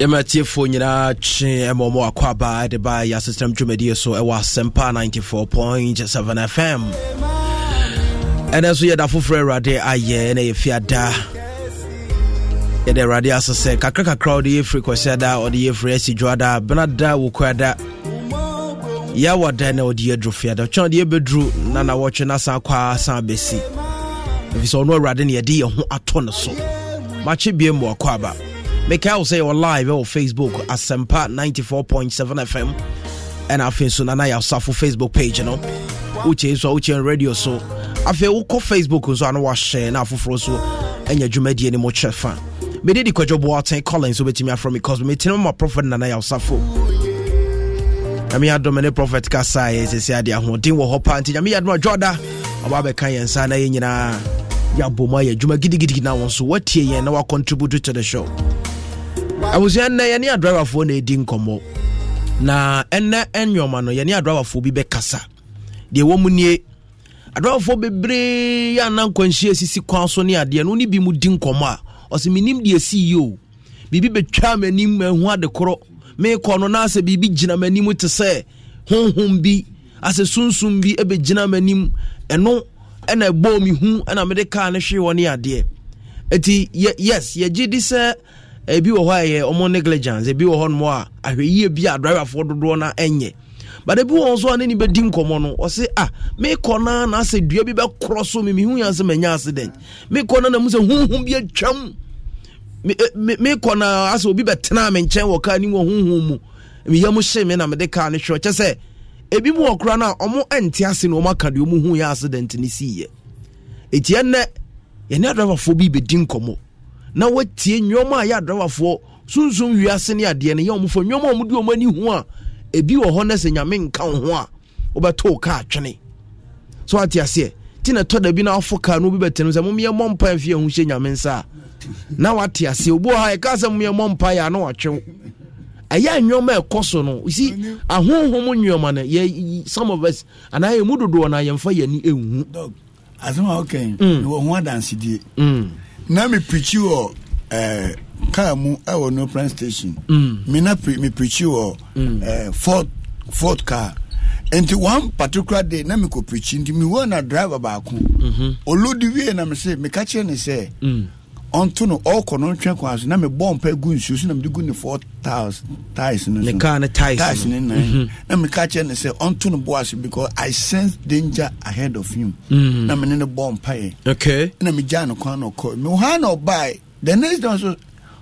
yɛmatiefoɔ nyinaa kye ma ɔma wakɔ abaa de baa yɛ asetenam dwumadie so ɛwɔ asɛmpa 94.7 fm ɛnɛ nso yɛda foforɔ awurade ayɛ ɛna yɛfi ada yɛde awurade ase sɛ kakrakakra ɔde yɛfiri kɔsɛ da ɔde yɛfiri asi dwa da benada wokua da yɛawɔ da na ɔde yɛduru fia da twɛn ɔde yɛbɛduru na nawɔtwe no asan kɔa san bɛsi ɛfiri sɛ ɔno awurade ne yɛde yɛ ho atɔ ne so makye bie mmɔakɔ aba mekae wo sɛ yɛwɔ live ɛwɔ facebook asɛmpa 94.7 fm ɛna afei nso nana yɛasafo facebook page no wokyei so a wokyɛn radio so afei wokɔ facebook nso ano wahyɛ na afoforɔ so ɛnya dwumadie no mu kyerɛ fa mede di kwadwɔboaten collins wobɛtumi afrɛ me cause metene ma prophet nana yɛwosafo nyame adom ne prophet kasaeɛ sɛsi ade ahoɔden wɔ hɔ paa nti nyame yɛadom adwoada ɔba bɛka yɛn nsa na yɛ nyinaa yɛabɔ mu ayɛ adwuma gidigidigi na wɔ so woatie yɛn na woacontribute to the show abusua nnɛ yɛne adrawafoɔ na ɛdi nkɔmmɔ na ɛnɛ ɛnwɔma no yɛne adrawafoɔ bi bɛkasa deɛ wɔ mu nie adrawafoɔ bebree yɛana nkwanhyia sisi kwan so ne adeɛ no ne bi mu di nkɔmmɔ a ɔsɛ menim deɛ sii yi o biribi bɛtwaa m'anim mahu ade korɔ mekɔ no na sɛ biribi gyina m'anim te sɛ honhom bi asɛ sunsum bi ɛbɛgyina m'anim ɛno ɛna ɛbɔɔ me hu ɛna mede kaa ne hwee wɔ ne adeɛ ɛti yes yɛgye di sɛ ebi wɔ hɔ a ɛyɛ ɔmo negligence ebi wɔ hɔ nom a ahwɛyie bi a driverfoɔ dodoɔ na ɛnyɛ but ebi wɔn nso a ne ni di nkɔmɔ no ɔsi a ah, mekɔ na na dua bi bɛ korɔ so mi mi hu accident mekɔ na na sɛ huhu bi atwam eh, mekɔ na obi bɛ tena mi nkyɛn wɔ kaa ni wɔ huhu mu mi mi na mi de kaa ne kyɛ sɛ ebi mu na ɔmo ɛnte ase na ɔmo aka deɛ ɔmo hu yɛ accident ne si yɛ etia nnɛ yɛn bi bɛ na watie nnwoma a yɛ adrawafoɔ sunsun wiase ne adeɛ no yɛ ɔmofo nnwoma a ɔmode ɔm ani ho a ebi wɔ hɔ no sɛ nyame nka wo ho a wobɛto kaa twene so wate aseɛ ti na ɛtɔ da bi na afo kaa no wobi bɛtɛnim sɛ momyɛ mmɔ mpa mfi ɛho hyɛ nyame nsa na wate aseɛ obi wɔ ha ɛka sɛ momyɛ mmɔ mpa yɛ a na watwew ɛyɛ nnwoma ɛkɔ so no si ahohom nnwoma no yɛ some of us anaa yɛ mu dodoɔ no a yɛmfa yɛni ɛnhu asɛm a wokɛn mm. ɛwɔ ho adansedie mm na mi preachi wɔ ɛɛ eh, kaa mu ɛwɔ nopran station mi mm. na mi preachi wɔ mm. eh, ford ford car nti one particular day na mi kɔ preachi nti mi wɔ na driver baako olodi mhm. wie na mi se mi ka kyerɛ ne sɛ. Mm ɔnto no ɔkɔ no ntwɛn kwan so na mi bɔ mpa gu nsuo so na mi de gu ne four tiles tiles ne so ne kaa ne tiles tiles ne nan mhm. na mi ka kyerɛ ne sɛ ɔnto no bɔ ase because i sense danger ahead of him mhm. na mi ne ne bɔ mpa yɛ okay na mi gya ne kwan na ɔkɔ mi wɔ ha na ɔbaa the next day nso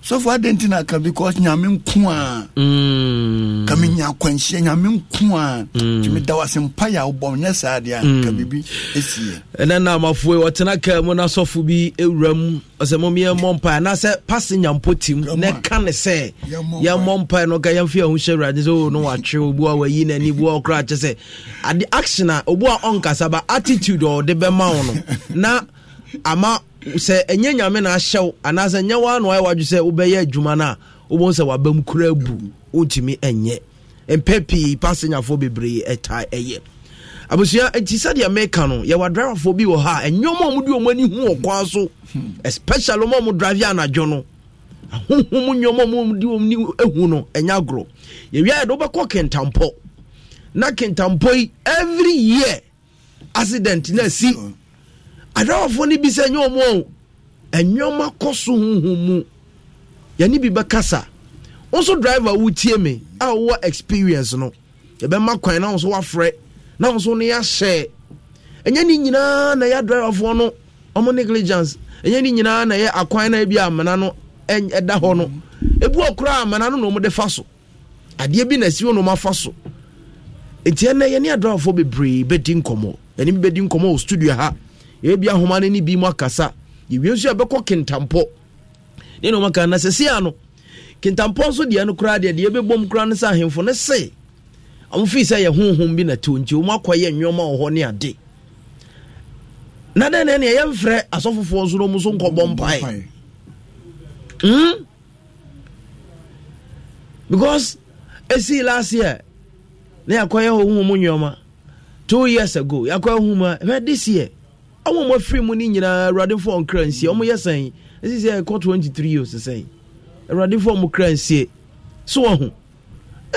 sɔfo adi nti na ka because nyame nko a mm. ka mi nya akwanhyia nyame nko a mm. tumi da wase mpa yɛ awobɔ nyɛ saa deɛ a ka mm. biribi ɛsi ɛnɛ na amafoe ɔtena kaa mu na sɔfo bi ɛwura mu ɔsɛ momyɛ mmɔ mpae anaasɛ pase nyampo tim na ɛka ne sɛ yɛmmɔ mpae no ka yɛmfe yɛho hyɛ awurade sɛ oh, no watwe obu a wayi n'ani bu a ɔkora kyɛ sɛ ade action a obu a ɔnkasa ba attitude a ɔde bɛma wo no na ama sɛ ɛnyɛ nyame na ahyɛw anaasɛ nyɛ waa na wayɛ wadwe sɛ wobɛyɛ adwuma no a wobɛhu sɛ waba mu kora bu wontumi ɛnyɛ mpɛ pii pasenyafoɔ bebree ɛta ɛyɛ abusua nti sɛdeɛ meka no yɛwɔ driverfoɔ bi wɔ ha a ɛnyɔma a mode ɔma ani hu wɔ so especially ɔma ɔmo drive anadwo no ahohom nyɔma mde ɔmni ahu no ɛnyɛ agorɔ yɛwie yɛde wobɛkɔ kentampɔ na kentampɔ yi every year accident na si adawafoɔ no bi sɛ ɛnyɛ ɔmo a ɛnyɔma kɔ so honhom mu yɛne bi bɛkasa wo nso driver wotie me a wowɔ experience no yɛbɛma kwan na wo nso woafrɛ na wo nso ne yɛahyɛɛ ɛnyɛ ne nyinaa na yɛ adriverfoɔ no ɔmo negligence ɛnyɛ ne nyinaa na yɛ akwan na ebi amana no ɛda hɔ no ebu ɔkora amana no na ɔmo de fa so adeɛ bi na esi hɔ na ɔmo afa so nti ɛnɛ yɛne adriverfoɔ bebree bɛdi nkɔmɔ yɛne bi bɛdi nkɔmɔ wɔ studio ha ebi ahoma no ne bi mu akasa yɛwie nso yɛbɛkɔ kentampɔ ne na ɔmaka na sɛsia no kentampɔ nso deɛ no koraa deɛ deɛ yɛbɛbom koraa no sɛ ahemfo no se ɔmfii sɛ yɛ honhom bi na to nti ɔm akɔyɛ nnwɔma wɔ hɔ ne ade na dɛn na neɛ yɛmfrɛ asɔfofoɔ nso no mu so nkɔbɔ mpae hmm? because ɛsii last year na yɛakɔyɛ honhom nnwɔma two years ago yɛakɔyɛ honhom a ɛbɛ this year ɔmo ɔmo afiri mu ni nyinaa awuradefoɔ nkra nsie ɔmo yɛ sɛn ɛsi sɛ ɛkɔ 23 years sɛn awuradefoɔ ɔmo kra nsie so wɔn ho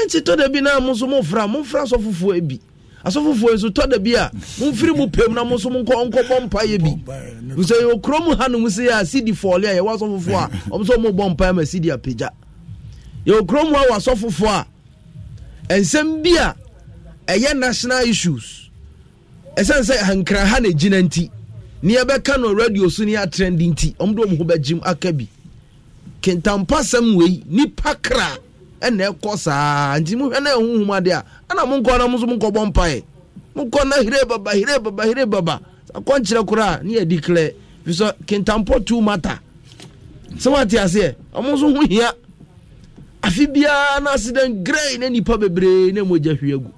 nti tɔ bi na mo nso mo fura mo fura asɔfofoɔ bi asɔfofoɔ nso tɔ da bi a mo nfiri mu pɛm na mo nso mo nkɔ nkɔ bɔ mpaeɛ bi nso okuro mu ha nom se a sidi fɔɔle a yɛwɔ asɔfofoɔ a ɔmo nso mo bɔ mpaeɛ ma sidi apagya yɛwɔ kuro mu a wɔ asɔfofoɔ a nsɛm bi a ɛyɛ national issues ɛsiane sɛ hankraha na gyina nti ne yɛbɛka no radio so ne yɛatrɛnde nti ɔmde ɔm ho bɛgyem aka bi kentampasɛm wei nipa kra ɛna ɛkɔ saa nti mohwɛ no ɛhohom ade a ana monkɔ na mo so monkɔbɔ mpae monkɔ na here baba here baba here baba akɔnkyerɛ koraa ne yɛdi klɛ firi sɛ kentampɔ tu mata sɛ woate aseɛ ɔmo so ho hia afe biara no accident grei na nipa bebree na mogya hwie agu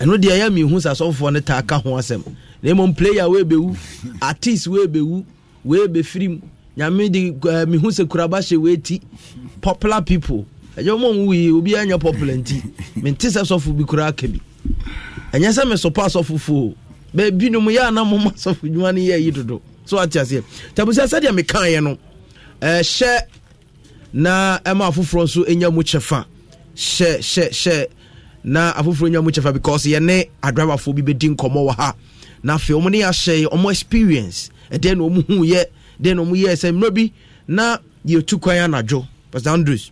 ɛno deɛ ɛyɛ mehu sɛ asɔfofoɔ no taa ka ho asɛm na mmom player weebɛwu artist weebɛwu weebɛfirim nyame de uh, eh, mehu sɛ kuraba hyɛ weeti popular people ɛgye woma nwuyi obiaa nyɛ popular nti mente sɛ sɔfo bi koraa ka bi ɛnyɛ sɛ mesopɔ asɔfofoɔ baabi no mu yɛ ana moma sɔfo dwuma no yɛ yi dodo so ate aseɛ tabusa sɛdeɛ mekaeɛ no ɛhyɛ eh, na ɛma afoforɔ nso ɛnya mu kyɛfa hyɛ hyɛ hyɛ na afoforɔ nya mu kyɛfa because yɛne adriverfoɔ bi bɛdi nkɔmmɔ wɔ ha na afei ɔmo ne yɛahyɛ ɔmo experience ɛdɛn na ɔmo hu yɛ ɛdɛn na ɔmo yɛ sɛ mmerɛ bi na yɛtu kwan anadwo pastor andrews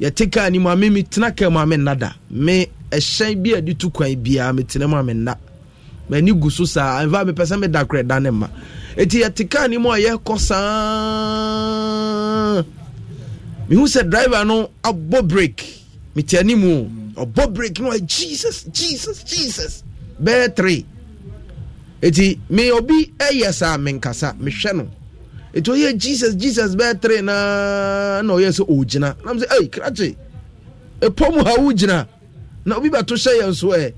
yɛte kaa ni mu a mimi tena kaa mu a me nna da me ɛhyɛn bi a yɛde tu kwan biara me tena mu a me nna m'ani gu so saa nfa mepɛ sɛ meda korɛ da ne ma eti yɛte kaa ni mu a yɛkɔ saa mehu sɛ driver no abɔ break mete anim o ɔbɔ break no jesus jesus jesus bɛɛ three eti me obi ɛyɛ saa menkasa mehwɛ no eti oyɛ jesus jesus bɛɛ three naa na ɔyɛ sɛ ɔgyina nam sɛ ɛy krakye ɛpɔ mu ha wogyina na obi bɛto hyɛ yɛn so ɛ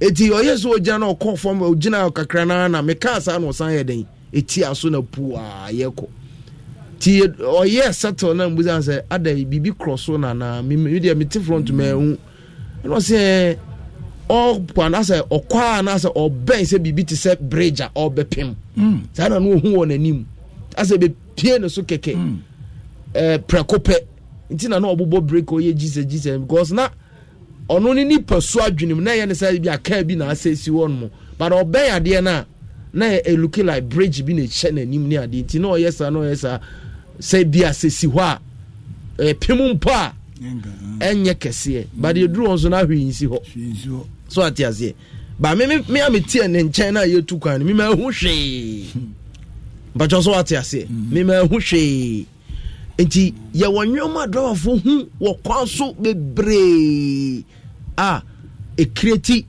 eti ɔyɛ sɛ ɔgyina na ɔkɔɔ fam ɔgyina kakra naa na mekaa saa na ɔsan yɛ den eti aso na puu a yɛkɔ. nti ɔyɛ settle na mbu sɛ ada biribi korɔ so na na nana medeɛ mete front maahu ɛna ɔsɛ ɔkɔ anaasɛ ɔkɔ a anaasɛ ɔbɛn sɛ biribi te sɛ bridge a ɔbɛpem saa na no ɔhu wɔ n'anim asɛ pie ne so kɛkɛ prɛko pɛ nti na na ɔbobɔ break ɔyɛ gyisɛ gyisɛ because na ɔno ni nipa so adwenem na ɛyɛ ne sɛ bi aka bi na asɛ si hɔ nom but ɔbɛn adeɛ no na ɛluki like bridge bi na ɛhyɛ n'anim ne adeɛ nti na ɔyɛ saa na ɔyɛ saa sɛ bi asɛsi hɔ a ɛpem mpo a ɛnyɛ kɛseɛ but mm. yɛduru hɔ so no ahwɛ nsi hɔ so ate aseɛ ba me me a meteɛ ne nkyɛn no a yɛtu kwan no mema ɛho hwee mpatwɛ so wate aseɛ mm. mema hwee nti yɛwɔ nneɛma adɔbafoɔ hu wɔ kwan so bebree a ɛkreti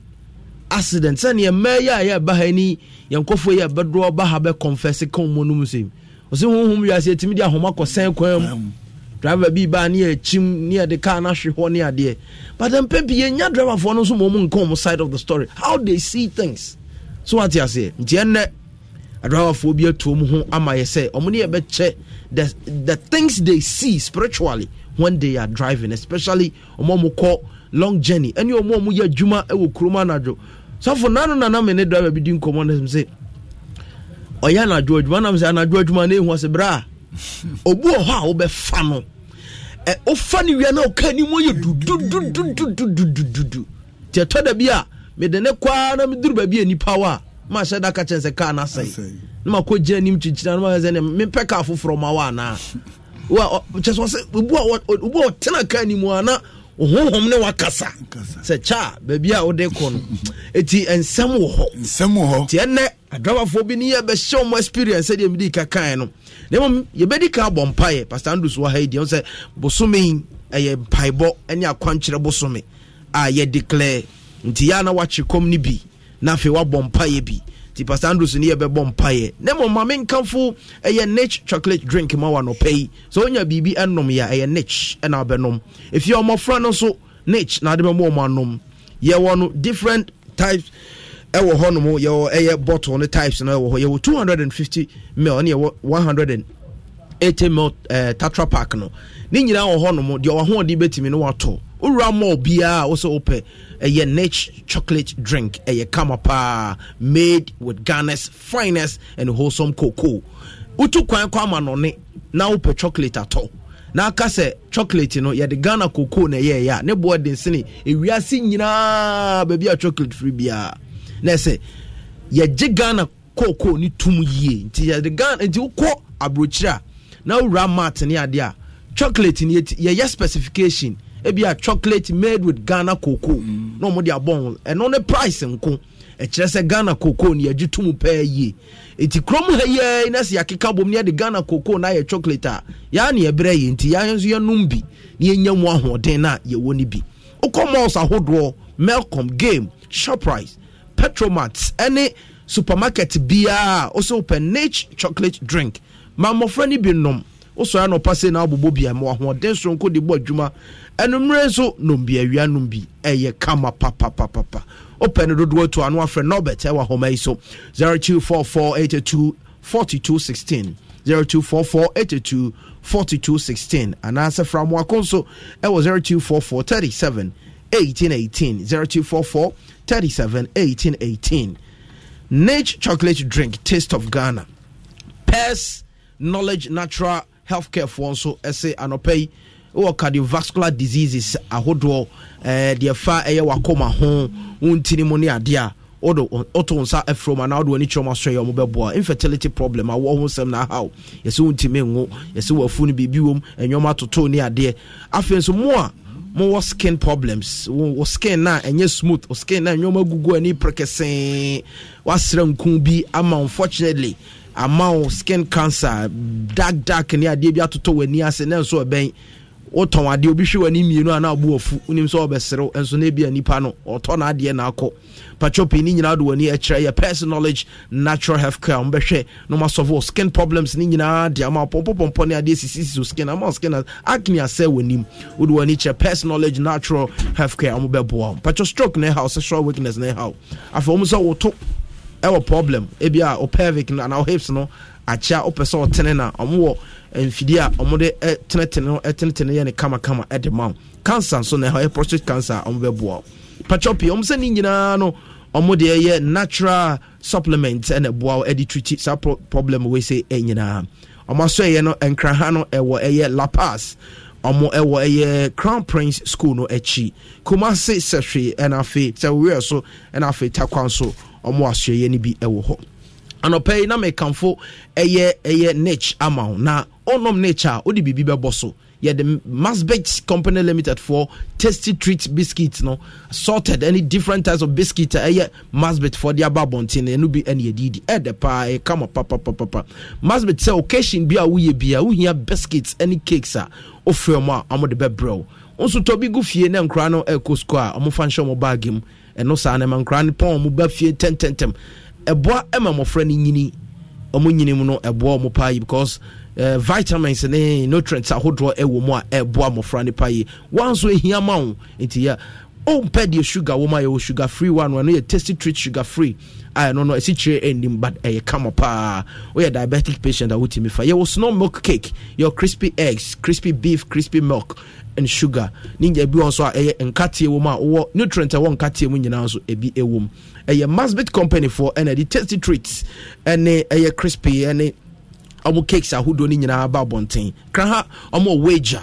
accident sɛneɛ mmaa yi a yɛba ha ni yɛnkɔfoɔ yi bɛdoɔ ba ha bɛkɔmfɛse ka mu no mu sɛm ɔsɛ honhom wiase atumi de ahoma kɔsɛn kwan mu driver bi ba ne akyim ne yɛde car no ahwe hɔ ne adeɛ but mpɛ pii yɛnya driverfoɔ no nso ma ɔmu nka ɔmo side of the story how they see things so wate aseɛ nti ɛnnɛ adrawafoɔ bi atuo mu ho ama yɛ sɛ ɔmo ne yɛbɛkyɛ the the things they see spiritually when they are driving especially ɔmo ɔmo kɔ long journey ɛne ɔmo ɔmo yɛ adwuma ɛwɔ kurom anadwo sɔfo nanu nana mi ne driver bi di nkɔmɔ ne sɛ ɔyɛ anadwo adwuma nam sɛ anadwo adwuma no ɛhu ase berɛ a obu wɔ hɔ a wobɛfa no wofa eh, no wia na ɔka ni mu yɛ dudududududududu nti ɛtɔ da bi a mede ne kwaa na meduru baabi a nipa wɔ a mahyɛ da ka kyɛn sɛ kaa no asɛe na makɔ gyina anim kyikyina no maɛ sɛ ne mepɛ kaa foforɔ ma wɔ anaa kyɛ sɛ sɛ obu a ɔtena kaa ni mu a na honhom ne wakasa sɛ kyɛ a baabi a wode kɔ no ɛti nsɛm wɔ hɔ nti ɛnɛ adrabafoɔ bi ne yɛbɛhyɛ ɔmo experience sɛdeɛ mede kakae no na mmom yɛbɛdi ka abɔ mpaeɛ pastor andrews wɔ ha yi deɛ sɛ bosome ɛyɛ mpaebɔ ne akwankyerɛ bosome a yɛdeclare nti yɛa na woakye kɔm no bi na afei woabɔ mpaeɛ bi nti pastor andrews ne yɛbɛbɔ mpaeɛ na mmom ma menkamfo ɛyɛ nich chocolate drink ma wa nɔpɛ yi sɛ wonya biribi ɛnom yɛ ɛyɛ nich ɛna wobɛnom ɛfie ɔmɔfra no nso nich na ade bɛmɔ ɔmo anom yɛwɔ no different types ɛwɔ hɔnom yɛwɔ ɛyɛ bottle no types no ɛwɔ hɔ yɛwɔ 250 mil ne yɛwɔ 180 mil uh, tatra park no ne nyinaa wɔ hɔnom deɛ wahoɔden bɛtumi no watɔ wowura mall biara a wo sɛ wopɛ ɛyɛ niche chocolate drink ɛyɛ kama paa made with ghana's finest and wholesome cocoa wotu kwan kɔ ama nɔne na wopɛ chocolate atɔ na aka sɛ chocolate no yɛde ghana cocoa na ɛyɛɛyɛ a ne boɔ den sene ewiase nyinaa baabi a chocolate firi biara na ɛsɛ yɛgye ghana kookoo ne tum yie nti yɛde ghana nti wokɔ aburokyire a na wowura mat ne adeɛ a chocolate ne yɛyɛ specification ebi a chocolate made with ghana kookoo mm. na wɔn de abɔ wɔn ɛno ne price nko ɛkyerɛ sɛ ghana kookoo ne yɛgye tum pɛɛ yie eti kurom ha yie na sɛ yɛakeka bom ne yɛde ghana kookoo na ayɛ chocolate a yɛa ne yɛbrɛ yɛ nti yɛa nso yɛnum bi ne yɛnya mu ahoɔden na yɛwɔ ne bi wokɔ malls ahodoɔ melcom game shoprice petromat ɛne supermarket biara ɔsɛ open nage chocolate drink ma mmɔfra no bi nom wosɔre anɔpa sɛ na wobobɔ bia ma wahoɔden soronko de bɔ adwuma ɛno mmerɛ nso nom bi awia nom bi ɛyɛ kama papapapapa wopɛ no dodoɔ to ano afrɛ norbert ɛwɔ ahoma yi so 024482 4216 024482 4216 anaasɛ fra mmoako nso ɛwɔ 0244 37 1818 0244 37 18 18. Nage chocolate drink, taste of Ghana. Pairs knowledge natural healthcare for Essay. ɛsɛ anɔpɛ wɔ cardiovascular diseases ahodoɔ ɛɛ eh, deɛ fa ɛyɛ wakoma ho ntini mu ne adeɛ a wodo woto nsa afro mu anaa wode w'ani kyerɛ mu asɔ yɛ ɔmo bɛboa infertility problem awɔ ho nsɛm na ahaw yɛsɛ wontimi ngo yɛsɛ wafu no biribi wom ɛnwɔma atoto ne adeɛ afei nso mo a mowɔ skin problems wo skin na ɛnyɛ smooth wo skin na nnwoma gugu ani prekesee wasrɛ nku bi ama unfortunately ama wo skin cancer dark dark ne adeɛ bi atotɔ w'ani ase nanso ɛbɛn wotɔn adeɛ obi hwɛ w'ani mmienu anaa ɔbu ɔfu wonim sɛ ɔbɛserew nso na ebia nipa no ɔtɔ n'adeɛ na akɔ patro pii ne nyinaa de w'ani akyerɛ yɛ personal knowledge natural health care wɔn bɛhwɛ na wɔn asɔfo skin problems ne nyinaa de ama pɔmpɔpɔmpɔ ne adeɛ sisi skin ama skin acne asɛ w'anim wode w'ani kyerɛ personal knowledge natural health care wɔn bɛboa patro stroke ne ɛha sexual weakness ne ɛha afei wɔn sɛ woto ɛwɔ problem ebi a ɔpelvic no anaa ɔhips no akyea ɔpɛ sɛ ɔtene na ɔmo wɔ mfidie a wɔde eh, tenetene eh, tenetene yɛ ne kamakama eh, de ma wo cancer nso na ɛyɛ prostate cancer a wɔbɛboa wo patwɔ pii wɔn sɛ ne nyinaa no wɔn de yɛ natural supplement ɛna ɛboa wo de treat saa problem wei sɛ nyinaa wɔn aso ɛyɛ no nkraha no ɛwɔ ɛyɛ la pass wɔn ɛwɔ ɛyɛ crown prince school no akyi kumasi sɛhwe ɛna afei sɛ wura so ɛna afei takwa nso wɔn aso ɛyɛ no bi ɛwɔ hɔ anɔpɛ yi na mekamfo ɛyɛ ɛyɛ niche ama wo na ɔnom niche a wode biribi bɛbɔ so yɛde masbet company limited for tasty treat biscuit no sorted any different types of biscuit a ɛyɛ masbet for de aba abɔnten no ɛno bi ɛne yɛdidi ɛdɛ paa ɛkama papapapapa masbet sɛ occasion bi a woyɛ bia wohia biscuits ɛne cakes a wofrɛ mu a ɔmode bɛbrɛ wo nso tɔ bi gu fie ne nkora no ɛkɔ sukuu a ɔmofa nhyɛ ɔmo baage mu ɛno saa ne ma nkora no pɔn ɔmo ba fie tɛmtɛmtɛm ɛboa ɛma mmɔfra no nyini ɔmo nyini mu no ɛboa ɔmo paa yi because uh, vitamins ne nutrients ahodoɔ ɛwɔ mu a ɛboa mmɔfra no paa yi wɔn nso ehia ma wo nti yɛ wompɛ deɛ sugar wɔ ma yɛwɔ sugar free one ɛno yɛ tasty treat sugar free a ɛno no ɛsi kyerɛ anim but ɛyɛ kama paa woyɛ diabetic patient a wotumi fa yɛwɔ snow milk cake yɛwɔ crispy eggs crispy beef crispy milk and sugar ne nyɛ bi wɔ nso a ɛyɛ nkateɛ wɔ mu a wowɔ nutrient a ɛwɔ nkateɛ mu nyinaa nso ebi ɛwɔ mu ɛyɛ masbit company foɔ ɛna ɛde tasty treats ɛne ɛyɛ crispy ɛne ɔmo cakes ahodoɔ ne nyinaa ba abɔnten kra ha ɔmo wager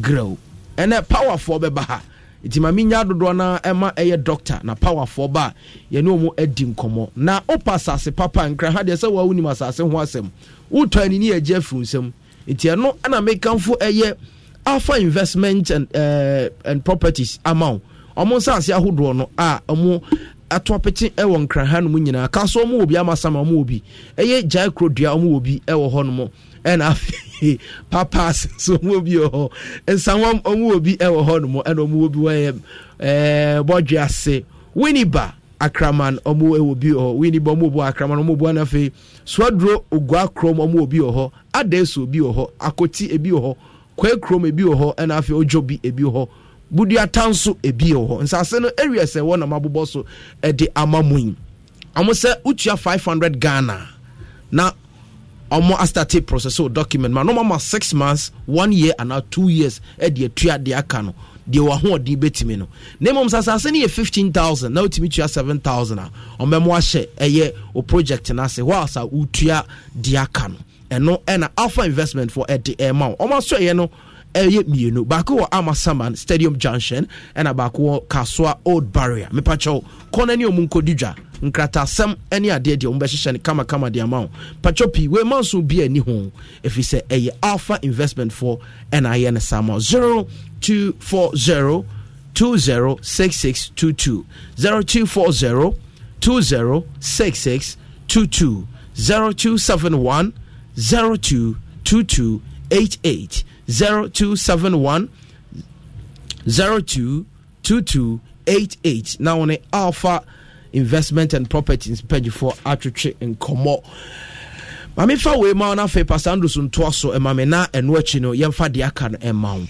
grow ɛnɛ powerfoɔ bɛba ha nti maame nya dodoɔ no ɛma ɛyɛ doctor na powerfoɔ ba a yɛne ɔmo adi nkɔmmɔ na wopa asase papa nkra ha deɛ sɛ woa wonim asase ho asɛm wotɔ ani ne yɛgye afiri nsɛm nti ɛno ɛna mekamfo ɛyɛ afa investment and, uh, and properties ama wo ɔmo nsase ahodoɔ no a ɔmo ato apɛkye ɛwɔ nkra ha no mu nyinaa ka so ɔmo wɔ bi ama sama ɔmo wɔ bi ɛyɛ gyae kuro ɔmo wɔ bi ɛwɔ hɔ no mu ɛna afei papas nso ɔmo obi wɔ hɔ nsanwam ɔmo obi ɛwɔ hɔ nom ɛna ɔmo obi wɔ ɛɛ bɔdwe ase winiba akraman ɔmo ɛwɔ bi wɔ hɔ winiba ɔmo obi wɔ akraman ɔmo obi wɔ n'afei swaduro ogua kurom ɔmo obi wɔ hɔ adeeso obi wɔ hɔ akoti ebi wɔ hɔ kwee kurom ebi wɔ hɔ ɛna afei ojo bi ebi wɔ hɔ buduata nso ebi wɔ hɔ nsase no area sɛ wɔn na mo abobɔ so ɛde ama mo yi ɔmo sɛ utua five hundred ghana na ɔmo astate process o document ma na ama six months one year anaa two years ɛde atua deɛ aka no deɛ wahoɔden bɛtumi no na mmom sɛ asase no yɛ 15000 na wotumi tua 7000 a ɔmɛmo ahyɛ ɛyɛ o project no ase hɔ a sa wotua deɛ aka no ɛno ɛna alpha investment for ɛde ɛma wo ɔmo asɔ ɛyɛ no ɛyɛ mmienu baako wɔ amasaman stadium junction ɛna baako wɔ kasoa old barrier mepakyɛw kɔn ne ɔmu nkɔdi dwa nkratasɛm ne adeɛ deɛ wɔbɛhyehyɛ no kamakama de ama wo pakyɛ pii wei nso bi ani ho ɛfiri sɛ ɛyɛ alpha investment foɔ ɛna ayɛ no saa ma 0240 206622 0240 206622 0271 022288 0271 022288 na wɔne alpha investment and properties mpagyifoɔ atwetwe nkɔmmɔ maame fa wei ma no afei pasando so ntoa so ɛma me na ɛno akyi no yɛmfa deɛ aka no ɛma e wo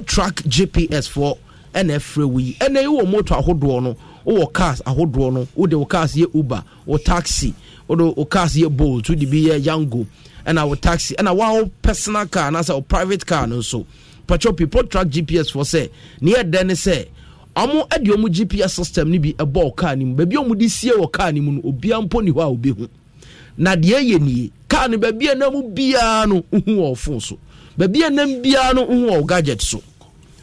protrack gps foɔ ɛna ɛfrɛ wo yi ɛna ɛwɔ moto ahodoɔ no wowɔ cars ahodoɔ no wode wo cars yɛ uber wo taxi Odo wo cars yɛ bolt wode bi yɛ yango ɛna wo taxi ɛna woa wo personal car anaasɛ wo private car no nso patwɛ people track gps fɔ sɛ ne yɛ dɛ ne sɛ ɔmo de ɔmo gps system no bi ɛbɔ wɔ car no mu baabi a ɔmo de sie wɔ car no mu no obiara mpo ni hɔ a obɛhu na deɛ yɛ nie car e no baabi a e nam biara no wohu wɔ wo phone so baabi a nam biara no wohu wɔ wo gadget so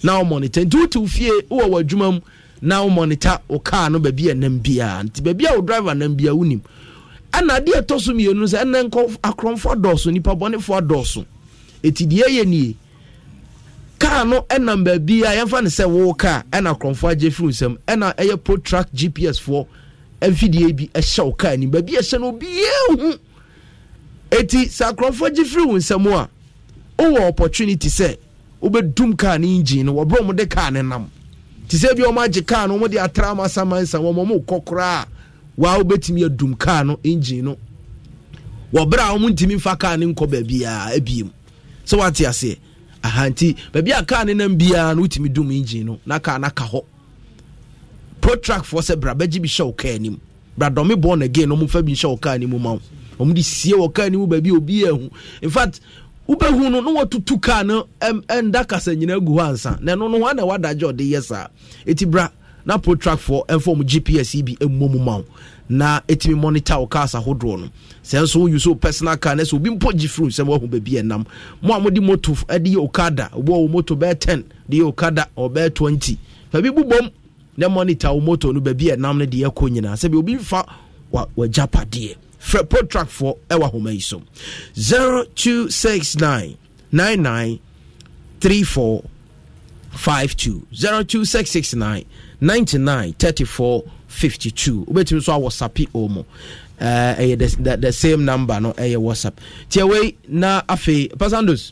na wɔmɔnita nti wote wo fie wowɔ wɔ adwuma mu na wɔmɔnita wo car no baabi e a nam biara nti baabi a wo driver nam biara wonim ɛna adeɛ ɛtɔ so mmienu sɛ ɛnɛ nkɔ akorɔmfoɔ dɔɔso nipa bɔnefoɔ dɔɔso eti deɛ yɛ nie kaa no ɛnam baabi a yɛmfa no sɛ wo kaa ɛna akorɔmfoɔ agye firi nsɛm ɛna ɛyɛ pro track gps foɔ mfidie bi ɛhyɛ wo kaa nim baabi ɛhyɛ no obiara hu eti sɛ akorɔmfoɔ gye firi wo nsɛm a wowɔ opportunity sɛ wobɛdum kaa no engine no wɔbrɛ wɔn de kaa no nam te sɛ bi wɔn agye kaa no wɔn de atra ama samansa wɔn wɔn kɔ koraa waa wobɛtumi adum kaa no engine no wɔberɛ a wɔn ntumi nfa kaa ne nkɔ baabi a ebiem sɛ wate aseɛ aha nti baabi a kaa ne nam biara no wotumi dum engine no na kaa n'aka hɔ protrack foɔ sɛ bra bɛgye bi hyɛ wo kaa anim bra dɔmi bɔn na again na wɔn fa bi hyɛ wo kaa anim ma wo wɔn sie wɔ kaa anim baabi obi yɛ ɛho in fact wobɛhu no na wɔtutu kaa no ɛnda kasa nyinaa gu hɔ ansa na ɛno no hɔ na wadagye ɔde yɛ saa eti bra na protrack foɔ ɛnfɔ wɔn gps yi bi ɛmmɔ mu ma wo na ɛtumi monitor wo cars ahodoɔ no sɛ nso woyu so personal car na sɛ obi mpo gye firi sɛ woahu baabi ɛnam mo a mode moto de yɛ okada wobɔ wo moto bɛyɛ 10 de yɛ okada ɔbɛyɛ 20 baabi bobom na monitor wo moto no baabi ɛnam no deɛ ɛkɔ nyinaa sɛbi obi mfa wagya padeɛ frɛ potrackfoɔ ɛwɔ ahoma yi so 0269 99 34 52 02669 99 34 52 wobɛtumi so awɔsapi o mu uh, ɛyɛ uh, the, the same number no ɛyɛ whatsapp tiawei na afei pasandos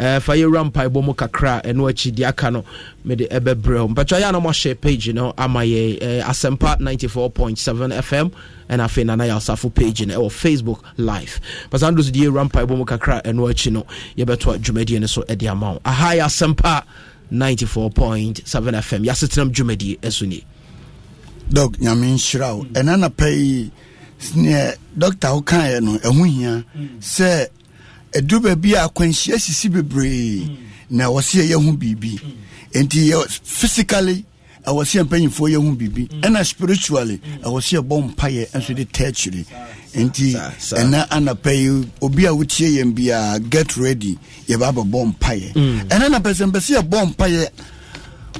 Uh, fa yɛwura mpaebɔ mu kakra ɛno akyi deɛ aka no mede ɛbɛbrɛ wo mpatwa yɛ ana moahyɛ page no ama yɛ uh, asɛmpa 94.7 fm ɛna afei nana yɛasafo page no ɛwɔ facebook live pasandos deɛ yɛwura mpaebɔ mu kakra ɛno akyi no yɛbɛtoa dwumadie no so ɛde ama wo aha yɛ asɛmpa 94.7 fm yɛasetenam dwumadie ɛso nie dɔg nyame nhyira wo mm. ɛna anapa yi neɛ dɔkta wo kaeɛ no ɛho hia mm. sɛ ɛduru baabi a akwanhyia sisi bebree mm. na ɛwɔ sɛ yɛyɛ biribi enti physically ɛwɔ sɛ mpanyimfoɔ yɛ ho biribi ɛna spiritually ɛwɔ sɛ yɛbɔ mpayɛ nso de ta akyire nti ɛna anapa yi obi a wotie yɛn biara get ready yɛba abɛbɔ mpayɛ ɛna na sɛ mpɛ sɛ yɛbɔ mpayɛ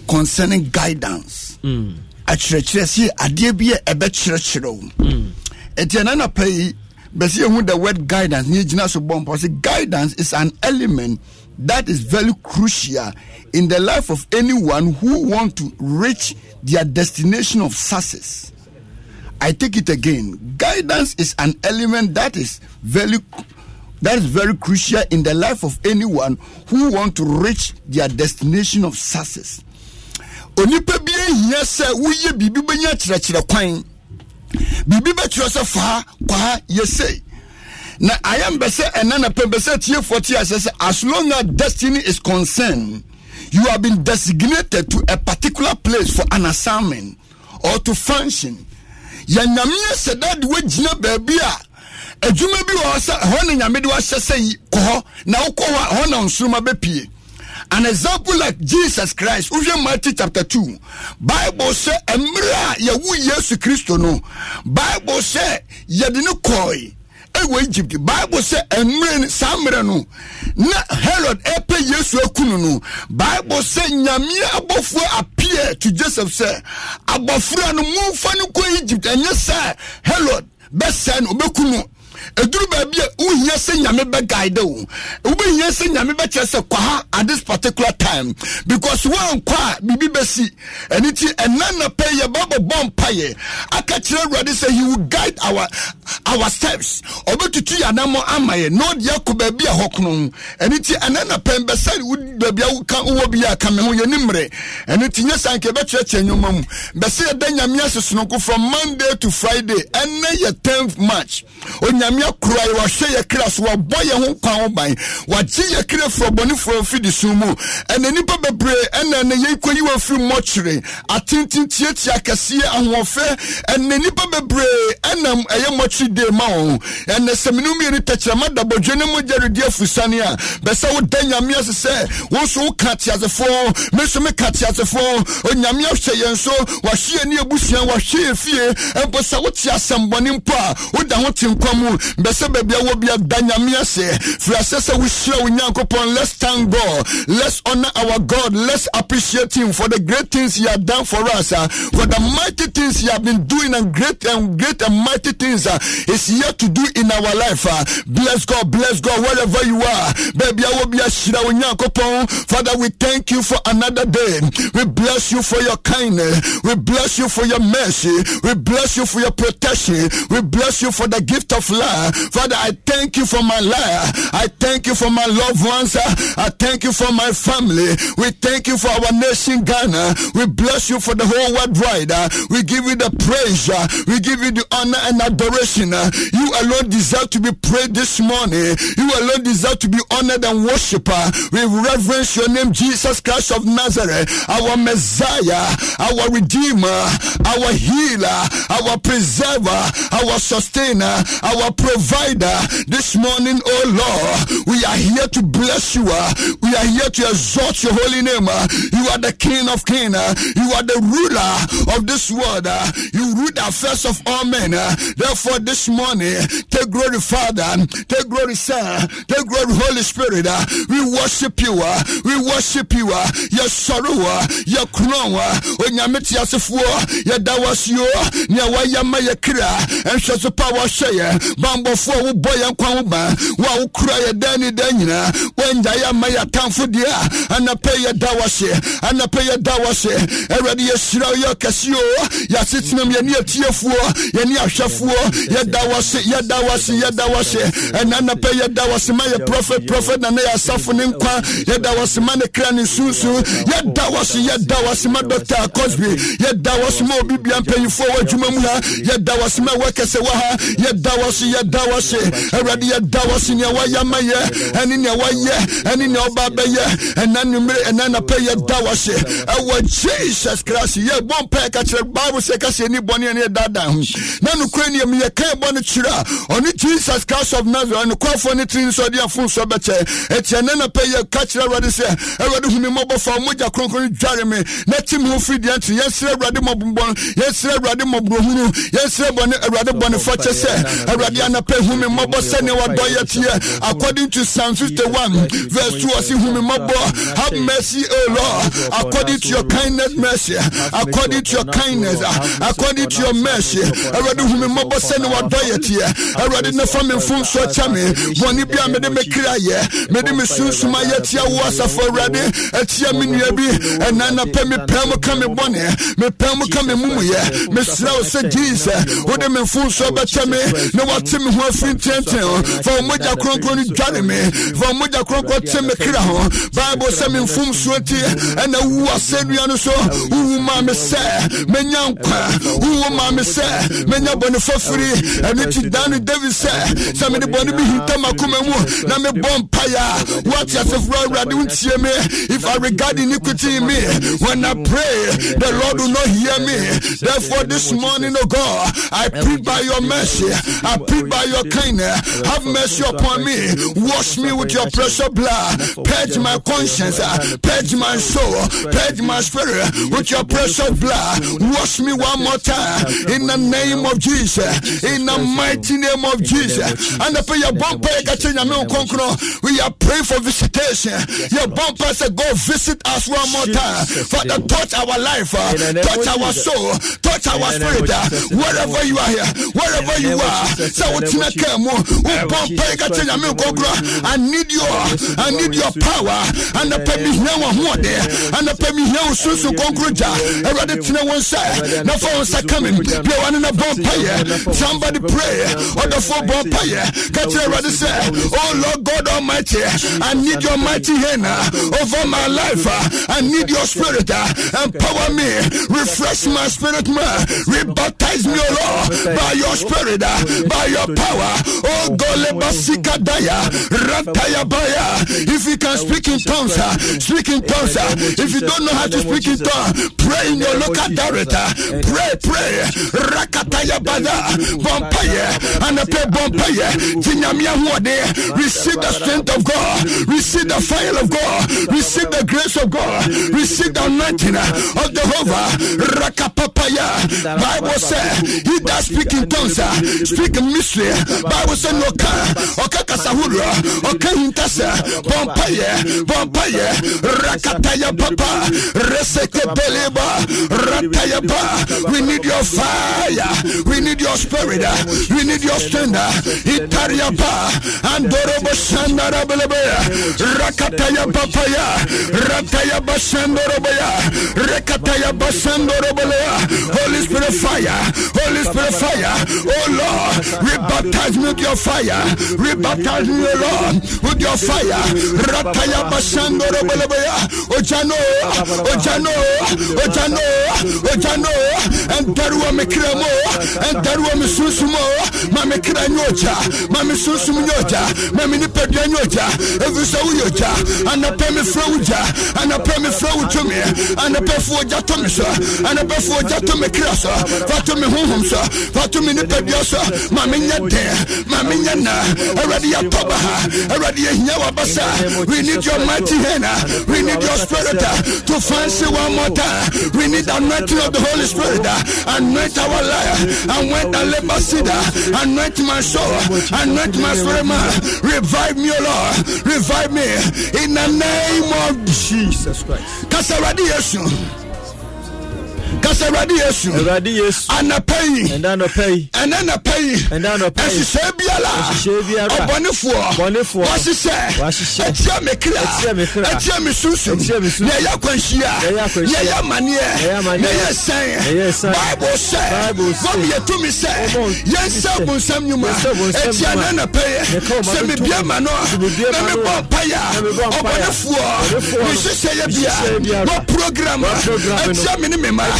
concerning guidance mm. akyerɛkyerɛ sɛ adeɛ bi a ɛbɛkyerɛkyerɛ wo ɛti hmm. ɛna napa yi bɛsi ehu the word guidance ne gyina so bɔ mpɔ guidance is an element that is very crucial in the life of anyone who want to reach their destination of success. I take it again. Guidance is an element that is very that is very crucial in the life of anyone who want to reach their destination of success. onipa bi ehia sɛ woyɛ biribi bɛnya kyerɛkyerɛ kwan biribi bɛkyerɛ sɛ faa kwaa yɛsei na ayɛ mbɛ ɛna na pɛ mbɛ sɛ tiefoɔ asɛ sɛ as long as destiny is concerned you have been designated to a particular place for an assignment or to function yɛ nyame sɛ dade woagyina baabi a adwuma bi wɔ hɔ sɛ ɛhɔ ne nyame de wahyɛ sɛ kɔ hɔ na wokɔ hɔ a ɛhɔ na nsoroma bɛpie an example like jesus christ wohwɛ matthew chapter two, bible sɛ mmerɛ a yɛwo yesu kristo no bible sɛ yɛde no kɔe ɛwɔ egypt bible sɛ mmerɛ saa mmerɛ na herod ɛpɛ yesu akunu no bible sɛ nyame abɔfoɔ appear to joseph sɛ abɔfra no momfa no kɔ egypt ɛnyɛ sɛ herod bɛsɛe no ɔbɛku no ɛduru baabi a wohia sɛ nyame bɛguide wo wobɛhia sɛ nyame bɛkyerɛ sɛ kɔ ha at this particular time because woankɔ a biribi bɛsi ɛno nti ɛna nnapɛ yɛbabɔbɔ mpayɛ aka kyerɛ awurade sɛ he will guide our our steps ɔbɛtutu yɛ anammɔ ama yɛ na ɔde akɔ baabi a hɔ kono ɛno nti ɛna nnapɛ mbɛsɛ wo baabi a woka wowɔ bi a ka me ho yɛni mmerɛ ɛno nti nyɛ saa nka yɛbɛkyerɛkyerɛ nnwoma mu bɛsɛ yɛda nyame asesononko from monday to friday ɛnɛ yɛ 10th march onyame nyame akura yi wahwɛ yɛ kra so wabɔ yɛn ho kwan ho ban wagye yɛ kra firi ɔbɔnefoɔ afidi so mu ɛna nnipa bebree ɛna ɛna yɛnkɔyi wɔ afiri mmɔkyere atententiatia kɛseɛ ahoɔfɛ ɛna nnipa bebree ɛnam ɛyɛ mmɔkyere de ma wɔn ɛna sɛminu mmienu tɛkyerɛma dabɔdwe ne mogya redi afusane a bɛsɛ woda nyame ase sɛ wo nso woka teasefoɔ me nso meka teasefoɔ onyame ahwɛ yɛn so wahye yɛ ne abusua wahye yɛ fie ɛmpo sɛ wote asɛmbɔne mpo a woda ho te nkwa mu mbese baabi a wɔ bi ada nyame ase firi we sɛ we wo nyankopɔn let's thank god let's honor our god let's appreciate him for the great things he has done for us uh, for the mighty things he has been doing and great and great and mighty things uh, he's yet to do in our life uh, bless god bless god wherever you are baabi a wɔ bi ahyira wo father we thank you for another day we bless you for your kindness we bless you for your mercy we bless you for your protection we bless you for the gift of life Father, I thank you for my life. I thank you for my loved ones. I thank you for my family. We thank you for our nation, Ghana. We bless you for the whole world, right? We give you the praise. We give you the honor and adoration. You alone deserve to be prayed this morning. You alone deserve to be honored and worshipped. We reverence your name, Jesus Christ of Nazareth, our Messiah, our Redeemer, our Healer, our Preserver, our Sustainer, our provider this morning, oh Lord. We are here to bless you. Uh. We are here to exalt your holy name. Uh. You are the King of Kings. Uh. You are the ruler of this world. You rule the affairs of all men. Therefore, this morning, take glory, Father. Take glory, Son. Take glory, Holy Spirit. We worship you. We worship you. Your sorrow, your crown, Onyamiti Asifuo, your dawas you, Nyawayama Yakira, and power Washaya. bammɔfoɔ a wobɔ yɛn kwan ho baa wo a wokura yɛ dan ne dan nyinaa woangyae ama yɛ atamfo deɛ a anapɛ yɛda wɔhyɛ anapɛ yɛda wɔhyɛ awurade yɛhyira wo yɛ ɔkɛse o yɛasetenam yɛne atiefoɔ yɛne ahwɛfoɔ yɛda wɔhye yɛda wɔhye yɛda wɔhyɛ ɛna anapɛ yɛda wɔhye ma yɛ prɔfɛt prɔfɛt nana yɛ asafo ne nkwa yɛda wɔhye ma ne kra ne sunsun yɛda wɔhye yɛda wɔhye ma dɔkta akɔsbi yɛda wɔhye ma obi bia mpanyinfoɔ wɔ adwuma mu ha yɛda wɔhye ma wɔkɛsɛ wɔ ha yɛda wɔhye awurade yɛ da wɔ se awurade yɛ da wɔ se nea wɔyɛ ma yɛ ɛne nea wɔyɛ ɛne nea ɔba bɛyɛ ɛna numere ɛna napa yɛ da wɔ se ɛwɔ jesus christ yɛ bɔ mpa ka kyerɛ bible sɛ kɛseɛ ni bɔne ɛne ɛdaadaa ho na nokorɛ neɛ meyɛ ka yɛ bɔne kyerɛ a ɔne jesus christ of nazareth nokwafoɔ ne tiri nsɔde afo nsɔ bɛkyɛ ɛtiɛ na napa yɛ ka kyerɛ awurade sɛ awurade hu me mmɔbɔ mogya kronkron dware me na ti me ho firi deɛ nti yɛsrɛ awurade mmɔbɔ yɛsrɛ awurade mmɔborɔhunu yɛsrɛ bɔne awurade bɔnefa kyɛ sɛ awurade awurade anapa hu me mmɔbɔ sɛnea wadɔyɛ teɛ according to psalm 51 verse 2 ɔse hu me mmɔbɔ have mercy o lord according to your kindness mercy according to your kindness according to your mercy awurade hu me mmɔbɔ sɛnea wadɔyɛ teɛ awurade na fa me mfomsoɔ kyɛ me bɔne bi a mede me kra yɛ mede me sunsuma yɛ tia wo asafo awurade atia me nua bi ɛna anapa mepɛ mu ka me bɔne mepɛ mu ka me mumuyɛ mesrɛ wo sɛ jesus wode me mfomsoɔ bɛkyɛ me na wat te me ho afiri ntɛntɛn fa mogya kronkron fa mogya kronkron ho ɛna wu no so sɛ nkwa sɛ david sɛ bi hinta mu na a woate asɛforo awurade if i regard iniquity in me when i pray the lord will not hear me therefore this morning o oh god i by your mercy i me by your kindness. Have mercy upon me. Wash me with your precious blood. Purge my conscience. Purge my soul. Purge my spirit with your precious blood. Wash me one more time in the name of Jesus. In the mighty name of Jesus. And the prayer bumper, we are praying for visitation. Your bumper said, Go visit us one more time. Father, touch our life, touch our soul, touch our spirit. Wherever you are here, wherever you are. So i need your i need your power anapa mihia wo ahoɔden anapa mihia wo sunsun kɔnkoro gya awurade tena wo nsa na fa wo nsa ka me bia wane na bɔ mpayɛ somebody pray ɔdɔfoɔ bɔ mpayɛ ka kyerɛ awurade sɛ oh lord god almighty i need your mighty hand over my life i need your spirit empower me refresh my spirit man rebaptize me o lord by your spirit by your your power. Oh sikadaya Lebasikadaya, baya. If you can speak in tongues, speak in tongues. If you don't know how to speak in tongues, pray in your local director. Pray, pray. Rakatayabada, Bompaye, Anape Bompaye, Tinyamia huade. Receive the strength of God. Receive the fire of God. Receive the grace of God. Receive the anointing of Jehovah. Rakapapaya. Bible says, He does speak in tongues, speak mystery ministry bible sɛ ne ɔka ɔka kasa hodoɔ ɔka hinta sɛ bɔmpayɛ bɔmpayɛ papa reseke beleba ratayɛ pa we need your fire we need your spirit we need your strength itaria pa andorobo sandara belebea rakataya papaya rataya holy spirit fire holy spirit fire oh lord we Rebaptize me with your fire. Rebaptize me, Lord, with your fire. Rataya basando rebelebea. Ojano, ojano, ojano, ojano. Enterua me kremo. Enterua me susumo. Mame kranyoja. Mame susumnyoja. Mame nipedyanyoja. Evusawuyoja. Anape me frauja. Anape me frautumi. Anape fuoja tomisa. Anape fuoja tumi krasa. Fatumi humumsa. Fatumi nipedyosa. Mame ɛnyɛ dɛ maame nyɛ na awurade yɛtɔ ha awurade yɛhia wabasa we need your mighty hand ah. we need your spirit ah, to fancy one more time we need the anointing of the holy spirit ah. anoint our life anoint the labor seed anoint my soul anoint my spirit man revive me o lord revive me in the name of jesus christ kasa awurade yɛ sun kasa awurade yesu awurade yesu anapa yi ɛnna anapa yi ɛnna anapa yi ɛnna anapa yi ɛhyehyɛ biara ɛhyehyɛ biara ɔbɔnifoɔ ɔbɔnifoɔ wahyehyɛ wahyehyɛ ɛtia mi kira ɛtia mi kira ɛtia mi sunsun ɛtia mi sunsun na akwanhyia na akwanhyia na ɛyɛ amaneɛ na ɛyɛ sɛn na sɛn baibu sɛ wɔn yɛ tumi sɛ sɛ bonsam nyuma ɛtia ne anapa yi sɛmi bia ma no na mi program ɛtia mi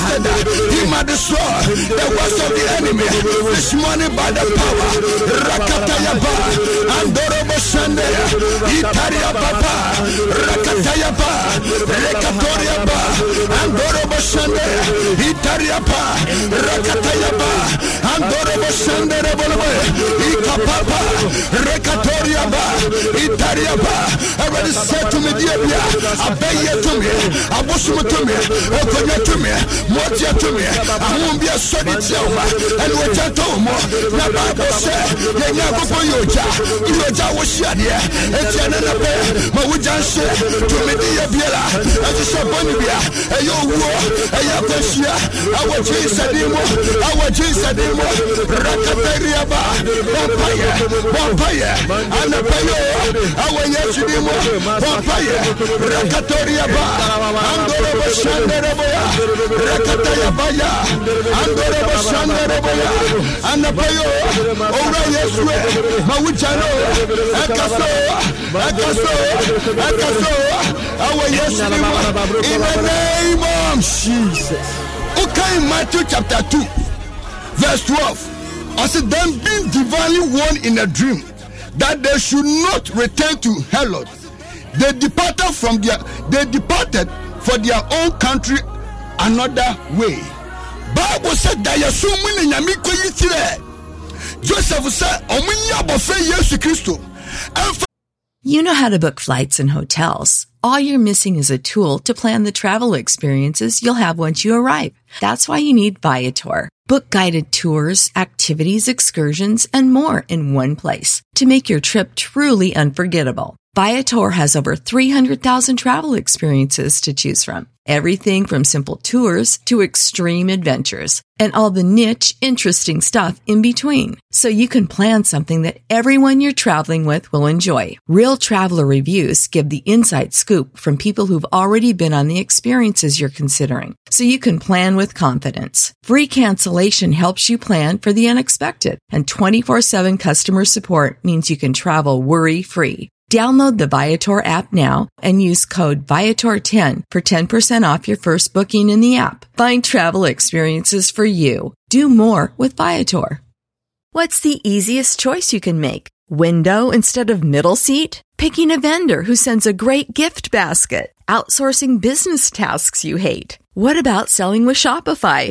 he might destroy the works of the enemy this morning by the power. Rakatayaba, Andorobo Sande, Itaria Baba, Rakatayaba, Rekatoriaba, Andorobo Sande, ba. Rakatayaba, Andorobo Sande, Rebolobe, Ikapapa, Rekatoriaba, Itariaba. already said to me, dear, I beg you to me, I wish you to me, open you to me. mɔtiɛ tumi ahun bi esɔni tiɛ o ma ɛni o jɛ tɔn mɔ na baabu sɛ yɛnyɛ akoko yoo ja yoo ja wo si adiɛ e. eti ɛnɛ ne bɛ ma wo ja nse tumi di yɛ bie la eti sɛ bɔnni bia ɛyɛ owuo ɛyɛ akɔsia awɔ ji nsɛdi mu awɔ ji nsɛdi mu rakatariya ba bɔnpa yɛ bɔnpa yɛ anapa yɛ o awɔ yɛ sidi mu bɔnpa yɛ rakatariya ba angoro bɛ sandere bɔ ya akata yabaya andore boshanda reboya anapayo owura yesue mawuchano ekaso ekaso ekaso awo yesu ni wa in the name of jesus okay matthew chapter two verse twelve ọsẹ dem being divinely warned in a dream that they should not return to herod they departed from their they departed for their own country another way bible joseph you know how to book flights and hotels all you're missing is a tool to plan the travel experiences you'll have once you arrive that's why you need viator book guided tours activities excursions and more in one place to make your trip truly unforgettable. Viator has over 300,000 travel experiences to choose from. Everything from simple tours to extreme adventures and all the niche, interesting stuff in between. So you can plan something that everyone you're traveling with will enjoy. Real traveler reviews give the inside scoop from people who've already been on the experiences you're considering. So you can plan with confidence. Free cancellation helps you plan for the unexpected and 24-7 customer support means you can travel worry free. Download the Viator app now and use code Viator10 for 10% off your first booking in the app. Find travel experiences for you. Do more with Viator. What's the easiest choice you can make? Window instead of middle seat? Picking a vendor who sends a great gift basket? Outsourcing business tasks you hate? What about selling with Shopify?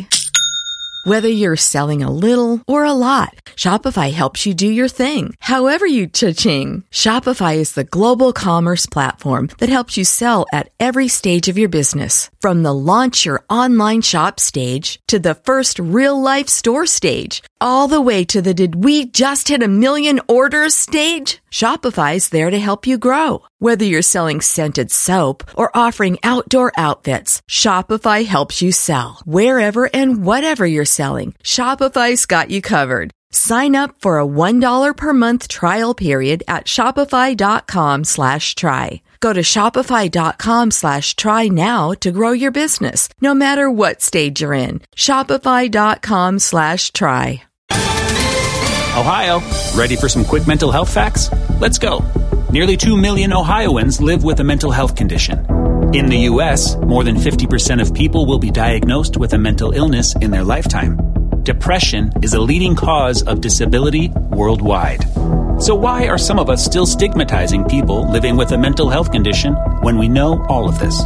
Whether you're selling a little or a lot, Shopify helps you do your thing, however you cha-ching. Shopify is the global commerce platform that helps you sell at every stage of your business. From the launch your online shop stage to the first real life store stage, all the way to the did we just hit a million orders stage. Shopify's there to help you grow. Whether you're selling scented soap or offering outdoor outfits, Shopify helps you sell. Wherever and whatever you're selling, Shopify's got you covered. Sign up for a $1 per month trial period at shopify.com slash try. Go to shopify.com slash try now to grow your business, no matter what stage you're in. Shopify.com slash try. Ohio, ready for some quick mental health facts? Let's go. Nearly 2 million Ohioans live with a mental health condition. In the U.S., more than 50% of people will be diagnosed with a mental illness in their lifetime. Depression is a leading cause of disability worldwide. So, why are some of us still stigmatizing people living with a mental health condition when we know all of this?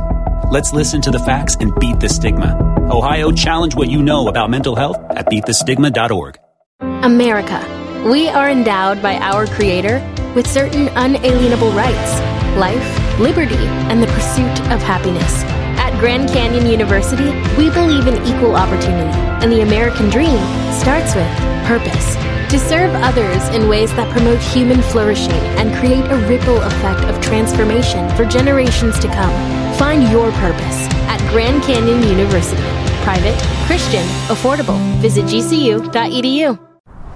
Let's listen to the facts and beat the stigma. Ohio, challenge what you know about mental health at beatthestigma.org. America. We are endowed by our Creator with certain unalienable rights life, liberty, and the pursuit of happiness. At Grand Canyon University, we believe in equal opportunity, and the American dream starts with purpose. To serve others in ways that promote human flourishing and create a ripple effect of transformation for generations to come. Find your purpose at Grand Canyon University. Private, Christian, affordable. Visit gcu.edu.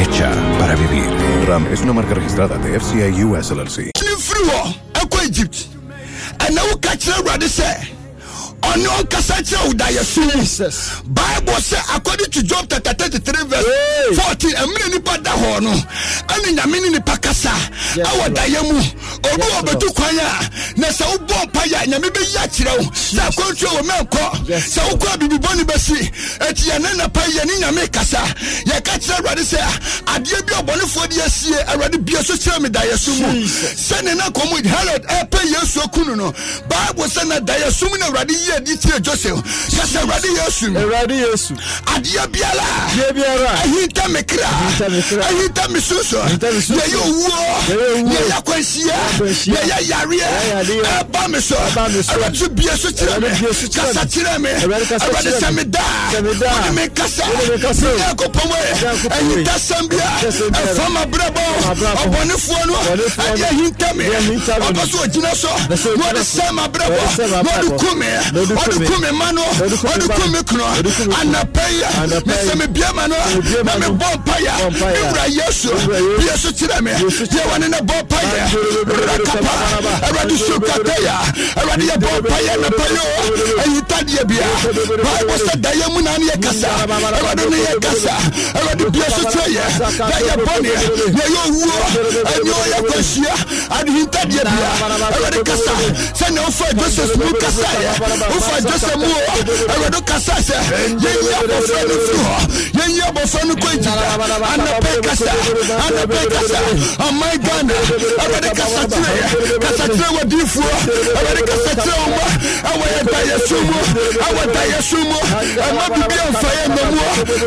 hecha para vivir. Ram es una marca registrada de FCI US LLC. ɔne ɔnkasa kyerɛ wo da yɛso bible sɛ according to job 33 verse 14 mmerɛ nipa da hɔ no ɛne nyame ne nipa kasa ɛwɔ dayɛ mu obi wɔ bɛtu kwan a na sɛ wobɔ mpayɛ nyame bɛyi akyerɛ wo sɛ akwantuo wɔ mɛnkɔ sɛ wokɔa biribibɔne bɛsi ɛti yɛne napa yɛne nyame kasa yɛka kyerɛ awurade sɛ adeɛ bi ɔbɔnefoɔ de asie awurade bia so kyerɛ me dayɛ mu sɛne na kɔmu herod ɛpɛ yesu akunu no bible sɛ na dayɛ som ne awurade yɛ tie ni tie joseph kasa awurade yesu mu awurade yesu adeɛ biara adeɛ biara ahinta mi kira ahinta mi soso yɛ yɛ owuo yɛ yɛ akwanhyia yɛ yɛ yareɛ ɛba mi so awurade so bie so kyerɛ mi kasa kyerɛ mi awurade sɛ mi da wɔde mi kasa mi yɛ ko pɔmɔ yɛ ahinta sɛn bia ɛfam abrabɔ ɔbɔnifoɔ no adeɛ ahinta mi ɔbɛ so ogyina so wɔde sɛn ma abrabɔ wɔde kum mi ɔdukun mi ma no ɔdukun mi kunu anapɛya mesɛmi biama no na bɔ mpaya ewura yesu bie so mi yɛ wɔ ne na bɔ mpaya rakapa su kataya ɛwurade yɛ bɔ mpaya anapɛya o ɛyi tadeɛ bia sɛ dayɛ mu na ne kasa ɛwurade ne yɛ kasa ɛwurade bie so kyerɛ yɛ dayɛ bɔne yɛ yɛ owuo ɛnyɛ ɔyɛ kɔnhyia adehintadeɛ bia ɛwurade kasa sɛ ne ɔfa joseph mu kasa yɛ. wofa joseph mu o awurade kasa sɛ yɛnyi abɔfra no firi hɔ yɛnyi abɔfra no kɔ egyina anapɛ kasa anapɛ kasa aman oh ghana awurade kasa kyerɛ yɛ kasa kyerɛ wɔ diifoɔ awurade kasa kyerɛ wɔn mɔ awɔ yɛ da yɛ so mu awɔ da yɛ so mu ɛma bibi amfa yɛ mɛ mu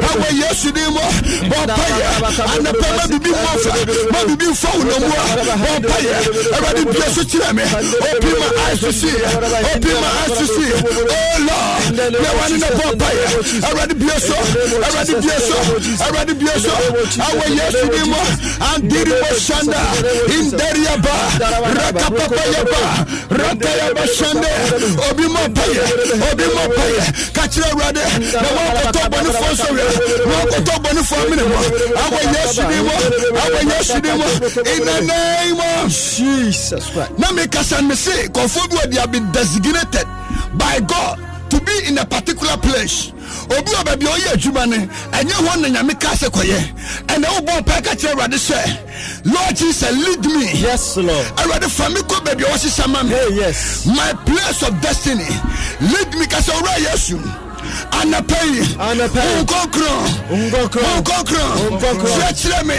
awɔ yɛ su mu bɔpa yɛ anapɛ ma bibi mu afa ma bibi nfa wo na mu a yɛ awurade bia so kyerɛ mi opi ma eyes to see opi ma eyes to free. Oh Lord, may one in the Popeye. Already be so, already be so, already be so. Our yes, Nimo, and Dirimo Shanda, in Deriaba, Rakapapayaba, Rakayaba Shanda, Obimo Paye, Obimo Paye, Kachira Rade, the Mokoto Bonifoso, Mokoto Bonifominimo, our yes, Nimo, our yes, Nimo, in the name of Jesus Christ. Now make us and me say, conform what they have been designated. by God to be in a particular place. obi wɔ baabi ɔyɛ adwuma no ɛnyɛ hɔ na nyame ka sɛ kɔyɛ ɛna wobɔ mpae kyerɛ awurade sɛ lord jesus lead me yes lord awurade fa me kɔ baabi a wɔhyehyɛ ma me hey, yes my place of destiny lead me ka sɛ owura yesu anapɛyi nkɔkorɔ nkɔkorɔ kyerɛkyerɛ me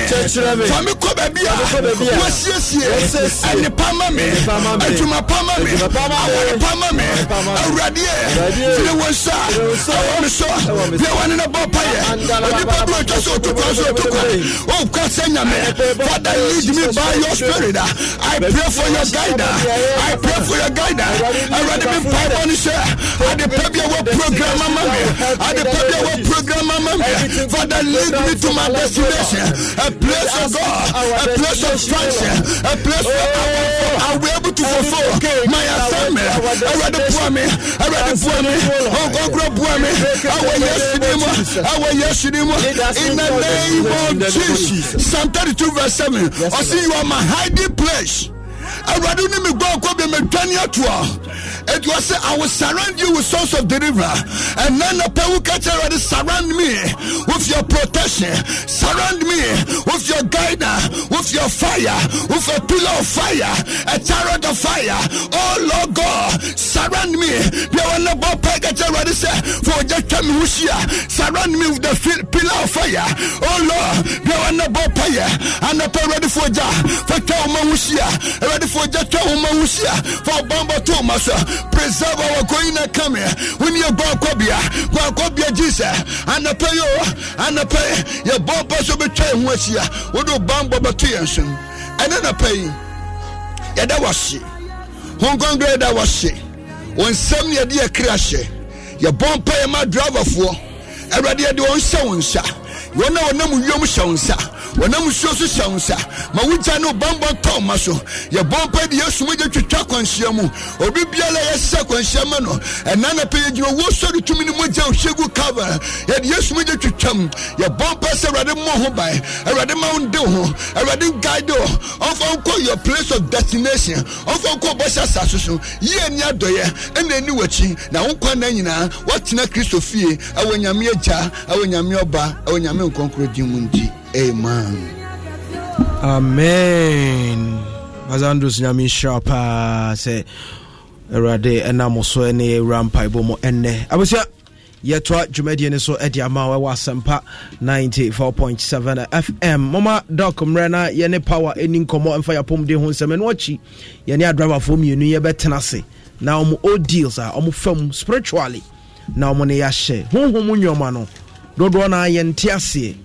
fa me kɔ baabi a wɔasiesie ɛnepa ma me adwuma pa ma me awɔre pa ma me awuradeɛ firi wɔ nsa ɛwɔ me so deɛ wɔne no bɔ payɛ onipa bi ɔtwa sɛ ɔtokwa sɛ ɔtokwa ɔka sɛ nyame father lead me by your spirit i pray for your guide i pray for your guide awurade me mpaebɔ no sɛ ade pɛ bi program ama I depend on what program I'm on. Father, lead me to my destination. A place of God, a place of function, a place where I will, be oh, able to fulfill my assignment. I read the poem, I read the poem, oh God, grab me. I will yes I will yes In the name of Jesus. Psalm 32 verse 7. I see you are my hiding place. awurade ne me gbɔ nkɔ bi me dwane ato a ɛti i will surround you with source of deliver and then the people ka kyerɛ awurade surround me with your protection surround me with your guidance with your fire with a pillar of fire a chariot of fire oh lord god surround me deɛ wɔne bɔ pɛ ka kyerɛ awurade sɛ fa ogya twa me ho hyia surround me with the pillar of fire oh lord deɛ wɔne bɔ pɛ yɛ anapɛ awurade fo ogya fa twa wo ma ho hyia awurade for wo ma wo hyia fa preserve our going and coming when you go akɔbea go akɔbea jesus anapa yi o anapa yi yɛ bɔ ɔbɔ so bɛtwa yɛn ho ahyia wode ɔbambɔ Pay, yɛn so ɛne napa yi yɛda wɔhye honkɔnkɔ yɛda wɔhye wɔn nsɛm ne yɛde yɛ kra hyɛ yɛbɔ mpa yɛ ma driverfoɔ awurade yɛde wɔnam nsuo so hyɛ wo nsa ma wogya ne wobambɔ tɔ ma so yɛbɔ mpa de yɛsum gye twitwa akwanhyia mu obi biara yɛsɛ akwanhyia ma no ɛna na pɛ yɛgyina wo sɔre tumi no mogya ohwie gu kava yɛde yɛsum gye twitwa mu yɛbɔ mpa sɛ awurade mmɔ ho bae awurade ma wo nde ho awurade guide wo ɔmfa nkɔ your place of destination ɔmfa nkɔ bɔhyɛ asase so yie ni adɔyɛ ɛna ani w'akyi na wo nkwa nna nyinaa woatena kristo fie awɔ nyame agya awɔ nyame ɔba awɔ nyame nkɔnkorɔ din mu nti amen amen basandros nyame nhyira paa sɛ awurade ɛnam so ne yɛwura mpaebɔ mu ɛnnɛ abusua yɛtoa dwumadie no so de ama wɔwɔ asɛmpa 94.7 fm moma dok mmerɛ na yɛne power ɛni nkɔmmɔ ɛmfa yɛapɔmde ho nsɛm ɛno akyi yɛne adriverfoɔ mmienu yɛbɛtena ase na ɔmo old deals a ɔmo fam spiritually na ɔmo ne yɛahyɛ honhom nnwɔma no dodoɔ na a yɛnte aseɛ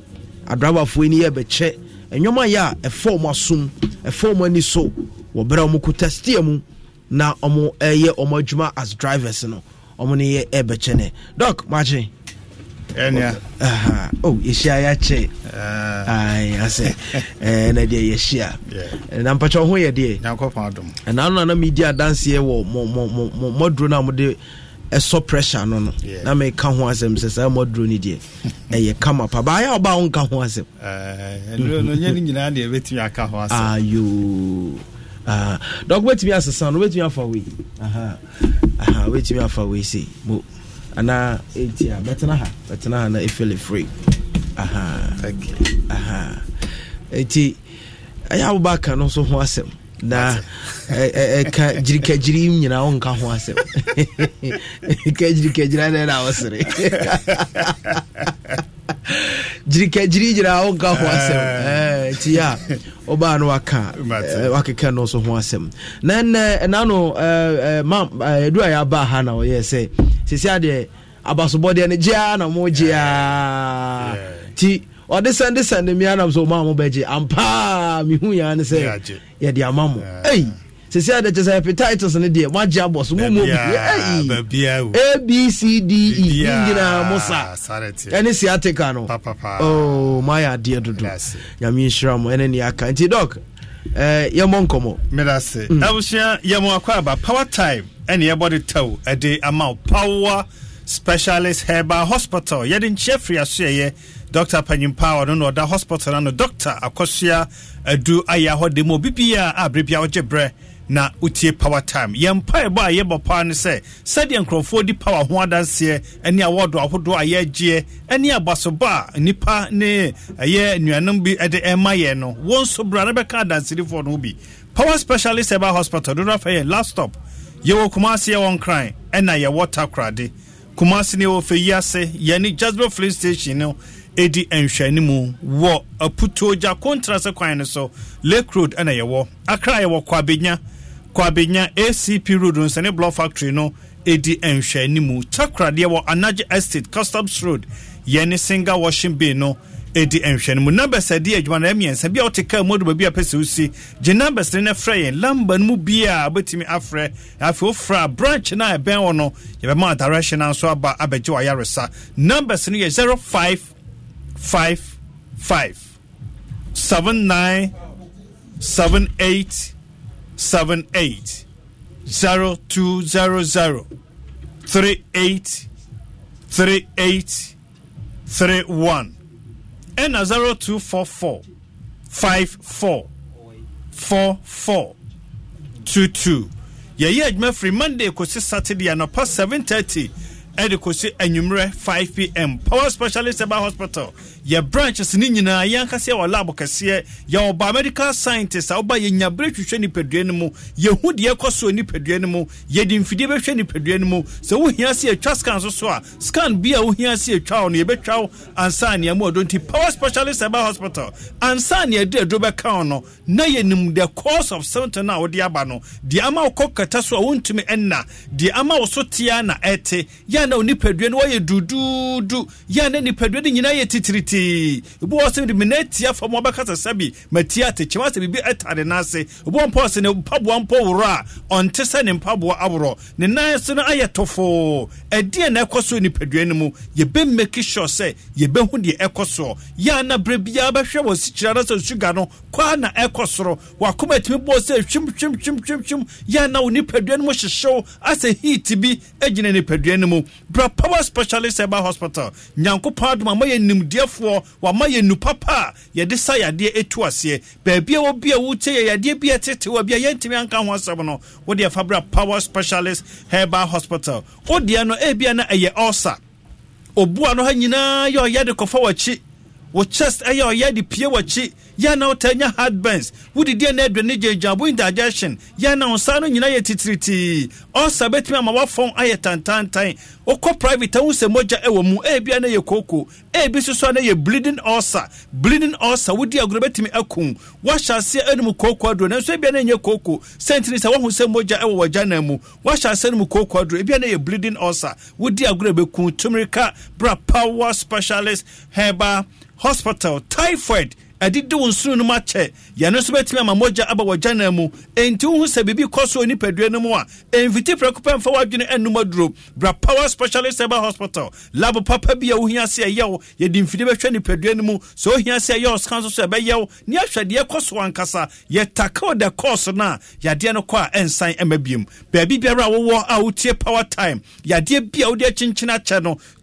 adrabafoɔ ni yɛbɛkyɛ ɛnwoma yɛ a ɛfa ɔmo asom ɛfa ɔmo ani so wɔ berɛ ɔmo kuta steer mu na ɔmo ɛyɛ ɔmo adwuma as drivers no ɔmo ne yɛ ɛbɛkyɛ ne dɔk makye ɛnea oh yɛhyia yɛakyɛ ai asɛ na deɛ yɛhyia na mpakyɛ wo ho yɛ deɛ nyankopɔn adom ɛna no na na medi adanseɛ wɔ mɔduro no a mode ɛsɔ pressure no no na meka ho asɛm sɛ saa mɔduro no deɛ ɛyɛ kama pa baayɛ a ɔba wo nka ho asɛm eh, ayo ah, dɔk wobɛtumi asesa no wobɛtumi afa wei wobɛtumi afa wei sei mo anaa ɛnti a bɛtena ha bɛtena ha na ɛfele free ɛnti ɛyɛ abobaka no nso ho asɛm na ka gyirikadwiri m nyinaa wonka ho asɛm ka eh. dɛ eh, na wosere gyirikadwiri nyinaa wonka ho asɛm nti a ɔbaa no waka eh, wakeka no so ho asɛm na ɛna no ɛduru a yɛabaa ha na ɔyɛɛ sɛ sɛsi adeɛ abasobɔdeɛ no gyea na mogyea nti ɔde sɛnde sɛnde mmea nam so ɔma a mobɛgye ampaa mehu yaa ne sɛ yɛde ama mo ei sɛsi ade kyɛ hepatitis no deɛ moagye abɔ so momu abcde nyinaa mo sa ɛne siatica no oh, moayɛ adeɛ dodo nyame nhyira mo ɛne ne aka nti dɔk eh, yɛmmɔ nkɔmmɔ medase hmm. abusua yɛmɔ akɔ power time ɛne yɛbɔde tɛw ɛde ama power specialist herbal hospital yɛde nkyɛ firi asoɛyɛ dr panyimpa ɔno na ɔda hospital ano dr akɔsoa adu ayɛ hɔ de mu obi a berɛ bia wogye berɛ na wotie power time yɛmpa ɛbɔ a yɛbɔ paa no sɛ sɛdeɛ nkurɔfoɔ di power ho adanseɛ ne awɔdo ahodoɔ a yɛagyeɛ ne abasobɔ a nnipa ne ɛyɛ nnuanom bi de ɛma yɛn no wɔn nso bra no bɛka adanserifoɔ no ho bi power specialist ɛba hospital dodo afɛ yɛ last stop yɛwɔ kumase yɛwɔ nkran ɛna yɛwɔ takorade kumase ne yɛwɔ fɛ yi ase yɛne jasper filling station no ɛdi nhwɛanimu wɔ aputoja kontrase kwan no so lake road ɛna yɛwɔ akra yɛwɔ kwabenya kwabenya acp road nsane block factory no ɛdi nhwɛanimu chakradeɛ wɔ anagye estate customs road yɛne singa washing bay no ɛdi nhwɛ no mu numbers ɛdi adwuma na mmiɛnsa bi a wɔte kaa mu ɔdo baabi a pɛ sɛ osi gye numbers no na frɛ yɛn lamba no mu bi a wobɛtumi afrɛ afei wofrɛ branch no a ɛbɛn wɔ no yɛbɛma direction nso aba abɛgye wɔ ayaresa numbers no yɛ 05 five five seven nine seven eight seven eight zero two zero zero three eight three eight three one ɛna zero two four four five four four four two two yɛyɛ adwuma firi monday kɔsi saturday anɔpa seven thirty ɛde kɔsi anwummerɛ 5 pm power specialist ɛba hospital yɛ branches ne nyinaa yɛn ankasa yɛwɔ lab kɛseɛ yɛwɔ ba medical scientist a woba yɛnyabere twehwɛ nipadua no mu yɛhu deɛ ɛkɔ so nipadua no mu yɛde mfidie bɛhwɛ nipadua no mu sɛ wohia se atwa scan so so a scan bi a wohia se atwa wo no yɛbɛtwa wo ansa nea mu ɔdɔ nti power specialist ɛba hospital ansa nea ɛde aduro bɛka wo no na yɛnim the cause of symptom a wode aba no deɛ ama wokɔ kata so a wontumi ɛnna deɛ ama wo so tea na ɛte yɛ na wo nipadua no wɔyɛ duduudu yɛ na nipadua no nyinaa yɛ titiriti tititi obi wɔ sɛ de mena atia fam wɔbɛkasa sɛbi matia te kyɛma sɛ biribi ɛtade no ase obi wɔ mpɔ sɛ ne mpaboa mpɔ worɔ a ɔnte sɛ ne mpaboa aworɔ ne nan so no ayɛ tofoo ɛdeɛ na ɛkɔ so nipadua no mu yɛbɛmaki sure sɛ yɛbɛhu deɛ ɛkɔ soɔ yɛ ana berɛ biara bɛhwɛ wɔ sikyira no sɛ suga no kwaa na ɛkɔ soro wakoma atumi bɔɔ sɛ twimtwimtwimtwimtwim yɛ ana wo nipadua no mu hyehyew asɛ heat bi agyina nipadua no mu bra power specialist ɛba hospital nyankopɔn adom a mayɛ nimdeɛfo amanfoɔ wama yɛ nnupa pa a yɛde sa yadeɛ ɛtu aseɛ baabi a wɔ a wotie yɛ yadeɛ bi ɛtete wɔ bi a yɛntumi anka ho asɛm no wode ɛfa bra power specialist herbal hospital wodeɛ no ebia na ɛyɛ ulcer obua no ha nyinaa yɛ ɔyɛ de kɔfa w'akyi wo chest ɛyɛ ɔyɛ de pie w'akyi yɛn na wotanya heartburns wodidie na aduane gyagyaabo indigestion yɛn na nsa no nyinaa yɛ titiritii ɔsa bɛtumi ama wafɔn ayɛ tantantan wokɔ private ahu sɛ mogya ɛwɔ mu ebia na yɛ kooko ebi soso na yɛ bleeding ulcer bleeding ulcer wodi agorɔ bɛtumi akum wahyɛ aseɛ anum kooko aduro nanso ebia na nyɛ kooko sɛntini sɛ wahu sɛ mogya ɛwɔ wɔ gya mu wahyɛ aseɛ anum kooko aduro ebia na yɛ bleeding ulcer wodi agorɔ bɛkum tumirika bra power specialist herbal hospital typhoid ɛde de wo nsoro no mu akyɛ yɛno nso bɛtumi ama mogya aba wɔ gyana mu enti wohu sɛ biribi kɔ so nipadua no mu a ɛmfiti prɛko pɛ mfa woadwene anom aduro bra power specialist cyber hospital lab papa bi a wohia sɛ ɛyɛ wo yɛde mfidi bɛhwɛ nipadua no mu sɛ wohia sɛ ɛyɛ ɔsika nso so ɛbɛyɛ wo ne ahwɛ deɛ kɔ so ankasa yɛtakaw de kɔɔso no a yadeɛ no kɔ a ɛnsan ma biom baabi biara a wowɔ a wotie power time yadeɛ bi a wode akyinkyini akyɛ no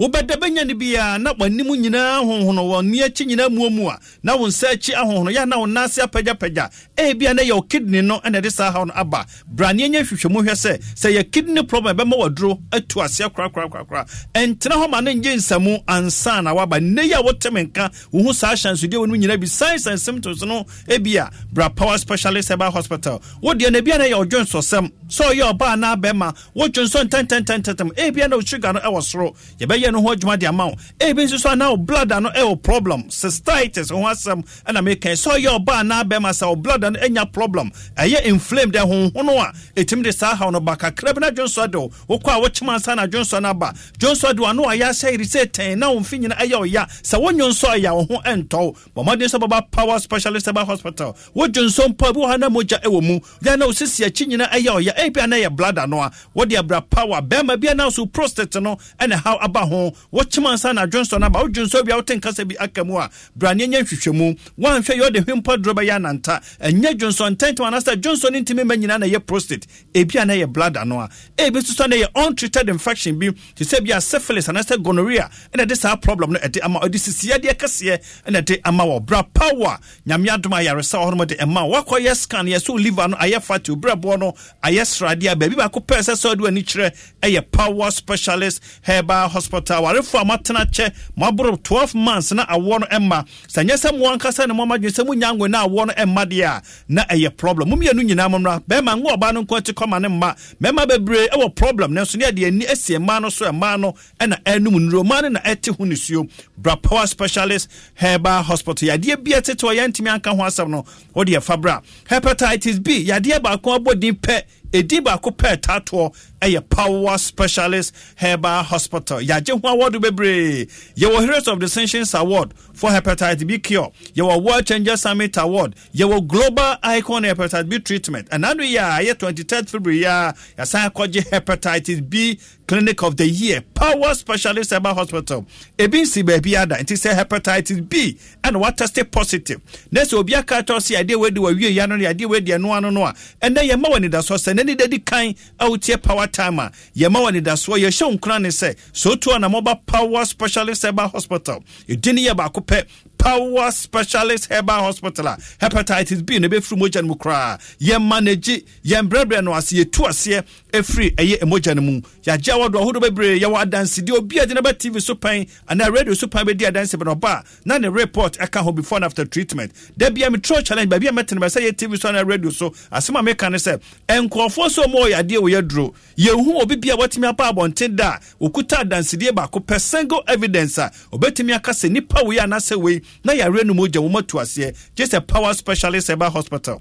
wobɛda bɛnya no biaa na w'anim nyinaa honhono wɔne akyi nyinaa muamu a na wo nsa akyi ahonhono yɛ na wo nase apagyapagya ebia na yɛwo kidney no ɛna ɛde saa haw no aba braneɛ nyɛ hwehwɛmu hwɛ sɛ sɛ yɛ kidney problem ɛbɛma waduro atu aseɛ korakorakorakora ɛntena hɔ ma no nyɛ nsamu ansa na waba nnɛ yi a wotem nka wo ho saa hyɛnsodeɛ wɔ no nyina bi signs and symptoms no ebia bra power specialist ɛba hospital wodeɛ no ebia na yɛ ɔdwonsɔsɛm sɛ ɔyɛ ɔbaa na abɛma wodwonsɔ ntɛntɛntɛntɛntɛm ebia na wo sugar no ɛwɔ soro yɛbɛyɛ ɛyɛ no ho adwuma de ama wo ebi nso so anaa wo blood ano ɛwɔ problem cystitis ho asɛm ɛna meka sɛ ɔyɛ ɔba anaa bɛrima sɛ wo blood ano anya problem ɛyɛ inflamed dɛ honhono a ɛtumi de saa haw no ba kakra bi na dwonsɔ do, wo wokɔ a wokyema ansa na dwonsɔ no aba dwonsɔ de wo ano ayɛ ahyɛyere sɛ tɛn na wo mfi nyina ɛyɛ ɔya sɛ wonwonsɔ ɛyɛ wo ho ɛntɔ wo bɔmmɔden sɛ bɛba power specialist ɛba hospital wodwonsɔ mpo a bi wɔ ha na mogya ɛwɔ mu da na wo sisi akyi nyina ɛyɛ ɔya ɛbi a na ɛyɛ a wode abra power bɛrima bi a na so prostate no ɛna haw aba ho no wɔkyema nsa na adwonsɔ no aba wodwonsɔ bia wote nkasa bi aka mu a braneɛ nya nhwehwɛmu woanhwɛ yɛ wode hwempɔ dorɔ bɛyɛ ananta ɛnyɛ dwonsɔ ntɛntɛm anasɛ dwonsɔ no ntimi ma nyinaa na ɛyɛ prostate ebi a na ɛyɛ bladder no a ebi nso so na ɛyɛ untreated infection bi te sɛ bia syphilis anasɛ gonorrhea ɛna ɛde saa problem no ɛde ama ɔde sisiadeɛ kɛseɛ ɛna ɛde ama wɔ bra power nyame adom a yaresa wɔ hɔnom de ɛma wakɔ yɛ scan yɛ so liver no ayɛ fati obrɛboɔ no ayɛ sradeɛ a baabi baako pɛɛ sɛ sɛ ɔde w'ani kyerɛ ɛyɛ power specialist herbal hospital ankasa awarefoɔ a moatena kyɛ moaboro 12 months na awoɔ no ɛma sɛ nyɛ sɛ mo ankasa ne moamadwene sɛ monya ngo na awoɔ no ɛma deɛ a na ɛyɛ problem momienu nyinaa mommra bɛrima ngo ɔbaa no nko akyi kɔma ne mma mmarima bebree ɛwɔ problem nanso ne ɛde ani asi mmaa no so mmaa no ɛna ɛnum nnuro mmaa no na ɛte ho nisuo bra power specialist herbal hospital yadeɛ bi ɛtete ɔyɛ ntumi anka ho asɛm no wɔde ɛfa bra hepatitis b yadeɛ baako abɔ din pɛ ɛdi baako pɛ ɛtaatoɔ ɛyɛ power specialist herbal hospital yɛagye ho award bebree yɛwɔ heroes of distinctions award for hepatitis b cure yɛwɔ world changer summit award yɛwɔ global icon hepatitis b treatment ɛnano yɛ a ɛyɛ 23 february a yɛsan akɔgye hepatitis b clinic of the year power specialist herbal hospital ebi nsi baabi ada nti sɛ hepatitis b ɛna wateste positive na sɛ obi aka atɔ sɛ adeɛ wadi wɔ wie ya no ne adeɛ wadi ɛno ano no a ɛnɛ yɛma wɔ anidasoɔ sɛ n'ani dadi kan a wotie power time a yɛma wɔ anidasoɔ yɛhyɛ wo nkora ne sɛ sɛ otu na mɔba power specialist ɛba hospital ɛdi yɛ baako pɛ power specialist herbal hospital a hepatitis b na ɛbɛfiri mogya no mu koraa yɛma nagye yɛn brɛbrɛ no ase yɛtu aseɛ ɛfiri ɛyɛ mogya no mu yɛagye awɔdo ahodoɔ bebree yɛwɔ adansedeɛ obi a gyina bɛ tv so pan anaa radio so pan bɛdi adanse bɛ na na ne report ɛka ho before and after treatment da bia metwerɛ challenge baabi a mɛtene bɛ sɛ yɛ tv so anaa radio so asɛm a meka ne sɛ nkurɔfoɔ so ɔma ɔyɛ adeɛ wɔyɛ duro yɛhu obi bia watumi aba abɔnten da a wɔkuta adansedeɛ baako pɛ single evidence a ɔbɛtumi aka nipa wei anaasɛ wei na yɛawerɛ no mu gya wo ma tu aseɛ gye sɛ power specialist ɛba hospital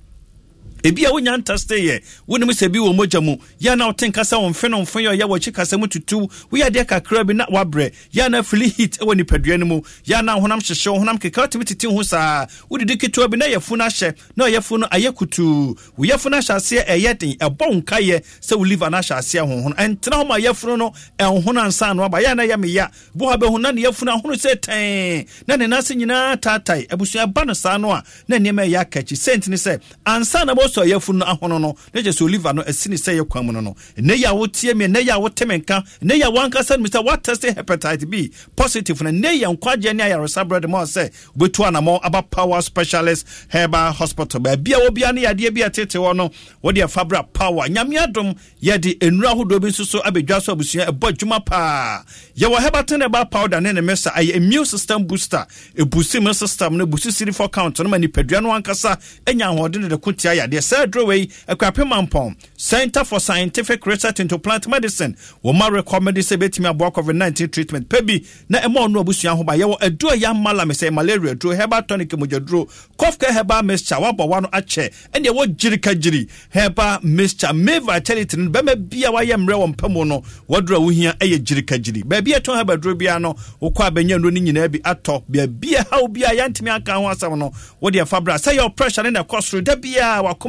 ebi a wonya ntaste yɛ wonim sɛ bi wɔ mogya mu yɛ na wote nkasa wɔmfe no mfe yɛ ɔyɛ wɔkyi kasa mu tutu woyɛ deɛ kakra bi na wabrɛ yɛ na afili heat wɔ nipadua no mu yɛ na honam hyehyew honam keka wotumi tete ho saa wodidi ketewa bi na yɛfu no ahyɛ na ɔyɛfu no ayɛ kutuu woyɛfu no ahyɛ aseɛ ɛyɛ den ɛbɔ nkayɛ sɛ wo liver no ahyɛ aseɛ honhono ɛntena ho ma yɛfunu no ɛnhono ansa no aba yɛ na yɛ meya boha bɛhu na ne yɛfunu ahono sɛ tɛn na ne nase nyinaa taatae abusua ba no saa no a na nneɛma ɛyɛ akakyi sɛntini sɛ ansa na bɔ so yɛfu no ahono no na kyɛ sɛ oliver no ɛsi ne sɛ yɛ kwan mu no no ɛnɛ yɛ a wotie me ɛnɛ yɛ a wote nka ɛnɛ yɛ a wankasa mi sɛ woatɛste hepatite b positive no ɛnɛ yɛ nkwagyeɛ ne ayaresa berɛde ma sɛ wobɛtu anammɔ aba power specialist herba hospital baabi a wobia ne yɛadeɛ bi ɛtete hɔ no wode ɛfa bra power nyame adom yɛde nnura ahodoɔ bi nso so abɛdwa so abusua ɛbɔ adwuma paa yɛwɔ hebatin ɛba powder ne ne mesa ɛyɛ immune system booster ɛbusi mu system no busi sirifo count no ma nipadua no ankasa anya ahoɔden de de ko tia yadeɛ deɛ saa aduro yi akwapema mpɔn center for scientific research into plant medicine wɔma recommend sɛ ɛbɛtumi aboa covid-19 treatment pɛ bi na ɛma ɔno abusua ho ba yɛwɔ aduro yɛ ama lame sɛ malaria aduro heba tonic mogyaduro cofca heba mixture wabɔ wa no akyɛ ɛneɛ wɔgyirika gyiri herbal mixture mava charity no bɛma bia wayɛ mmerɛ wɔ mpɛ mu no wɔdoro a wohia ɛyɛ gyirika gyiri baabi ɛtɔn herbal aduro biara no wokɔ a bɛnya nnuro no nyinaa bi atɔ baabi a haw biara yɛntumi aka ho asɛm no wode ɛfa bra sɛ yɛ ɔpressure ne na ɛkɔ soro da biara wakɔ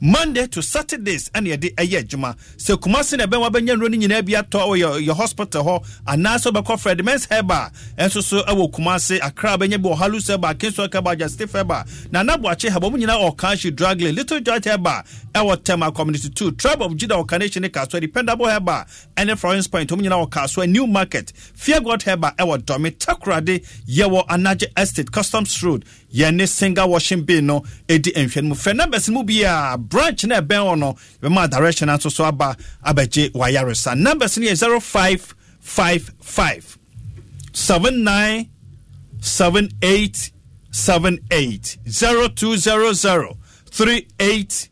monday to saturdays ɛna yɛde ɛyɛ adwuma sɛ kumase na ɛbɛn wabɛnya nnuro no nyinaa bi atɔ wɔ yɛ hospital hɔ anaasɛ wobɛkɔ fred mens herba ɛnso so ɛwɔ kumase akra bɛnya bi wɔ halus herba kinso herba justif herba na anaboakye heba mu nyinaa ɔkanhye dragley little george heba ɛwɔ tema community two tribe of juda ɔkanehye kaso dependable heba ɛne florence point ɔmu nyinaa wɔ kasoa new market fear god heba ɛwɔ dɔme takorade yɛwɔ anagye estate customs road yɛne single washing bin no ɛdi nhwɛ no mu fɛ numbers no mu bi a branch na ɛbɛn hɔ no yɛbɛma direction nso so aba abɛgye wayaresa numbers no yɛ 0555 79 78 78 0200 38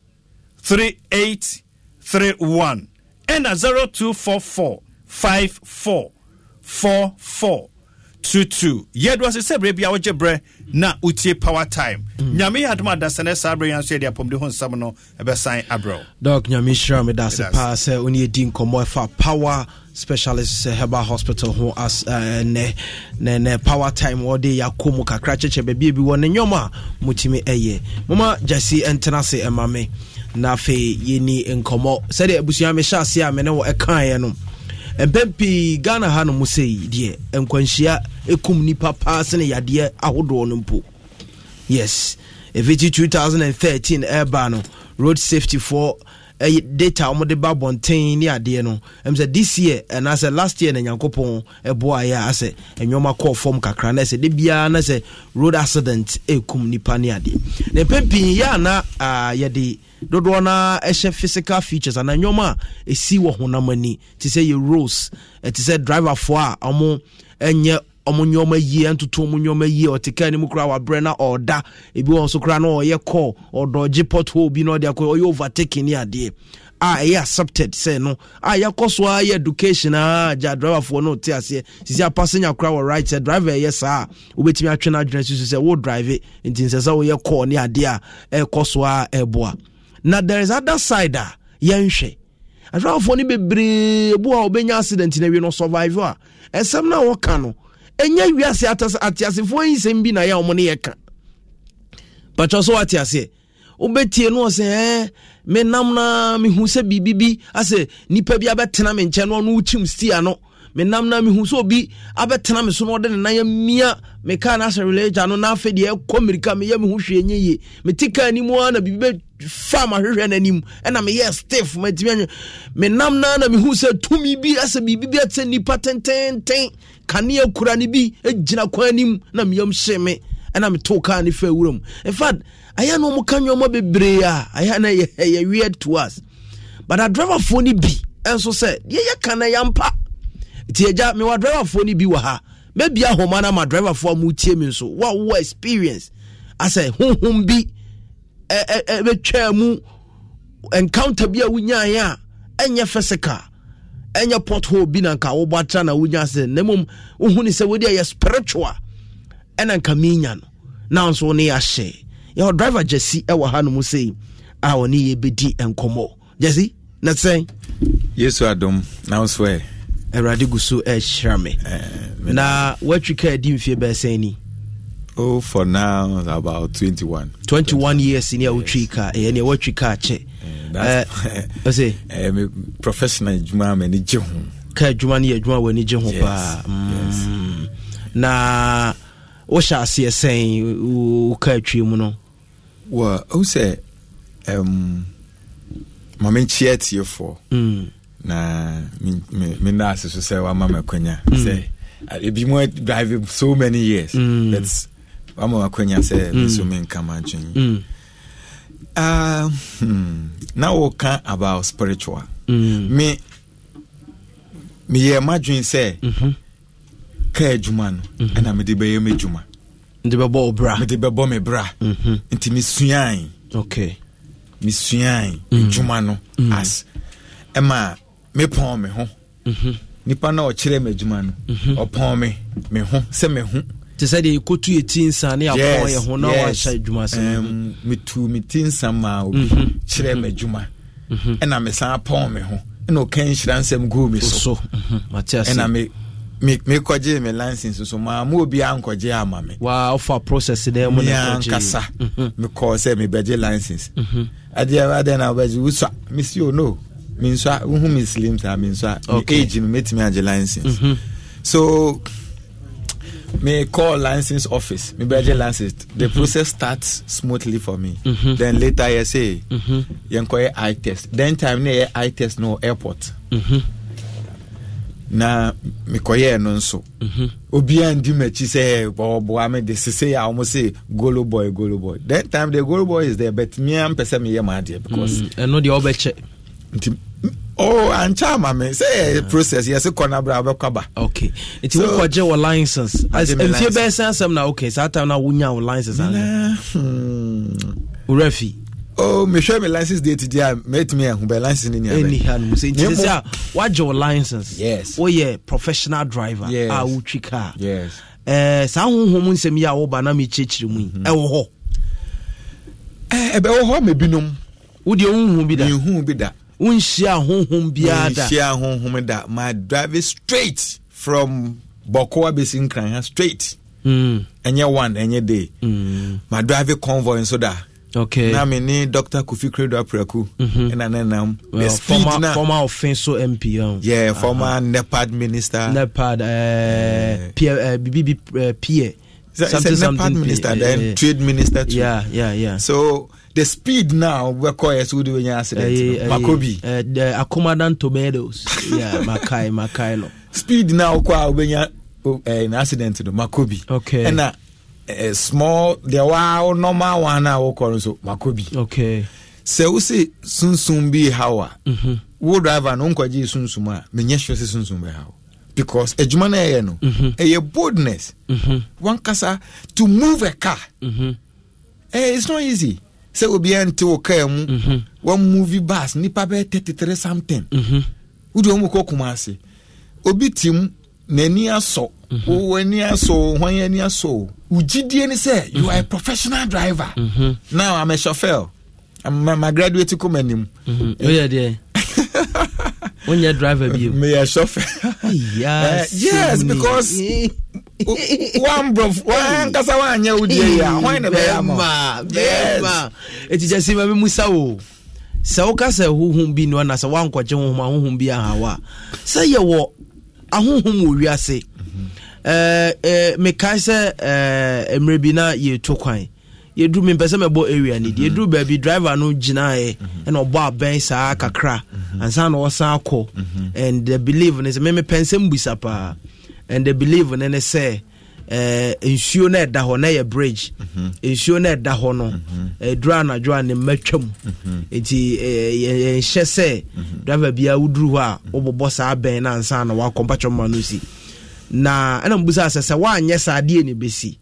38 31 ɛna 0244 54 44 22 yɛdoa sɛ sɛ berɛ bia wogye berɛ na wotie power time mm. nyame yɛ adom adasɛ ne saa berɛ yɛnso yɛde apɔmde ho nsɛm no ɛbɛsan abrɛw dɔk nyame hyira me dase paa sɛ wone yɛdi nkɔmmɔ ɛfa power specialist uh, herbal hospital ho as uh, ne ne ne power time wɔde yakɔ mu kakra kyekyɛ baabi bi wɔ ne nnwom a motumi ɛyɛ moma gyasi ntena se ɛma me na afei yɛni nkɔmmɔ sɛdeɛ abusua mehyɛ ase a me ne wɔ ɛkaeɛ no mpɛn pii ghana ha nom sɛ deɛ nkwanhyia ɛkum nipa paa sene yadeɛ ahodoɔ no mpo yes ɛfiti 2013 ɛreba no road safety for eh, data wɔde ba abɔnten ne adeɛ no ɛm sɛ this year ɛnaasɛ last year na nyankopɔn ɛboa eh, yɛ a sɛ ɛnwɔma kɔɔ fam kakra na sɛ de biara na sɛ road accident ɛkum eh, nipa ne adeɛ na mpɛn pii yɛ ana uh, dodoɔ no ɛhyɛ physical features ana nneɔma a ɛsi wɔ honam ani te sɛ yɛ rose ɛte sɛ driverfoɔ a ɔmo ɛnyɛ ɔmo nneɔma yie ɛntoto ɔmo nneɔma yie ɔte kaa no mu wabrɛ na ɔda ebi wɔ so kora na ɔyɛ kɔ ɔdɔgye pothole bi na ɔyɛ ne adeɛ a ɛyɛ accepted sɛ no a yɛkɔ so a yɛ education a ɛyɛ saa sɛ wo drive nti nsɛ sɛ na there is other side a yɛnhwɛ ahwɛfoɔ no bebree bu a wɔbɛnya accident na wie no survive a ɛsɛm no a wɔka no ɛnyɛ wiase ateasefoɔ yi sɛm bi na yɛ a wɔn ne yɛka patwa so wate aseɛ wobɛtie no ɔsɛ ɛɛ menam na mehu sɛ biribi bi asɛ nipa bi abɛtena me nkyɛn no ɔno wokyim stia no menam na mehu sɛ obi abɛtena me so na ɔde ne nan amia meka kaa no asɛ relator no na afei deɛ ɛkɔ mmirika meyɛ me ho hwee nyɛ ye mete kaa anim a na biribi bɛfa mahwehwɛ no anim ɛna meyɛ staff matumi anyɛ menam na na mehu sɛ tumi bi asɛ biribi bi ɛte nnipa tententen kanea kura no bi gyina kwan anim na meyam hye me ɛna metoo kaa no fa awura mu infact ayɛ no ɔmo ka nwɔma bebree a ayɛ no yɛ weird to us but adriverfoɔ no bi ɛnso sɛ deɛ yɛka no yɛmpa nti agya mewa driverfoɔ no bi wɔ ha mɛbi ahoma no ma driverfoɔ a motie mi nso wawowɔ experience asɛ honhom bi bɛtwaa mu encounter bi a wonyaeɛ a ɛnyɛ physical ɛnyɛ pothole bi na nka wobɔ atra na wonya sɛ na mmom wohunu sɛ wode ɛyɛ spiritual ɛna nka menya no na nso ne yɛahyɛ yɛwɔ driver gyasi ɛwɔ ha no mu sei a ɔne yɛbɛdi nkɔmmɔ gyasi na sɛn yesu adom na wo so ɛ awurade gu so ɛhyira me na woatwi ka adi mfie bɛɛsɛn ni Oh, for now about 21 21, 21 years in your tree car and your tree car che eh say eh professional adwuma me ni je ho ka adwuma ne adwuma we ni je ho pa mm. na wo sha ase esen wo ka atwi mu no wa o say um you for na mena ase so sɛ wama me akwanya mm. sɛ ebi mu drive so many years mm. but wama me akwanya sɛ mm. so menka m'adwen mm. uh, hmm. na woka about spiritual mm. me meyɛ m'adwen sɛ mm-hmm. ka adwuma no mm-hmm. ɛna mede bɛyɛ m'adwuma mede bɛbɔ bra mede bɛbɔ me bra mm-hmm. nti mesuae okay. mesuae mm. adwuma no mm. as ɛma mepɔn me ho mhm. nipa na ɔkyerɛ me adwuma no mhm. ɔpɔn me me ho sɛ me ho te sɛ deɛ ɛkɔtu yɛti nsa ne apɔn yɛ ho na wahyɛ adwuma sɛ metu me ti nsa maa obi mhm. kyerɛ me adwuma ɛna mesan apɔn me ho ɛna ɔka nhyira nsɛm guu me so ɛna me mekɔgye me license so maa ma obi ankɔgye ama me wofa process dɛ mu neankasa mekɔɔ sɛ mebɛgye license adeɛ adɛn na wobɛgye wosa mesio no mi nso a mi slim ta mi nso okay. mi age mi metumi agye license mm -hmm. so me call license office me bɛ gye mhm. license the mm -hmm. process starts smoothly for me mm -hmm. then later yɛ say mhm. yɛn kɔ yɛ eye test then time ne yɛ eye test no airport. Mm -hmm. na mekɔyɛɛ no nso mhm. obiaa ndi m'akyi sɛ ɔboa me de sesei a wɔm se golo boy golo boy then time the golo boy is there but mea mpɛ sɛ meyɛ maadeɛ because mm, ɛno deɛ wobɛkyɛ nti oh ancha ama me sɛ eh, yɛ process yɛse kɔ no berɛ ok nti so, wokɔgye wɔ license mfie bɛɛ sɛ asɛm na saa time na wonya wo license ana worɛ hmm. fi oh mehwɛ me license date di a mɛtumi ahu bɛ license no niabɛniha no sɛ nti sɛ a woagye wo license yes yẹ professional driver yes. a wotwi yes. uh, saa honhom nsɛm yi a woba na mu yi mhm. ɛwɔ hɔ eh, ɛbɛwɔ hɔ ma binom wodeɛ wohu bi da bi wonhyia honhom biara danhyia honhom da Ma drive straight from bɔkoa bɛsi nkranha straight ɛnyɛ mm. one ɛnyɛ day mm. drive convoy nso da okay na me ni dr kofi kredo apraku ɛna mhm. mm-hmm. ne nam well, the speed former, na former offenso mp um. yeah uh-huh. former nepad minister nepad uh, yeah. uh, bbb something, uh, a something, nepad minister yeah, then yeah. trade minister too yeah yeah yeah so the speed now we wɛkɔyɛ sɛ wode wɛnya accident makobi eh, eh, eh, akomadan tomatoes yeah, makai makai no speed now wokɔ a wobɛnya an oh, accident no makobi okay. ɛna uh, small the wow oh, wo normal one now wokɔ no so makobi okay. sɛ wose sunsum bi haw a mm-hmm. wo driver no wonkɔgyee sunsum a menyɛ hwɛ sɛ sunsum bɛhaw because adwuma no ɛyɛ no ɛyɛ boldness mm-hmm. wankasa to move a car mm eh, it's not easy sɛ obiara nte wo kaa mu wɔn mhm. movie bus nipa bɛyɛ thirty three something mhm. wodi wɔn mu kɔ kuma ase obi ti mu n'ani asɔ mhm. wɔn ani asɔ wɔn ani asɔ wogidie ni sɛ you are a professional driver now i'm a chauffeur I'm, i'm a graduate kɔma anim. oyɛ When wonyɛ driver bio meyɛ chauffeur, yes eh, because wankasa woanyɛ wo deɛ yɛ hwan ne bɛyɛ ma ɛti kyɛ sima memusa wo sɛ woka sɛ honhom bi no ana sɛ woankɔgye honhom ahohom bi ahawa a sɛ yɛwɔ ahohom wɔ wiase mekae mhm. eh, eh, sɛ mmerɛ bi na yɛto kwan yɛduru mi mpɛ mɛbɔ area ni deɛ mhm. yɛduru baabi driver no gyinaeɛ mhm. ɛna ɔbɔ abɛn saa kakra mhm. ansa na ɔsan akɔ and the belief ne sɛ mɛmɛ pɛnsɛm busa paa and the belief ne ne sɛ ɛɛ nsuo na ɛda hɔ na yɛ bridge nsuo na ɛda hɔ no ɛduru anadwo a ne mma twam nti ɛɛ yɛn sɛ driver bi a woduru hɔ a wɔbɔbɔ saa abɛn na ansa na wakɔ mpatwam ma no si na ɛna mbusa sɛ sɛ wanyɛ saa adeɛ ne besi.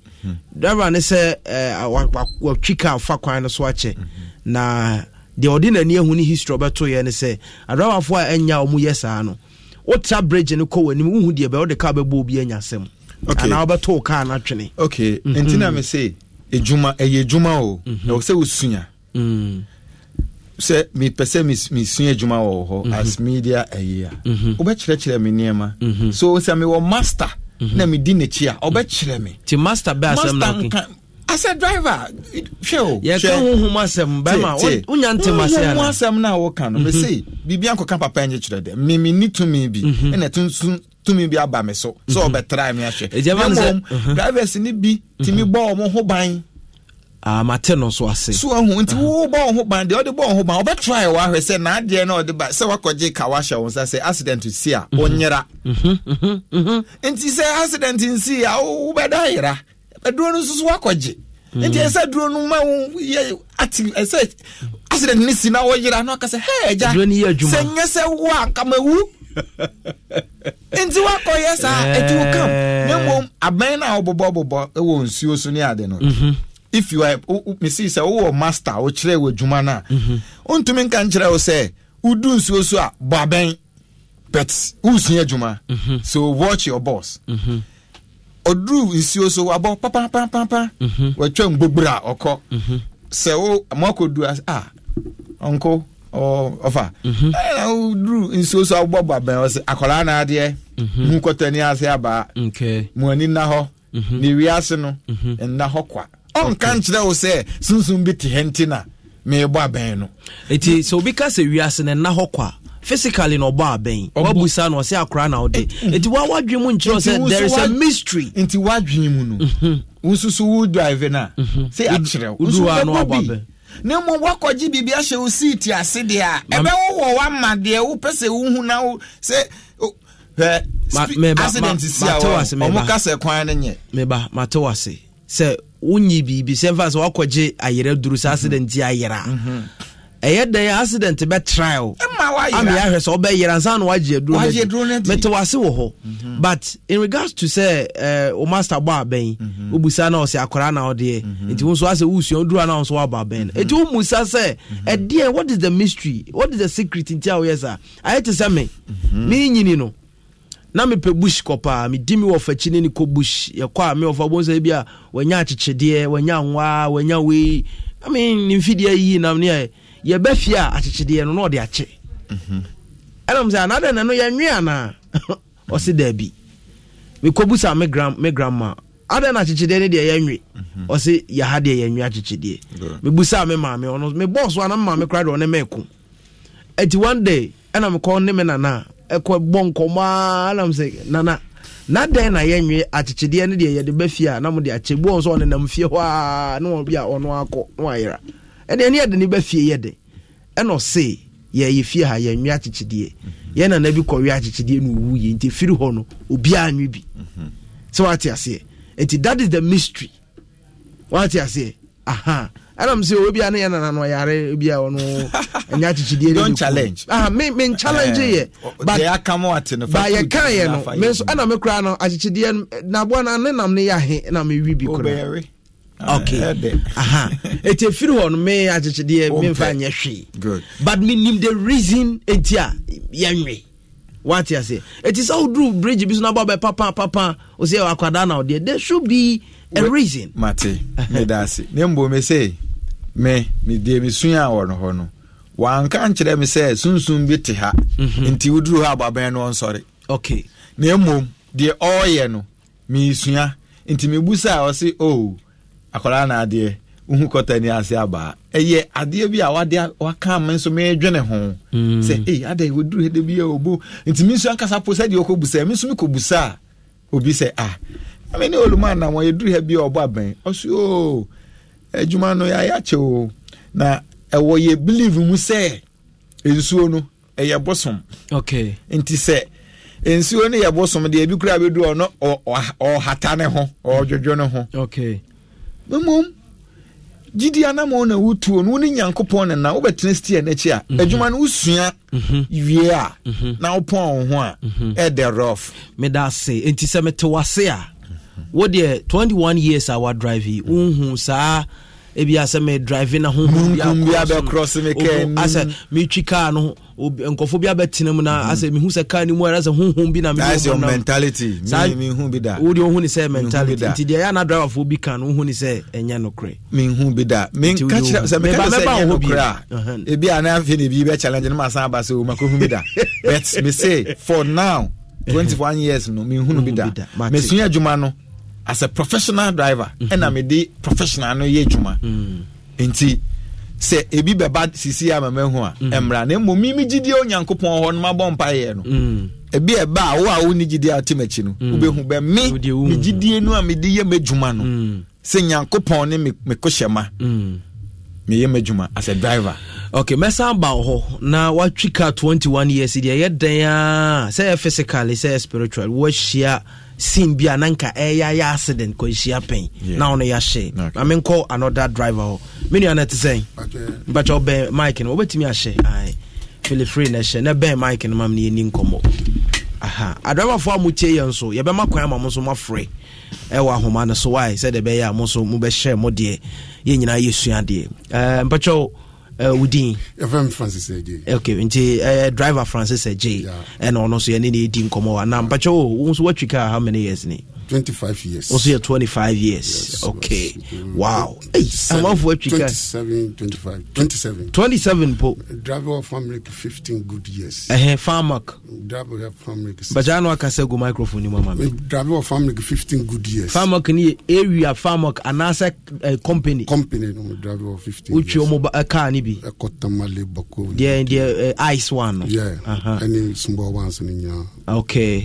driver ne sɛ eh, watwi ka fa kwan no so akyɛ na deɛ ɔde n'ani ahu ne history ɔbɛtoeɛ ne sɛ adrabafoɔ a ɛnya ɔmo yɛ saa no wotra bridge no kɔ w'anim wohu deɛ bɛ wode car bɛbɔ obi anya sɛm anaa wobɛtoo car no atwene okay ɛnti na me se ɛdwuma ɛyɛ adwuma o na wɔ sɛ wosua sɛ mepɛ sɛ mesua adwuma wɔ hɔ mhm. as media ɛyi a mhm. wobɛkyerɛkyerɛ me nneɛma mhm. so sɛ mewɔ master na medi n'akyi a ɔbɛkyerɛ me nti master bɛ asɛm na nka asɛ driver hwɛ o yɛka honhom asɛm bɛma wonya ntem ase ana asɛm no a woka no mɛsei mhm. biribia nkɔka papa nyɛ kyerɛ dɛ memenni tumi bi mhm. ɛna tuntum tumi bi aba me so sɛ mhm. try me ahwɛ Driver drivers no bi tumi bɔ ɔmo ho ban Ah, mate no nso ase so uh-huh. nti uh-huh. ban deɛ ɔde bɔ sɛ na ɔde ba sɛ ka wahyɛ nsa sɛ accident si a mhm. Mhm, mhm, nti sɛ accident nsi a aduro no nso nti ɛsɛ no ma yɛ ati ɛsɛ accident ni si na na ɔka sɛ sɛ sɛ wo a nti wakɔyɛ saa kam nsuo so ne if you are mesi sɛ wowɔ master wokyerɛ wɔ adwuma no a wontumi mhm. nka nkyerɛ wo sɛ wodu nsuo so a bɔ abɛn but wosua adwuma mhm. so watch your boss mm-hmm. ɔduru nsuo so wabɔ papapapapa mm-hmm. watwa mgbogbora a ɔkɔ mm-hmm. sɛ wo moakɔdu a ah, ɔnko ɔfa mhm. ɛna woduru nsuo so awobɔbɔ abɛn ɔ sɛ akɔlaa na adeɛ mu kɔtani ase abaa mu ani nna hɔ ne wiase no nna hɔ kwa ɔnka nkyerɛ wo sɛ sunsum bi te hɛ na meebɔ abɛn no ɛti sɛ obi ka sɛ wiase no nna hɔ kɔ a physically na ɔbɔ abɛn wabusa no ɔsɛ akora na wode ɛti wa wadwen mu nkyerɛ sɛ there is a mystery nti wadwen mu no mhm. wo nso so wo drive no a mhm. sɛ akyerɛ wo nso bɛbɔ bi na mmom woakɔgye biribi ahyɛ wo seat ase deɛ a ɛbɛwowɔ woama deɛ wopɛ sɛ wohu na wo sɛ accident si a ɔmo ka kwan no nyɛ meba mate wase sɛ wonyi biribi sɛ mfa sɛ woakɔgye ayerɛ duru sɛ accident yi ayera mhm. ɛyɛ dɛn accident bɛtrae trial. ama yɛahwɛ sɛ wobɛyera nsa na woagye aduro no mete wase wɔ hɔ mhm. but in regards to sɛ eh, wo master bɔ abɛn mhm. wobusa na ɔsɛ akɔraa na wodeɛ nti wo nso asɛ wosua woduru na wo nso abɛn no ɛnti womu sɛ ɛdeɛ what is the mystery what is the secret nti a woyɛ sa ayɛ te sɛ me menyini no na mepɛ bush kɔ paa medi me wɔ fakyi bush yɛkɔ a me ɔfa sɛ bi a wanya akyekyedeɛ wanya nwaa wanya wei na ne mfideɛ yii nam ne yɛbɛ fie a akyekyedeɛ no na ɔde akye mhm. ɛnam sɛ anadɛ nɛ no yɛnwe anaa ɔse daabi sa me me ana mhm. me maame deɛ ɔne mɛko ɛnti one day ɛna mekɔ ne me ɛkɔbɔ nkɔmmɔ a nam sɛ nana na dɛn na yɛnwe akyekyedeɛ no deɛ yɛde bɛ a na mode akyɛ bi ɔ sɛ ɔnenam fie hɔ a na ɔbi a ɔno akɔ na wayera ɛdeɛ ne yɛde ne bɛfie fie yɛde ɛnɔ ɔse yɛyɛ fie ha yɛnwe akyekyedeɛ yɛn nana bi kɔwe akyekyedeɛ no ɔwu yɛ nti ɛfiri hɔ no obiaa nwe bi sɛ wate aseɛ nti that is the mystery wate aseɛ aha uh -huh. ɛnam sɛ obi a ne yɛ nana no ɔyare ɔno ɛnya akyikyideɛ don challenge ah me challenge yɛ eh, but yɛ aka mo ate no ba yɛ kan yɛ no me nso ɛna me kura no akyikyideɛ naboa eh, na ne nam ne yɛ ahe ɛna bi kura okay eh, aha eti efiri hɔ no me akyikyideɛ me nfa nyɛ hwee good but me nim the reason eti a yɛnwe wate ase eti sɛ woduru bridge bi so na bɔ bɛ papa papa o sɛ akwadaa na ɔdeɛ there should be a reason. mate me da ne mbɔ me sɛ me deɛ mesua a wɔ no hɔ no wanka nkyerɛ me sɛ sunsum bi te ha mhm. nti woduru hɔ ababɛn no Okay. na mmom deɛ ɔreyɛ no meesua nti mebusa a ɔse o oh, akwaraa na adeɛ wohu kɔta ni ase abaa ɛyɛ adeɛ bi a wade waka me nso meedwene ho mm. sɛ ei adɛ wɔduru hɛde bi a ɔbo nti me nso ankasa po sɛdeɛ busa, me nso mekɔbusa a obi sɛ ah mene oluma anamɔ yɛduru ha bi a ɔbɔ abɛn ɔse o oh, adwuma no yɛayɛ akyɛ o na ɛwɔ yɛ believe mu sɛ nsuo no ɛyɛ bosom okay. nti sɛ nsuo no yɛ bosom deɛ ebi kura bɛdu ɔno ɔhata ne ho ɔdwodwo ne ho mmom gidi anamɔ na wotuo no wone nyankopɔn ne na wobɛtena stia n'akyi a adwuma mhm. no wosua mhm. wie a mhm. na wopɔn wo ho a ɛdɛ rof meda ase enti sɛ mete wase a wodeɛ 21 years a wadrive yi wohu saa ebi asɛ mɛ drive na huhu bi akɔrɔ so asɛ metwi kaa no nkɔfo bi abɛtena mu na mhm. asɛ mihu sɛ kaa ni mu ɛrɛ sɛ huhu bi na mi wɔ mu mentality mi mi hu bi da o de ohun ni sɛ mentality nti deɛ yana driver fo bi kan no ohun ni sɛ ɛnyɛ no korɛ. mi hu bi da mi ka sɛ mi ka sɛ ɛnyɛ no korɛ a ebi anan fi na ebi bɛ challenge ne ma san aba sɛ o oh, ma ko hu bi da but me say for now twenty one years no mi hu bi da mɛ sun yɛ no as a professional driver mhm. ɛna mede professional no yɛ adwuma mm. nti sɛ ebi bɛba sisi ama mahu a mm. mmra na mmom mimi gyidie onyankopɔn hɔ no mabɔ mpayɛ no mm. ebi ɛba a wo a wo ne gyidie a wote m'akyi no wobɛhu bɛ me me gyidie no a mede yɛ m'adwuma no sɛ nyankopɔn ne me kohyɛ ma meyɛ m'adwuma as a driver Okay, mɛsan ba hɔ na watwi ka 21 years deɛ ɛyɛ dan a sɛ yɛ physically sɛ yɛ spiritual wahyia scene bi a na nka ɛyɛ eh, ayɛ accident kwanhyia pɛn na ɔno yɛahyɛ okay. ame nkɔ another driver hɔ me nua no te sɛn mpakyɛ wobɛn mike no wobɛtumi ahyɛ ae na ɛhyɛ na bɛn mike no mam no yɛni aha adramafoɔ a motie yɛ nso yɛbɛma kwan ama mo nso moafrɛ ɛwɔ ahoma no so wae deɛ nyinaa deɛ wodin eh, nti eh, driver francis agye ɛna eh, ɔno nso yɛne ne ɛdi nkɔmmɔ a na mpakyɛ o wo nso woatwi kaa how many years ni 25 years. Also, you're 25 years. Yes, okay. Yes. Mm. Wow. Hey, I'm off what you 27, 25, 27. 27, po. Driver family 15 good years. Eh, uh, farmak. Driver family. But I know I can say go microphone, you mama. Eh, driver family 15 good years. Farmak ni area farmak anasa uh, eh, company. Company no driver 15. Which you mo car ni bi. Ekotamale eh, bako. Yeah, the uh, ice one. Yeah. Uh-huh. Any small ones in your. Okay.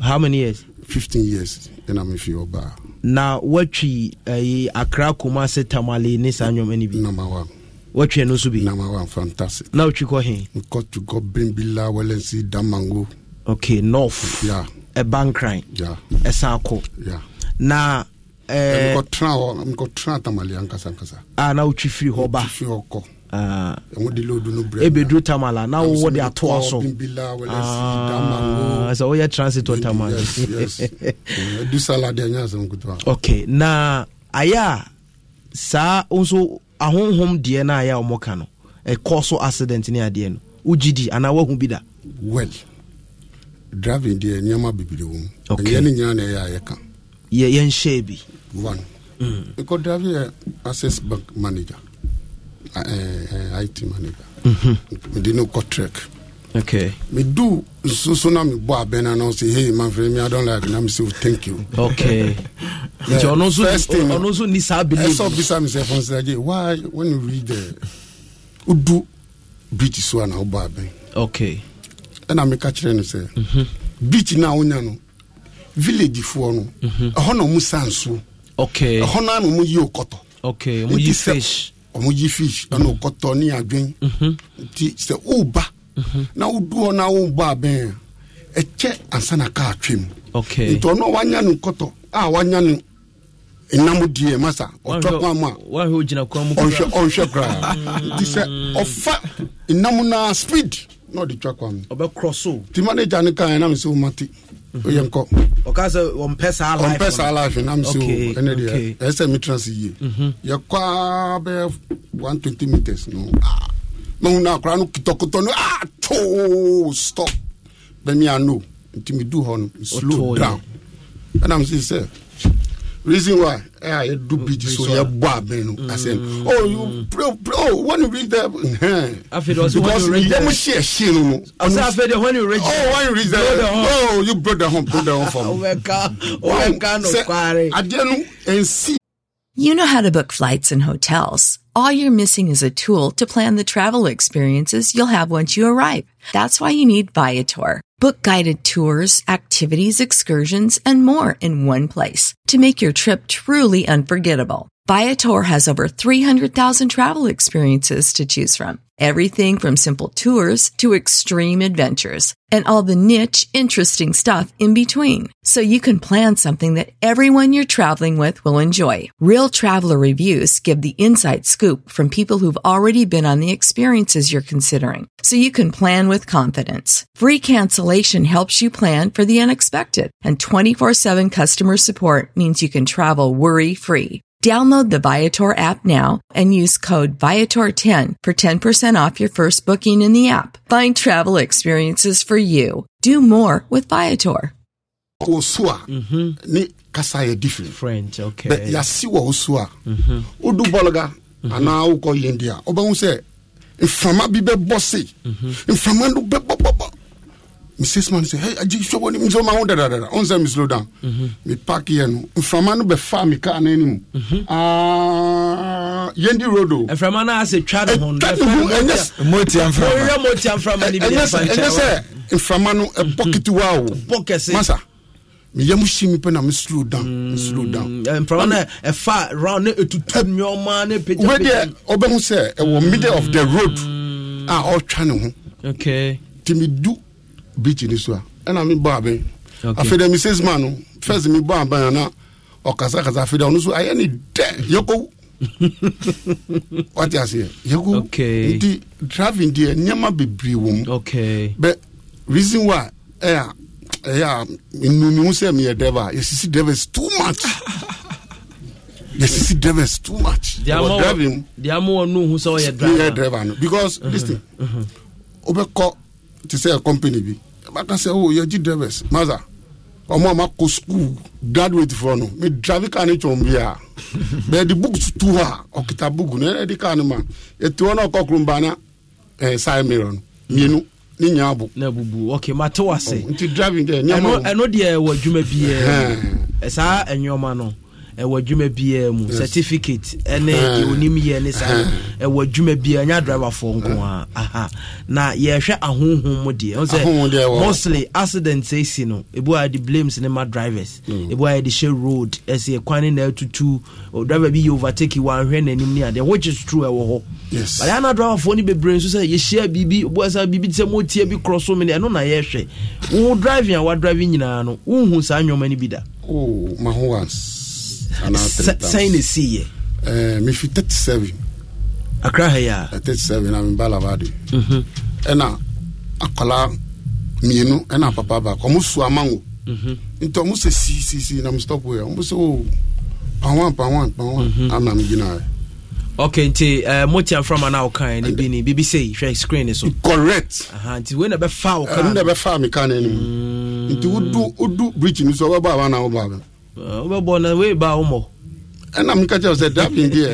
How many years? 15 years ɛna mefi hɔ baa na woatwi eh, ayi akra koma se tamale ne saa nnwoma no bi woatwi ɛno so bi fantastic na wotwi kɔ he nkɔ to gɔ bembila walensi damango okay north ya ɛba eh, nkran ya ɛsan eh, kɔ yeah na ɛɛ eh, mekɔtena hɔ mekɔtena tamale ankasa ankasa a ah, na wotwi firi hɔ ba firi hɔ kɔ ɛbɛduru tamala na wowɔ de atoa so sɛ woyɛ transit tamal ok na ayɛ a saa nso ahonhom deɛ no ayɛ a ɔmɔka no ɛkɔ so accident ne adeɛ no wogye di anaa woahu bi da well driving deɛ nneɛma bebree wɔ mu ɛyɛ ne nyinaa na ɛyɛ a yɛka yɛnhyɛɛ bi one ɛkɔ mm. driving yɛ uh, access bank manager Eh, eh, it manager mm-hmm. mede no kɔ track Okay. Me do na me bo aben and I say hey man for me I like and oh, thank you. Okay. yeah, you ni sa So say why when you read the eh, udu beach so na obo aben. Okay. And I no mm-hmm. na onya no village no. Mhm. na mu sanso. Okay. Ho yi okoto. yi ɔmo yi fish ɛna ɔkɔtɔ ne adwen nti sɛ ɔba na ɔdoɔ na ɔba abɛn ɛkyɛ ansana kaa twem nti ɔno wanya no nkɔtɔ a wanya no ɛnam deɛ masa ɔtɔ kwan mu a ɔnhwɛ ɔnhwɛ koraa nti sɛ ɔfa ɛnam na speed na ɔde twa kwan mu ti manager ne kan ɛnam sɛ ɔmate yɛ nkɔ ɔka sɛ ɔmpɛ saa life ɔmpɛ saa life nam so ɛne deɛ ɛsɛ metena se yie yɛkɔ a bɛyɛ 120 meters no ah. mahu no akora no kitɔkotɔ no atoo ah, stop bɛmi ano nti medu hɔ no slow down ɛnam se sɛ reason why ẹ ah, yẹ do mm, bridge so yẹ bọ abẹ nu asẹm oh you pray pray oh when you reach there mm. because yẹmu si ẹ si nu. ọsẹ afẹ de when you reach oh when you reach there oh you blow the horn blow the horn for me. ọwẹka ọwẹka nọ kwari. adiẹnu nsi. You know how to book flights and hotels. All you're missing is a tool to plan the travel experiences you'll have once you arrive. That's why you need Viator. Book guided tours, activities, excursions, and more in one place to make your trip truly unforgettable. Viator has over 300,000 travel experiences to choose from. Everything from simple tours to extreme adventures and all the niche, interesting stuff in between. So you can plan something that everyone you're traveling with will enjoy. Real traveler reviews give the inside scoop from people who've already been on the experiences you're considering. So you can plan with confidence. Free cancellation helps you plan for the unexpected and 24 7 customer support means you can travel worry free. Download the Viator app now and use code Viator10 for 10% off your first booking in the app. Find travel experiences for you. Do more with Viator. Mm-hmm. ni kasa yɛ different French, okay. but yasi wɔ so a wodu bɔlga anaa wokɔ yendi a wobɛhu sɛ mframa bi mrs man sɛ hey agye hwɛbɔ ne nsɛ ma ho dadadada ɔn sɛ me slow down me park yɛ no mframa no bɛfa me kaa no anim ah, yɛndi road oh. o eh, eh, mframa no asɛ twa ne ho ɛnyɛ sɛ mframa no ɛbɔ ketewa o masa meyam hye mi pɛ na me slow down me slow down mm, eh, mframa no ɛfa round ne ɛtutu nneɔma ne pɛgya wedeɛ ɔbɛhu sɛ ɛwɔ middle of the road a ɔtwa ne ho nti medu beach ni so a ɛna mi bɔ abɛn afei mi six man no first mi bɔ abɛn yana ɔkasakasa afei ɔno so ayɛ ni dɛ yɛkow wati aseɛ yɛkow nti driving deɛ nneɛma bebree wɔ mu bɛ reason why ɛyà ɛyà nnumihu sɛ mi yɛ dɛbɛ a yɛsisi dɛbɛ too much. yɛsisi drivers too much. di driver. no because uh-huh. lis ten uh-huh. obɛ kɔ sɛ company bi baka sɛ o oh, yɛ ji drivers maza ɔmo a ma ko school graduate fɔ no mi drive car ni tɔn bi a bɛɛ di book tu hɔ a ɔkita book ne yɛrɛ di car ni ma etu wɔn n'ɔkɔ kurun banna ɛɛ saa mìíràn no mienu ni nya abo. na bubu ok ma te wa se. Oh, nti driving dɛ ɛno ɛno deɛ wɔ adwuma bi yɛ saa ɛnyɔma no ɛwɔ adwuma biara mu certificate ɛne ah. onim yɛ ne saa ah. ɛwɔ adwuma biara nyɛ adrabafoɔ nko ah. aha na yɛhwɛ ahohom mu deɛ ɛho sɛ mostly accident sɛsi e no ebi a yɛde blames ne ma drivers mm. ebi a yɛde hyɛ road ɛsɛ kwan na atutu driver bi yɛ overtake wanhwɛ n'anim ne adeɛ which is true ɛwɔ hɔ but ɛyɛ anadrabafoɔ no bebree nso sɛ yɛhyia biribi obi a sɛ biribi sɛ motie bi korɔ so mi ɛno na yɛhwɛ wo driving a wa driving nyinaa no wohu saa nneɛma no bi da. oh my once sɛn eh, eh, mm-hmm. eh, na ɛsii yɛ mefi 37 akra ha yɛ a 37 na meba lavado ɛna akwala mmienu ɛna papa baako ɔmo soa mango nti ɔmo sɛ siisisi na mo stop yɛ ɔmo sɛ o pawan pawan pawan ama mi gyina yɛ. ok nti uh, mo tia fura ma na ɔka ne bi ni bibi sɛ hwɛ screen so. correct. Uh-huh. nti wei na bɛ fa ɔka. ɛnu mi ka na anim mm. nti wodu wodu bridge ni so ɔbɛ ba na ɔba a Eh, wobɛbɔ no weiba womɔ ɛna meka sɛ driving deɛ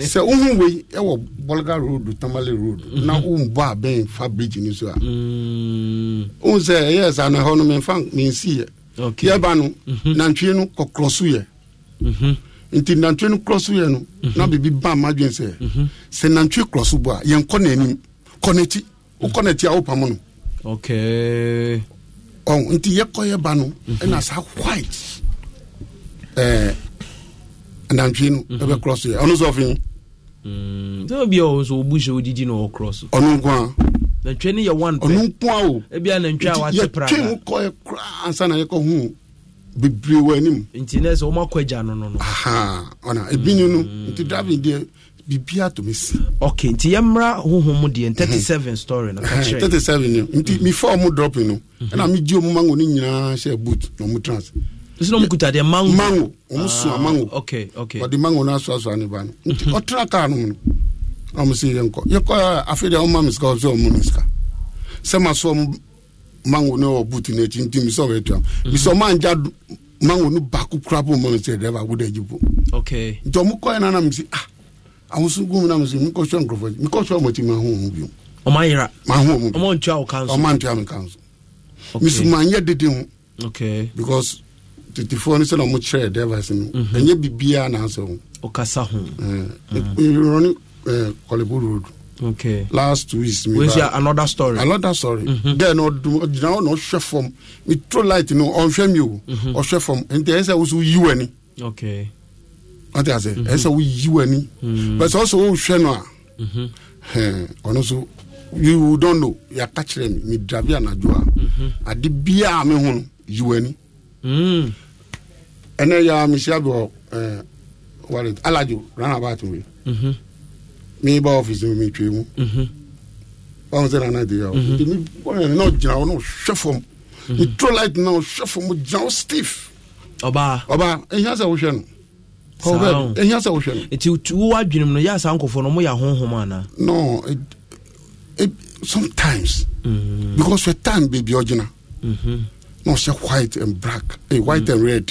sɛ wohu wei ɛwɔ bolga road tamale road mhm. na wombɔ a bɛn fa bridge no so a mm. wohu sɛ ɛyɛ saa no ɛhɔ no memfa mensiiɛ yɛba no mhm. nantwie no kɔkorɔ so yɛ mhm. nti nantwie no korɔ so yɛ no na biribi ba madwen sɛ sɛ nantwie korɔ so bɔ a yɛnkɔ n'anim kɔ wokɔ n'akyi a wopam no nti yɛkɔ yɛba no ɛna saa white Eh, nantwi no mhm. ɛbɛ cross yɛ ɔno mm. a odidi na cross. ɔno nko a. nantwi no yɛ one o. ebi a nantwi a wate pra yɛtwe mu ansa na yɛkɔ hu bebree wɔ anim. nti nɛ sɛ ɔmo agya no no no. ɔna ebi ni no mm. nti driving deɛ bibi si. ok nti thirty seven story na kakyere. thirty nti mi mhm. fa no mi mhm. di mango nyinaa trans. sɛ ɔm kuta deɛ mango mango ɔm ah, soa mango okay okay ɔde mango no asoasoa ne ba no nti ɔtena kaa no mu no ɔm sɛ yɛnkɔ yɛkɔ afei deɛ ɔma me sika ɔ sɛ ɔmu ne sika sɛ ma so ɔm mango no wɔ boot no akyi nti mesɛ ɔbɛtua mesɛ ɔma ngya mango no baako kora bo ma me sɛ dɛba woda agyi bo okay nti ɔmo kɔɛ no na me sɛ ah ahosu gu mu na me sɛ mekɔhwɛ nkurɔfoɔ mekɔhwɛ ɔmɔti maho ɔmu bio ɔma yera maho ɔmu ɔma ntua wo kanso okay because titifoɔ no sɛ na ɔmo kyerɛ drivers no mhm. ɛnyɛ biribiaa naasɛ ho ɔkasa ho ɛwurɔne kɔlebo road okay last two weeks me ba another story another story mhm. then ọdun ọgyina ọ na ọhwẹ fam mi tro light no ọhwẹ mi o ọhwẹ mhm. fam nti ẹ sẹ ọsọ yi wani okay ọtí ase ẹ sẹ ọyi wani bẹsẹ ọsọ ọhwẹ no a so you don't know yàtà kyerẹ mi mi drabi anadwo a adi bia mi ho yi wani. Mm ɛnɛ ya mehyia bi wɔ ɛɛ wale alajo rana about mi mm-hmm. mi ba ɔfisi mi twe mu báwo sɛ nana de ya o nti mi wɔyɛ n'o gyina e, e, mm-hmm. hɔ mm-hmm. n'o hwɛ fam mi tro light na o hwɛ fam o o stiff. ɔbaa ɔbaa ehiya sɛ o hwɛ no kɔfɛ ehiya sɛ o hwɛ no. eti wo adwene mu no yaasa nkɔfɔ no mo yɛ ahohom ana. no sometimes. because wɛ time baabi ɔgyina. Mm-hmm. white and black eh, white and red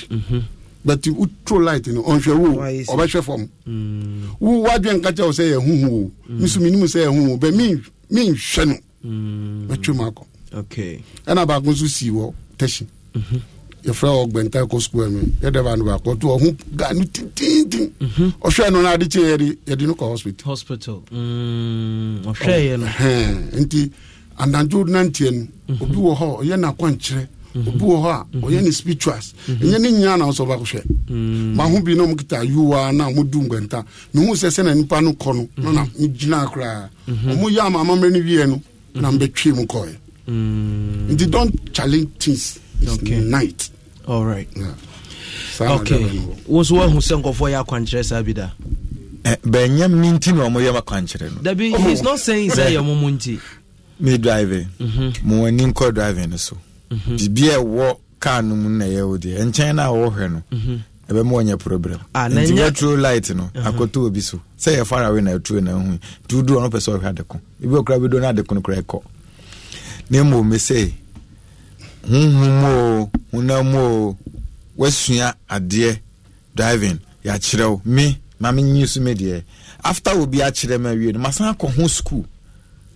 that you throw light no ɔnhwɛ wo ɔbɛhwɛ fam wo wadwe nka kyɛ wo sɛ yɛ huhu o mesuminim sɛ yɛ huhu bɛ menhwɛ no mɛtwe mu akɔ ɛna baako nso sii wɔ tashi yɛfrɛ wɔ gbɛnta kɔ sukuu ɛmi yɛdɛ ba no baako ɔto ɔho ga no tintintin ɔhwɛ no na ade kyɛ yɛde yɛde no kɔ hospital hospital ɔhwɛ yɛ no nti anadwo nanteɛ no obi wɔ hɔ ɔyɛ nakɔnkyerɛ obi hɔ a ɔyɛ ne spirituals ɛnyɛ ne nyaa na bi na ɔmokita na ɔmodu nkwanta sɛ nipa no kɔ no na mm-hmm. mm-hmm. mm-hmm. na koraa ama amammerɛ no no na mu kɔɛ nti challenge things night all right yeah. okay nso bi da eh, na m akwankyerɛ no dabi not saying eh. mo nti Mi driving driving so Mm-hmm. biribi a ɛwɔ kaa no mu na ɛyɛ wo deɛ nkyɛn no a wɔhwɛ no mm-hmm. ɛbɛma wɔnyɛ problem ah, nti wɔaturo light no uh-huh. akɔtɔ obi so sɛ yɛ far away na ɛturo na ɛhu nti wodu ɔno pɛ sɛ ɔhwɛ adeko ebi ɔkora bi do no adeko no kora ɛkɔ na mmom me sɛ honhom o honam o wasua adeɛ driving yɛakyerɛ wo me ma menyi so me deɛ after obi akyerɛ ma awie no masan akɔ ho school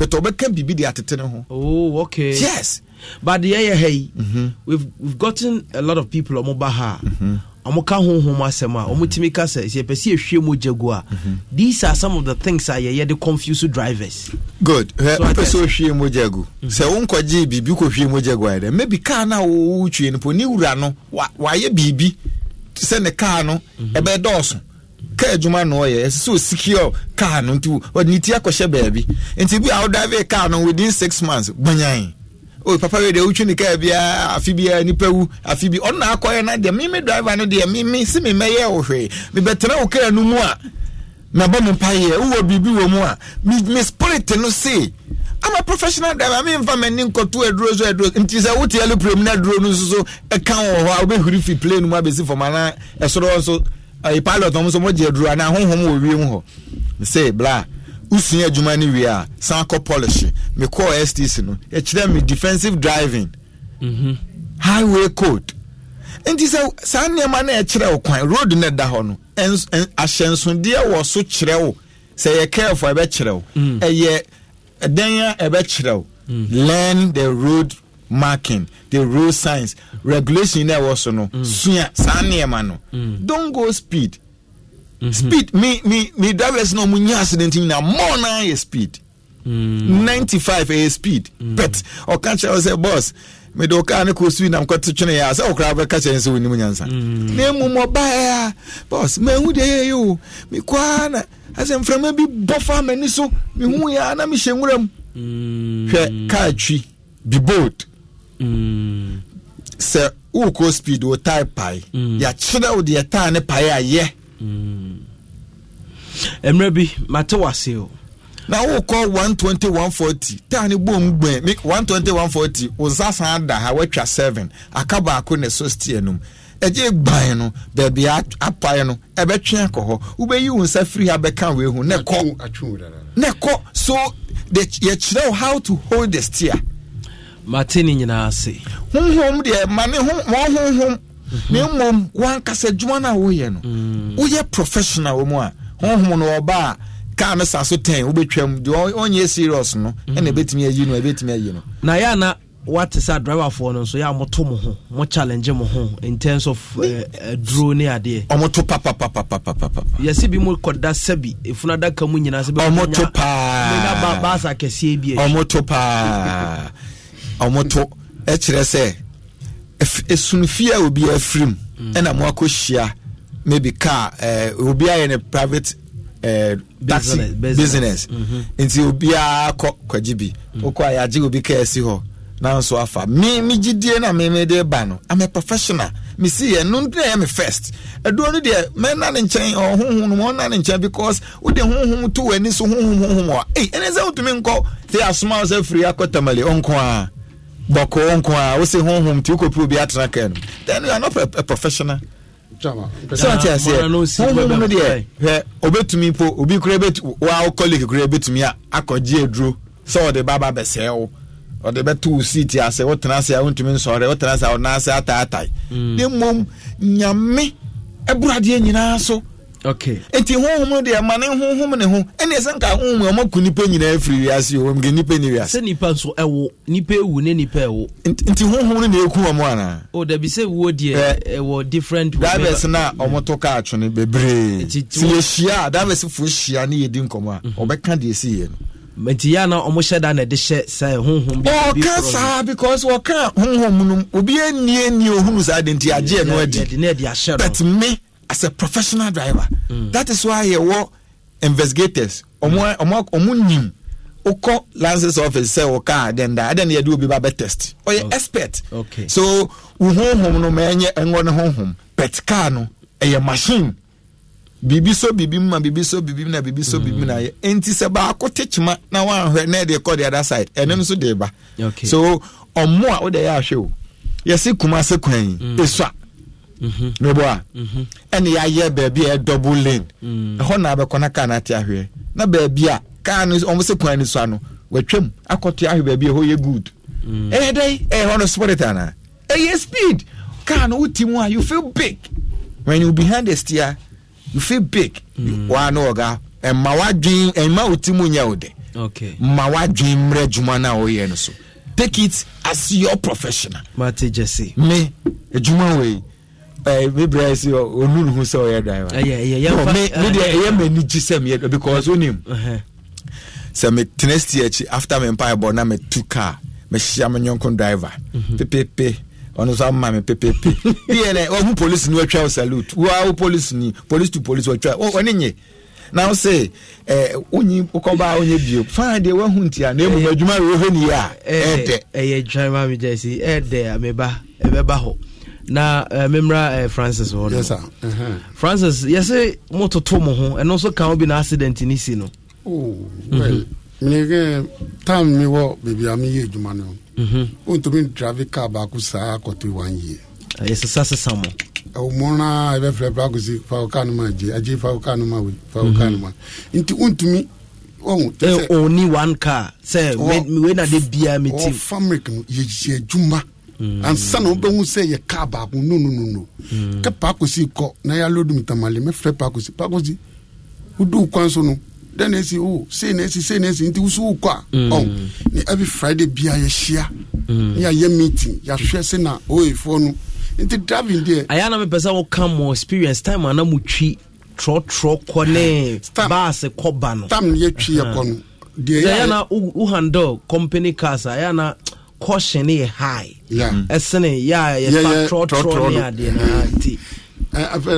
but ɔbɛka biribi de atete ne ho oh okay yes but the ɛyɛ ha yi we've we've gotten a lot of people ɔmo ba ha ɔmo mm-hmm. ka honhom asɛm asema ɔmo tumi ka sɛ sɛ yɛpɛ sɛ yɛhwie mu a mm-hmm. mm-hmm. these are some of the things a yɛyɛ de confuse drivers good wopɛ sɛ ohwie mu gya gu sɛ wonkɔgye biribi kɔhwie mu gya gu ayɛ dɛ maybe kar no a wɔwɔwotwie no po ne wura no wayɛ biribi sɛ ne kar no ɛbɛdɔɔso kaa adwuma na ɔyɛ ɛsɛ sɛ ɔsikio kaa no nti ɔde ti akɔhyɛ baabi nti bi a wodave kaa no within six months banyan o papa wei deɛ wotwi ne kaa biara afe biara nipa wu afe bi ɔno na akɔyɛ na deɛ mimi driver no deɛ mimi si mi mɛyɛ wo hwee wo kaa no mu a mɛbɔ mo mpaeɛ wowɔ biribi wɔ mu a me spirit no se I'm a professional driver. I mean, for many kotu eduro so eduro. Nti sɛ wote yɛlo premier duro no nso so ɛka wɔ hɔ a wobɛhuri fi plane mu abɛsi fam anaa ɛsoro nso ɛyɛ pilot wɔn nso wɔn gye aduro anaa ahohom wɔ wiem hɔ sɛ bla usua adwuma no wie a san kɔ polish mekɔɔ stc no ɛkyerɛ me defensive driving mm-hmm. highway code nti sɛ saa nneɛma no ɛkyerɛ wo kwan road no da hɔ no ahyɛnsodeɛ wɔ so kyerɛ wo sɛ yɛ careful ɛbɛkyerɛ wo ɛyɛ mm. ɛdan ɛbɛkyerɛ wo mm. learn the road marking the road signs regulation na ɛwɔ so no mm. sua saa nneɛma no mm. don go speed mm-hmm. speed me me me drivers mm. oh, ah, na ɔmo nye accident nyinaa more na yɛ speed ninety five ɛyɛ speed But ɔka kyerɛ ɔsɛ boss mede wo kaa ne kɔ sui nam kɔte twene yɛ a sɛ wokora bɛka kyerɛ sɛ wonim nyansa na mmom ɔbaɛ a bos mahu deɛ yɛyɛ o mekɔaa na asɛ mframa bi bɔ fa m'ani so mehu yɛ a na mehyɛ nwura mu hwɛ kaa twi be bold sɛ wokɔ speed wo tae pae yɛakyerɛ wo deɛ tae ne pae ayɛ mmerɛ bi mate wase o na wokɔ 120 140 ne bom gbɛn 120 140 wo nsa san da ha woatwa 7 aka baako ne so steɛ nom ɛgye gban no baabi apae no ɛbɛtwe akɔ hɔ wobɛyi wo nsa firi ha bɛka wei hu ne kɔ ne kɔ so yɛkyerɛ wo how to hold the steer mate ne nyinaa ase honhom deɛ ma ne honhom na mhm. mmom wankasa adwuma no a woyɛ no mm. woyɛ professional wɔ mu a honhom no ɔba a kaa no sa so tɛn wobɛtwam deɛ ɔnyɛ serious no mm. ɛna ɛbɛtumi ayi no ɛbɛtumi ayi no na yɛ wate sɛ driverfoɔ no nso yɛ a moto mo ho mo challenge mo ho in terms of aduro eh, eh, ne adeɛ ɔmoto papapapapapapa yɛsɛ bi mu kɔda sɛbi ɛfunu adaka mu nyinaa sɛ bɛmoto paa baasa kɛseɛ bi ɔmoto paa ɔmoto kyerɛ sɛ esunfie a obi afiri mu mm. ɛna mo akɔ hyia maybe car eh, obi ayɛ ne private eh, taxi business, business. Mm-hmm. nti obiara kɔ kwagye bi mm. wokɔ a yɛagye obi kaa asi hɔ nanso afa me megyedie na memede ba no I'm a professional mesi yɛ no na ɛyɛ me first ɛdoɔ no deɛ mɛna ne nkyɛn ɔhohom no mɔna ne nkyɛn because wode honhom to w'ani so honhom honhom a ei ɛne sɛ wotumi nkɔ te asoma wo sɛ firi akɔ tamale ɔnko a bɔkɔɔ nko a wosɛ honhom nti wokɔpi obi atena ka no then you are not a, a professional sɛ ɔte aseɛ honhom no deɛ hwɛ obɛtumi mpo obi kora wa wo colleague kora bɛtumi a akɔgye aduro sɛ ɔde baba bɛsɛɛ wo ɔde bɛto wo seat ase wotena ase a wontumi nsɔre wotena ase a wona ase ataatae mm. ne mmom nyame aburadeɛ nyinaa so okay eti honhom de ɛma ne honhom ne ho ɛna ɛsɛ nka honhom ɛma ku nipa nyinaa firi wiase o nke nipa ni wiase. sɛ nipa nso ɛwo nipa ewu ne nipa ɛwo. nti honhom ne na eku wɔn ana. o dabi sɛ wuo deɛ ɛwɔ different. Dabes na wɔn to kaa twene bebree si ehyia divers fo ehyia ne yɛ di nkɔmɔ a mhm. ɔbɛka deɛ si yɛ no nti yà na ɔmo hyɛ da na ɛde hyɛ sɛ huhun bi. ɔka saa because ɔka huhun mu no obi enie nie ohun saa de nti agye ɛnu adi but me as a professional driver mm. that is why yɛwɔ investigators ɔmo ɔmo hmm. nyim okɔ lances office sɛ ɔka adan da adan yɛ de obi ba bɛ test ɔyɛ okay. expert okay. so huhum no ma ɛnyɛ ɛngɔ ne huhum pet car no ɛyɛ e machine Bibi so bibi ma bibi so biribi na bibi so biribi hmm. na yɛ nti sɛ baako te kyima na wɔahwɛ na ɛde kɔ the other side ɛno e nso hmm. de ba okay. so ɔmo a wode yɛ ahwɛ o yɛsi kumase kwan yi esua. Mm. E Mm-hmm. mebo a mm-hmm. ɛne yɛayɛ baabi a ɛdouble lane mm. ɛhɔ na abɛkɔ na car no ate ahweɛ na baabi a car no ɔmo sɛ kwan no sua no watwam akɔto ahwe baabi a ɛhɔ yɛ good mm. ɛyɛ dɛn ɛyɛ hɔ no sport it ɛyɛ speed car no woti mu a you feel big when you behind the steer you feel big mm. waa no ɔga ɛma wadwin ɛma woti mu nyɛ wo de ma wadwin mmerɛ adwuma no a wɔyɛ no so take it as your professional mate jesse me adwuma wei Eh, bibira si onu ne ho sɛ ɔyɛ driver medeɛ mm-hmm. ɛyɛ ma ani gye sɛ meyɛ because wonim sɛ metena sti akyi after mempaebɔ na metu car mehyia me nyɔnko driver pepepe ɔno nso ama me pepepe deɛ nɛ ɔhu oh, police no atwa wo salute woa wo police ni police to police ɔtwa ɔne oh, nye na wo se eh, wonyi wokɔbaa wonyɛ bio fine deɛ woahu ntia na mmom eh, adwuma wewɔhɛ ni yɛ a ɛɛdɛ ɛyɛ driver me gyɛ si ɛɛdɛ ameba ɛbɛba hɔ na uh, memra uh, francis wɔ yes, uh-huh. francis yɛsɛ mototo mo ho ɛno nso ka wo bi na accident ne si no oh, meke time mi wɔ baabi a meyɛ adwuma no mhm. wontumi drive car baako saa akɔto one year ah, yɛsesa sesa mo ɛwomɔna ɛbɛfrɛ pra kosi fa wo car no ma agye agye fa wo car no ma wei fa wo car no ma mhm. nti wontumi ɔni eh, one car sɛ wei na de biaa metim fabric no yɛyɛ adwuma ansa na wobɛhu sɛ yɛ kaa baako nononono hmm. kɛ paakosi kɔ na yɛalodum tamale mɛfrɛ paakosi paakosi wodu kwan so no dɛn na ɛsi wo oh, sei na ɛsi sei na ɛsi nti woso wokɔ a ɔn ne every friday bia yɛhyia hmm. ne yɛayɛ meeting yɛahwɛ se na oefoɔ no nti driving deɛ ayɛ na mepɛ sɛ woka mɔ experience time ana motwi trɔtrɔ kɔ ne baase kɔ ba no tam yɛtwi yɛkɔ no deɛ yɛna wohandle company cars a ɛyɛ na caution yɛ high mm. ɛsene yɛ a yɛfa trɔtrɔ ne adeɛ no nti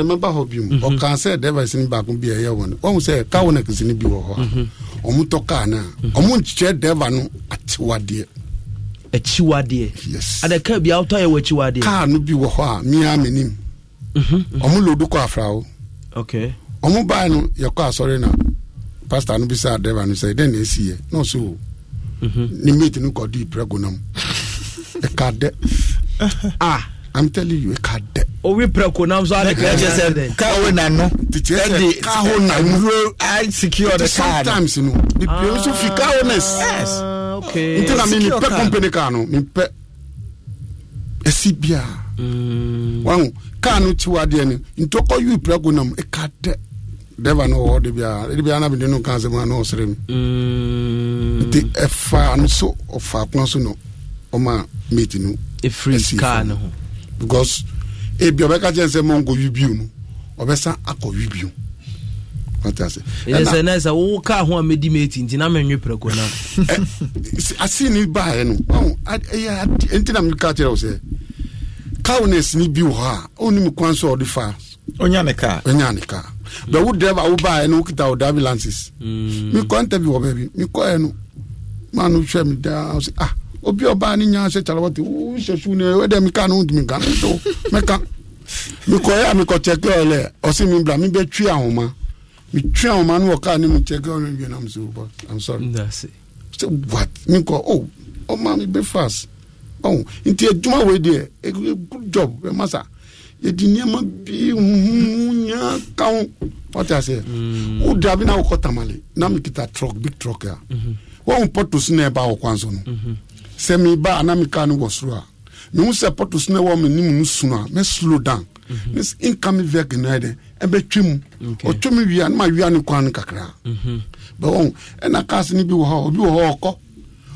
mɛba hɔ bi mu mm-hmm. ɔkaa sɛ drivers no baako bi a ɛyɛ wɔ no wahu sɛ ka wo no akɛsi no bi wɔ hɔ a mm-hmm. ɔmo tɔ kaa no a mm-hmm. ɔmo nkyerɛ driver no atewadeɛ akyiwadeɛ adaka bia wotɔ yɛ wɔ akyiwadeɛ kaa no bi wɔ hɔ a mia menim ɔmo lodo kɔ afra wo ɔmo bae no yɛkɔ asɔre no pastor no bi sɛ driver no sɛ dɛn na ɛsiɛ na ɔsɛ o ne mate no kɔde prɛgo no mu e ɛka dɛ a ah, I'm telling you, ɛka e dɛ. owi prɛko nam so ale kɛlɛ kyɛ sɛ kaho na ɛdi kaho na no i secure the car sometimes no the ah. pay also fi kaho na yes ntina mi mi pɛ company car no mi pɛ ɛsi e bia mm. wɔn car no tiwa deɛ no ntɔkɔ yi prɛko nam ɛka dɛ dɛva no wɔwɔ de biara de biara na mede no ka asɛm a na ɔsere me mm. nti ɛfa no so ɔfa akona so no ɔma mate no ɛfiri car no ho because ebi eh, ɔbɛka kyɛn sɛ mɔnkɔ wi bio no ɔbɛsa akɔ wi bio ɛsɛ na sɛ wo kaa ho a mɛdi mɛti nti na menwe prɛko eh, no asene oh, eh, baɛ no ɛnti na meka kyerɛ wo sɛ cowness ne bi wɔ hɔ a ɔnim kwan sɛ ɔde fa ɔnya kaa ɔnya kaa bɛ wo driver wo baa ɛni wo kita o driving license mi kɔ interview wɔ bɛɛ bi mi kɔ yɛ no maa nu sɛ mi daa ɔsi ah obi ɔbaa ni nyaa sɛ calawati o sɛ su ne ɛdɛ mi kan no mi kan so mɛ kan mi kɔ yɛ mi kɔ cɛ kɛ ɔlɛ ɔsi mi bila mi bɛ tui ahoma. ma mi tún àwọn ọmọ anúwọ̀ káà ní mi jẹ́ gẹ́gẹ́ ọ̀rẹ́ yẹn i'm so but i'm sorry. ndasi. ṣe what mi kọ o ọmọ mi fast, ọhún nti ẹdùnmáwé díẹ good job ẹ má sà yɛdi nneɛma bi huhu nyaa ka ho wate aseɛ wo da bi na wokɔ tamale na mekita truck big truck a wahu potos na ɛba wɔ kwan so no sɛ meba ana meka no wɔ soro a mehu sɛ potos na ɛwɔ menim no suno a mɛ slow down mis mm-hmm. income vehicle na ɛdɛ ɛbɛtwa mu ɔtwa me wia ne ma wia ne kwan no kakra bɛwɔ ɛna cars no bi wɔ hɔ obi wɔ hɔ ɔkɔ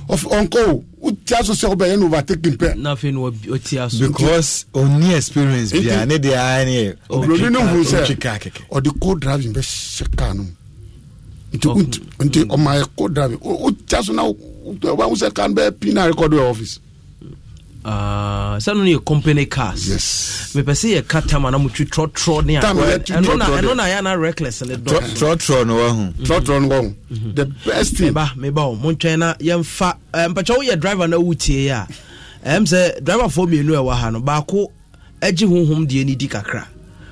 ɔnkɔ o wote aso sɛ wobɛyɛ no overtaking pɛ because ɔni experience bia ne deɛ aa ne ɔbroni no hu sɛ ɔde co driving bɛhyɛ car no nti ɔmayɛ co driving wote aso na wahu sɛ car no bɛyɛ pii na rekɔdo ɛ office Uh, sɛ no yɛ company cars yes. mepɛ sɛ yɛka tam ana motwi trɔtrɔ ne ɛno na yɛana reckless ne dɔtrɔtrɔ no wahu trɔtrɔ no wahu mhm. mhm. the best thing meba meba o montwɛn na yɛmfa eh, mpakyɛ woyɛ driver na wotie a ɛm sɛ driverfoɔ mmienu ɛwɔ ha no baako agye honhom deɛ ne di kakra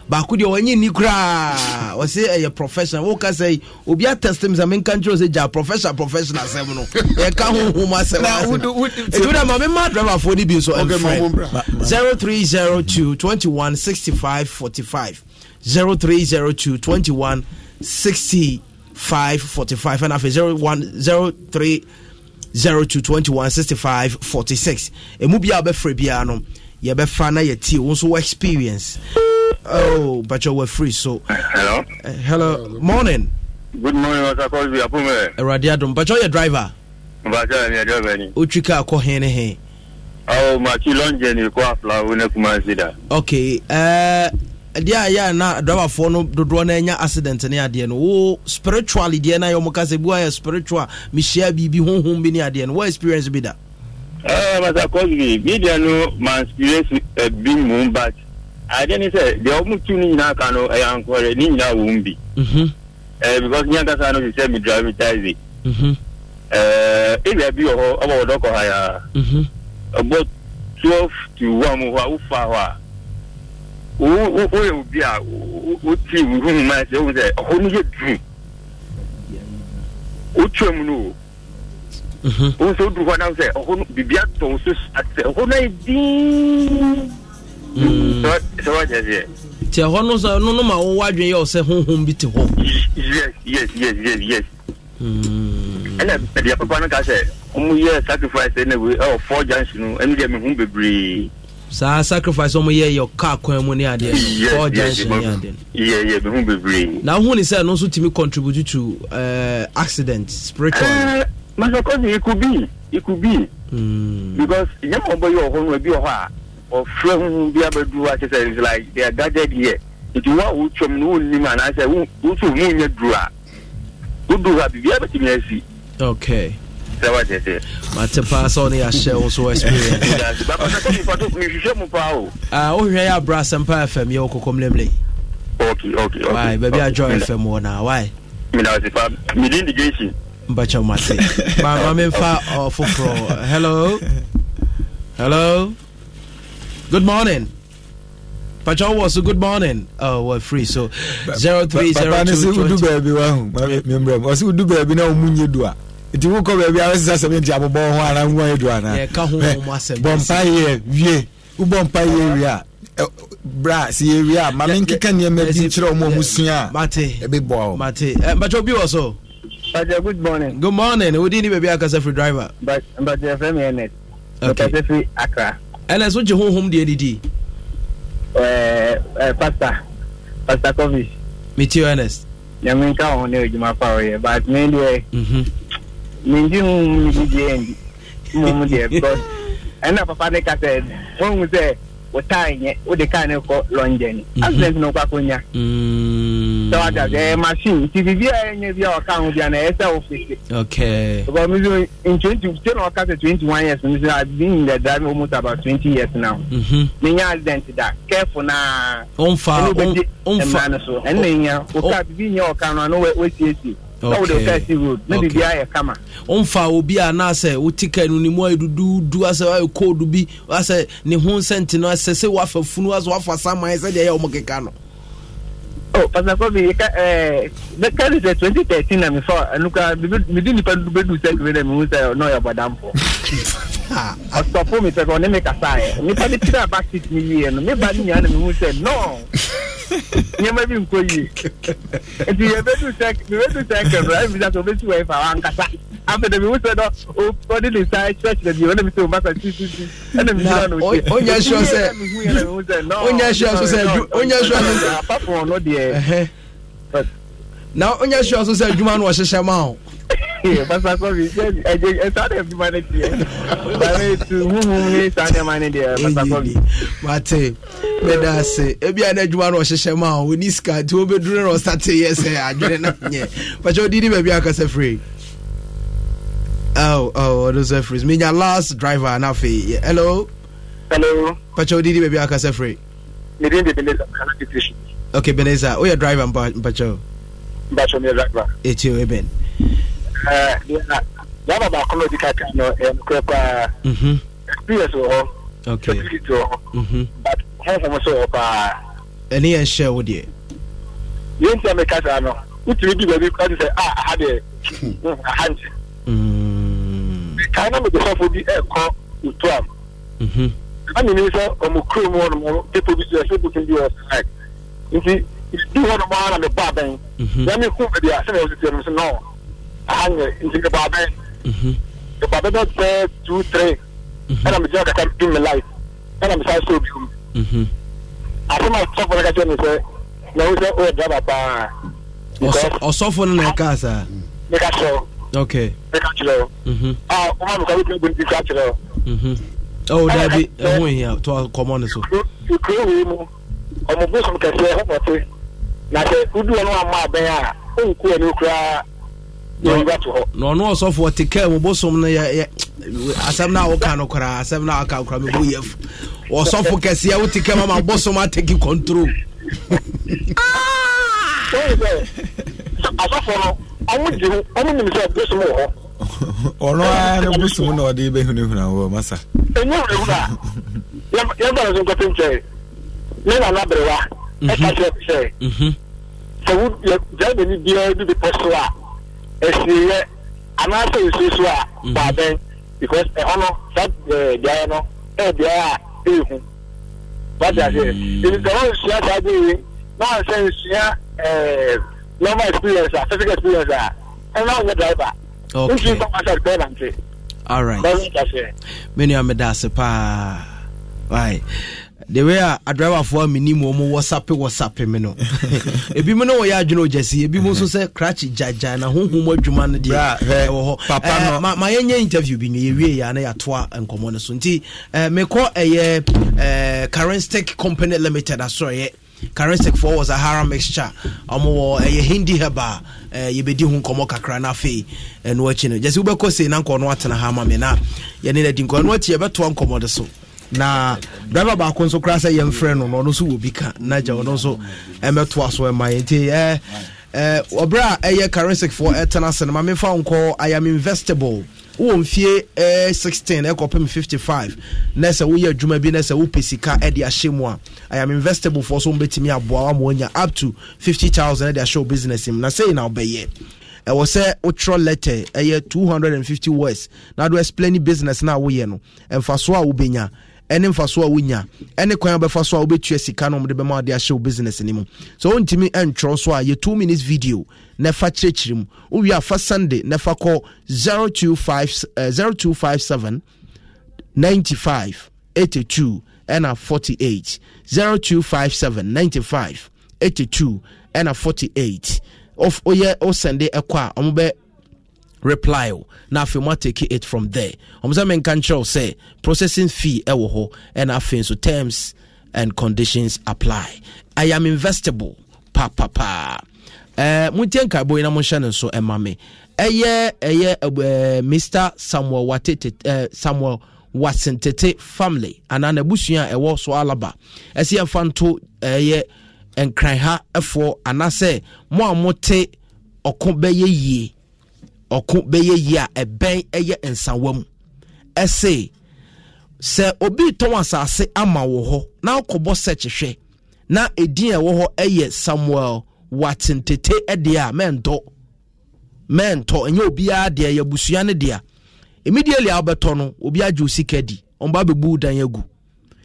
baako deɛ ɔnyɛ ni koraa ɔsɛ ɛyɛ profession woka sɛ obi atɛstem sɛ menka nkyerɛ sɛ gya profession profession asɛm no yɛka honhom asɛmɛti wode ma mema driverfoɔ no bi so ɛmfrɛ 0302 21 65 45 0302 21 65 45 zero afei 0302 21 65 46 ɛmu biaa wobɛfrɛ biara no yɛbɛfa na yɛtie wo nso wo experience Oh, but you were free, so. Hello? Uh, hello. Morning. Good morning, Mr. Cosby. Apume. Radiadum. But you're a driver? But I'm a driver. Uchika ko hene he. Oh, my long journey ko afla wona kuma sida. Okay. Uh, dia a yɛ a na driverfoɔ no dodoɔ no anya accident ni adeɛ no Oh, spiritually, dia na ayɛ ɔmka sɛ bua yɛ spiritual mehyia bibi hum hum bini adeɛ no What experience bida? Uh, ah, masa cosby media no experience bi mu but adeɛ ne sɛ deɛ ɔmo tu no nyinaa ka no ɛyɛ ankɔrɛ ne nyinaa wɔ mu bi ɛɛ because nyɛ nkasa no sisɛ mi dravitize ɛɛ area bi wɔ hɔ ɔbɔ wɔdɔ kɔ ha yaa ɔbɔ mhm. twelve to one mu hɔ a wofa hɔ a wo woyɛ obi a woti wohu ma sɛ wohu sɛ ɔhɔ no yɛ duru wotwa mu no o mhm. wohu sɛ woduru hɔ na sɛ ɔhɔ no biribi atɔ wo sɛ ɔhɔ no ayɛ diin Mm. sɛ wanyɛ deɛ nti ɛhɔ no sɛ no no ma wowɔ adwene yɛ wo sɛ honhom bi te hɔ mm. ɛna ɛdeɛ papa no ka sɛ ɔmo yɛ sacrifice ɛna wei ɛwɔ four junction no ɛno deɛ mehu bebree saa sacrifice ɔmo yɛ yɛ car kwan mu ne adeɛ four junction ne adeɛ yɛ yɛ mehu bebree na wohu ne sɛ no nso tumi contribute to uh, accident spiritual uh, eh, masakɔsi it could be it could be mm. because nyɛ ma ɔbɛyɛ ɔhɔ no ebi ɔhɔ a ɔfrɛ hu bi abɛduru akyɛ sɛ it's like they are gathered here nti wo a wotwam no wonnim anaasɛ woso mu nyɛ duru a woduru a biribia bɛtumi asi okay mate paa sɛ wone yɛahyɛ wo so experiencewohwɛ mu paa o wohwɛ fm yɛwɔ kɔkɔ mlemle baabi ajoy fm wɔ noa wae mpakyɛ mate mamamemfa ɔfoforɔ hello hello Good morning. Pacho was a good morning. Oh, we're free. So, zero three zero two twenty. Papa, baby, wow. Remember, I said, "Do baby now, munye dua." Nti wo kɔ baabi a wɔsesa sɛ menti abobɔ ho ara ngo ayɛ dua na. Yɛka ho ho asɛm. Bɔ mpa yɛ wie. Wobɔ mpa yɛ wie a bra sɛ yɛ wie a ma me nkeka nneɛma bi nkyerɛ ɔmo ɔmo sua a. Mate. Ebi eh, Mate. Mpacho bi wɔ so. Mpacho good morning. Good morning. Wodi ni baabi akasa free driver. Mpacho yɛ fɛ mi Ernest. Okay. Mpacho akra ɛna so gye honhom deɛ didi pasta eh, eh, pasta coffee metio ernest nyame nka ho ne adwuma fa ɔyɛ but me deɛ mhm. mendi ho mu ne bibiɛ ndi mmom deɛ because ɛna papa ne ka sɛ mohu sɛ taa nyɛ o ne kɔ lɔnjɛni accident na o kɔ akonya sɛwa ta machine titi bi a nye bi a ɔka ho bi a na ɛyɛ sɛ o okay. because mi so in twenty ten na ɔka sɛ twenty one years mi so i been in the driving almost about twenty years now. Mhm. mi n accident da careful naa. o n o n fa n yɛ o bibi n yɛ ɔka no a n'o wɛ na wode wotasi road na biribi ayɛ kama ɔmfa obi a na sɛ wote ka no nemu ayɛ dududu asɛ ayɛ koodu e bi asɛ ne ho nsɛnte no asɛ sɛ woafa funu asɛ woafa saman sɛdeɛ ɛyɛ ɔmo keka no oh ɛɛ ka de sɛ twenty thirteen na mefa ɛnu eh, ka mede nipa du sɛ kiri na mehu sɛ n'o ɔyɛ bɔdamfoɔ ɔsɔfo mi pɛpɛ ɔne mi kasa yɛ nipa ne tiri aba seat mi yie no mi ba ne nyina na mi hu sɛ no nneɛma bi nkɔ yie nti yɛ bɛ du sɛ yɛ bɛ du sɛ nkɛbrɛ ɛbi sɛ ɔbɛ si wɔ ɛfa wa nkasa afɛ dɛ mi hu sɛ no ɔde ne nsa ɛkyerɛ kyerɛ bi ɔne mi sɛ ɔba sa si si si ɛna mi sɛ ɔna ɔkye ɔnyɛ sɔ sɛ ɔnyɛ sɔ sɛ ɔnyɛ sɔ sɛ apapɔ ɔno deɛ na ɔnyɛ sɔ sɛ adwuma no ɔhyehyɛ ma o. Pastor Kobe, ase ebi àná adwuma náà ọ̀hyehyẹ máa wò ní sika tí wọ́n bẹ dúró náà ọ̀sá adwene náà yẹ. Pàṣẹ odi ní bẹ̀bí akásẹ̀ fèrè. Oh, oh, last driver anáfẹ́. Hello. Hello. Pàṣẹ odi ní bẹ̀bí akásẹ̀ fèrè. Mi dín driver mpàṣẹ. Mpàṣẹ mi laba baako na ka kaka no ɛnokorɛ paa experience wɔ hɔ capability wɔ hɔ but honhom so wọ paa ɛne yɛ nhyɛ o deɛ yɛntia meka saa no wotumi di baabi kora te sɛ a aha deɛ aha nkyɛ mekae na mede hɔfoɔ bi ɛkɔ otoam na menim sɛ ɔmo kurom hɔ nom pepo bi ɛsɛ bokin bi wɔ side nti du hɔ nom ara na mebɔ abɛn na mehu baabi a sɛnea wɔtetiɛ no so nɔɔ hanyar nti da babe da mhm. bɛ two three ɛna mhm. mi gyina kata in mi life ɛna mi san so bi mu um. mhm. asoma sɔfo na ka kyerɛ mi sɛ na o sɛ o yɛ daba paa ɔsɔfo no na ɛka saa ne ka sɔ ok ne ka kyerɛ a o ma mi ka ka kyerɛ o e, to kɔmɔ ne so mu ɔmo bosom kɛseɛ na sɛ udu ɔno ama abɛn a o na ɔno ɔsɔfoɔ kaa mu bosom no asɛm no a woka oh, no koraa asɛm no a woka koraa ɔsɔfo kɛseɛ wote ma ma bosom control ɔno bosom na ɔde bɛhunahuna wɔ masa a no so nkɔte nkyɛe ne nana berewa ɛka kyerɛ sɛ sɛ wo biara bi so a esiyɛ anaasɛ nsusu a baabɛn because ɛhɔ saa ɛɛ no ɛyɛ a ehu wati ase wɔn nsua saa bi yi na wɔn ɛɛ normal experience a physical experience a ɛna wɔn driver nsu nsɛm asɛ bɛɛ nante. all right menu ameda ase paa the way a driver for a mini wɔ mu wɔsape WhatsApp me no ebi mu no wɔyɛ adwene ogyasi ebi mu nso sɛ krakye gyagya na honhom adwuma no deɛ ɛwɔ hɔ eh, ma yɛnyɛ interview bi nwɛ yɛwie yɛ ana yɛatoa nkɔmmɔ no so nti eh, mekɔ ɛyɛ currentic eh, company limited aso asorɔyɛ currentic for was a hara mixture ɔmo wɔ ɛyɛ hindi heba ɛɛ bedi ho nkɔmɔ kakra na afei ɛno akyi no gyasi wobɛkɔ sei na nkɔɔ no atena ha ama me na yɛne no adi nkɔɔ ɛno akyi yɛbɛtoa nkɔmmɔ de so na driver baako nso koraa sɛ yɛmfrɛ no no ɔno nso wɔ bi ka na gya ɔno nso ɛmɛtoa eh, so ɛma yɛ nti ɛɛ eh, ɛɛ eh, ɔbɛrɛ a ɛyɛ karensic foɔ ɛtena ase no ma mefa nkɔ i am investable wowɔ mfie eh, ɛɛ sixteen ɛkɔpem fifty 55 na sɛ woyɛ adwuma bi na sɛ wopɛ sika ɛde ahyɛ mu a i am investable foɔ so wɔbɛtumi aboa wa ma wanya up to 50000 thousand ɛde ahyɛ wo business mu na sɛ yina ɔbɛyɛ ɛwɔ sɛ wotwerɛ letter ɛyɛ two hundred and fifty words na do explain business na woyɛ no ɛmfa so a wobɛnya ɛne mfasoɔ a wonya ɛne kwan bɛfa so a wobɛtua sika no mde bɛma wode ahyɛ wo business no mu so wontumi ɛntwerɛ so a yɛ 2 minutes video na ɛfa kyerɛkyerɛ mu wowie a fa sunday na ɛfa kɔ 0257 95 82 ɛna 48 0257 95 82 ɛna 48 oyɛ wosɛnde ɛkɔ a ɔmo bɛ reply o na afei mo atake it from there ɔmo sɛ menka nkyerɛw sɛ processing fee ɛwɔ hɔ ɛna afei nso terms and conditions apply i am investable papapa ɛɛ eh, mo tie nkaebo yi na mo nhyɛ ne nso ɛma me ɛyɛ ɛyɛ ɛɛ eh, mr samuel watete ɛɛ eh, samuel wasentete family anaa n'abusua a ɛwɔ so alaba ɛsi ɛfa nto ɛyɛ nkranha ɛfoɔ anaasɛ mo a mo te ɔko bɛyɛ yie. ɔko bɛyɛ yie a ɛbɛn ɛyɛ nsawa mu ɛse sɛ obi tɔn asase ama wɔ hɔ na ɔkɔbɔ sɛkye hwɛ na edin a ɛwɔ hɔ ɛyɛ samuel watentete ɛdeɛ a mɛntɔ mɛntɔ ɛnyɛ obiara deɛ yɛ abusua ne deɛ immediately a ɔbɛtɔ no obi agye o sika di ɔmba bu dan agu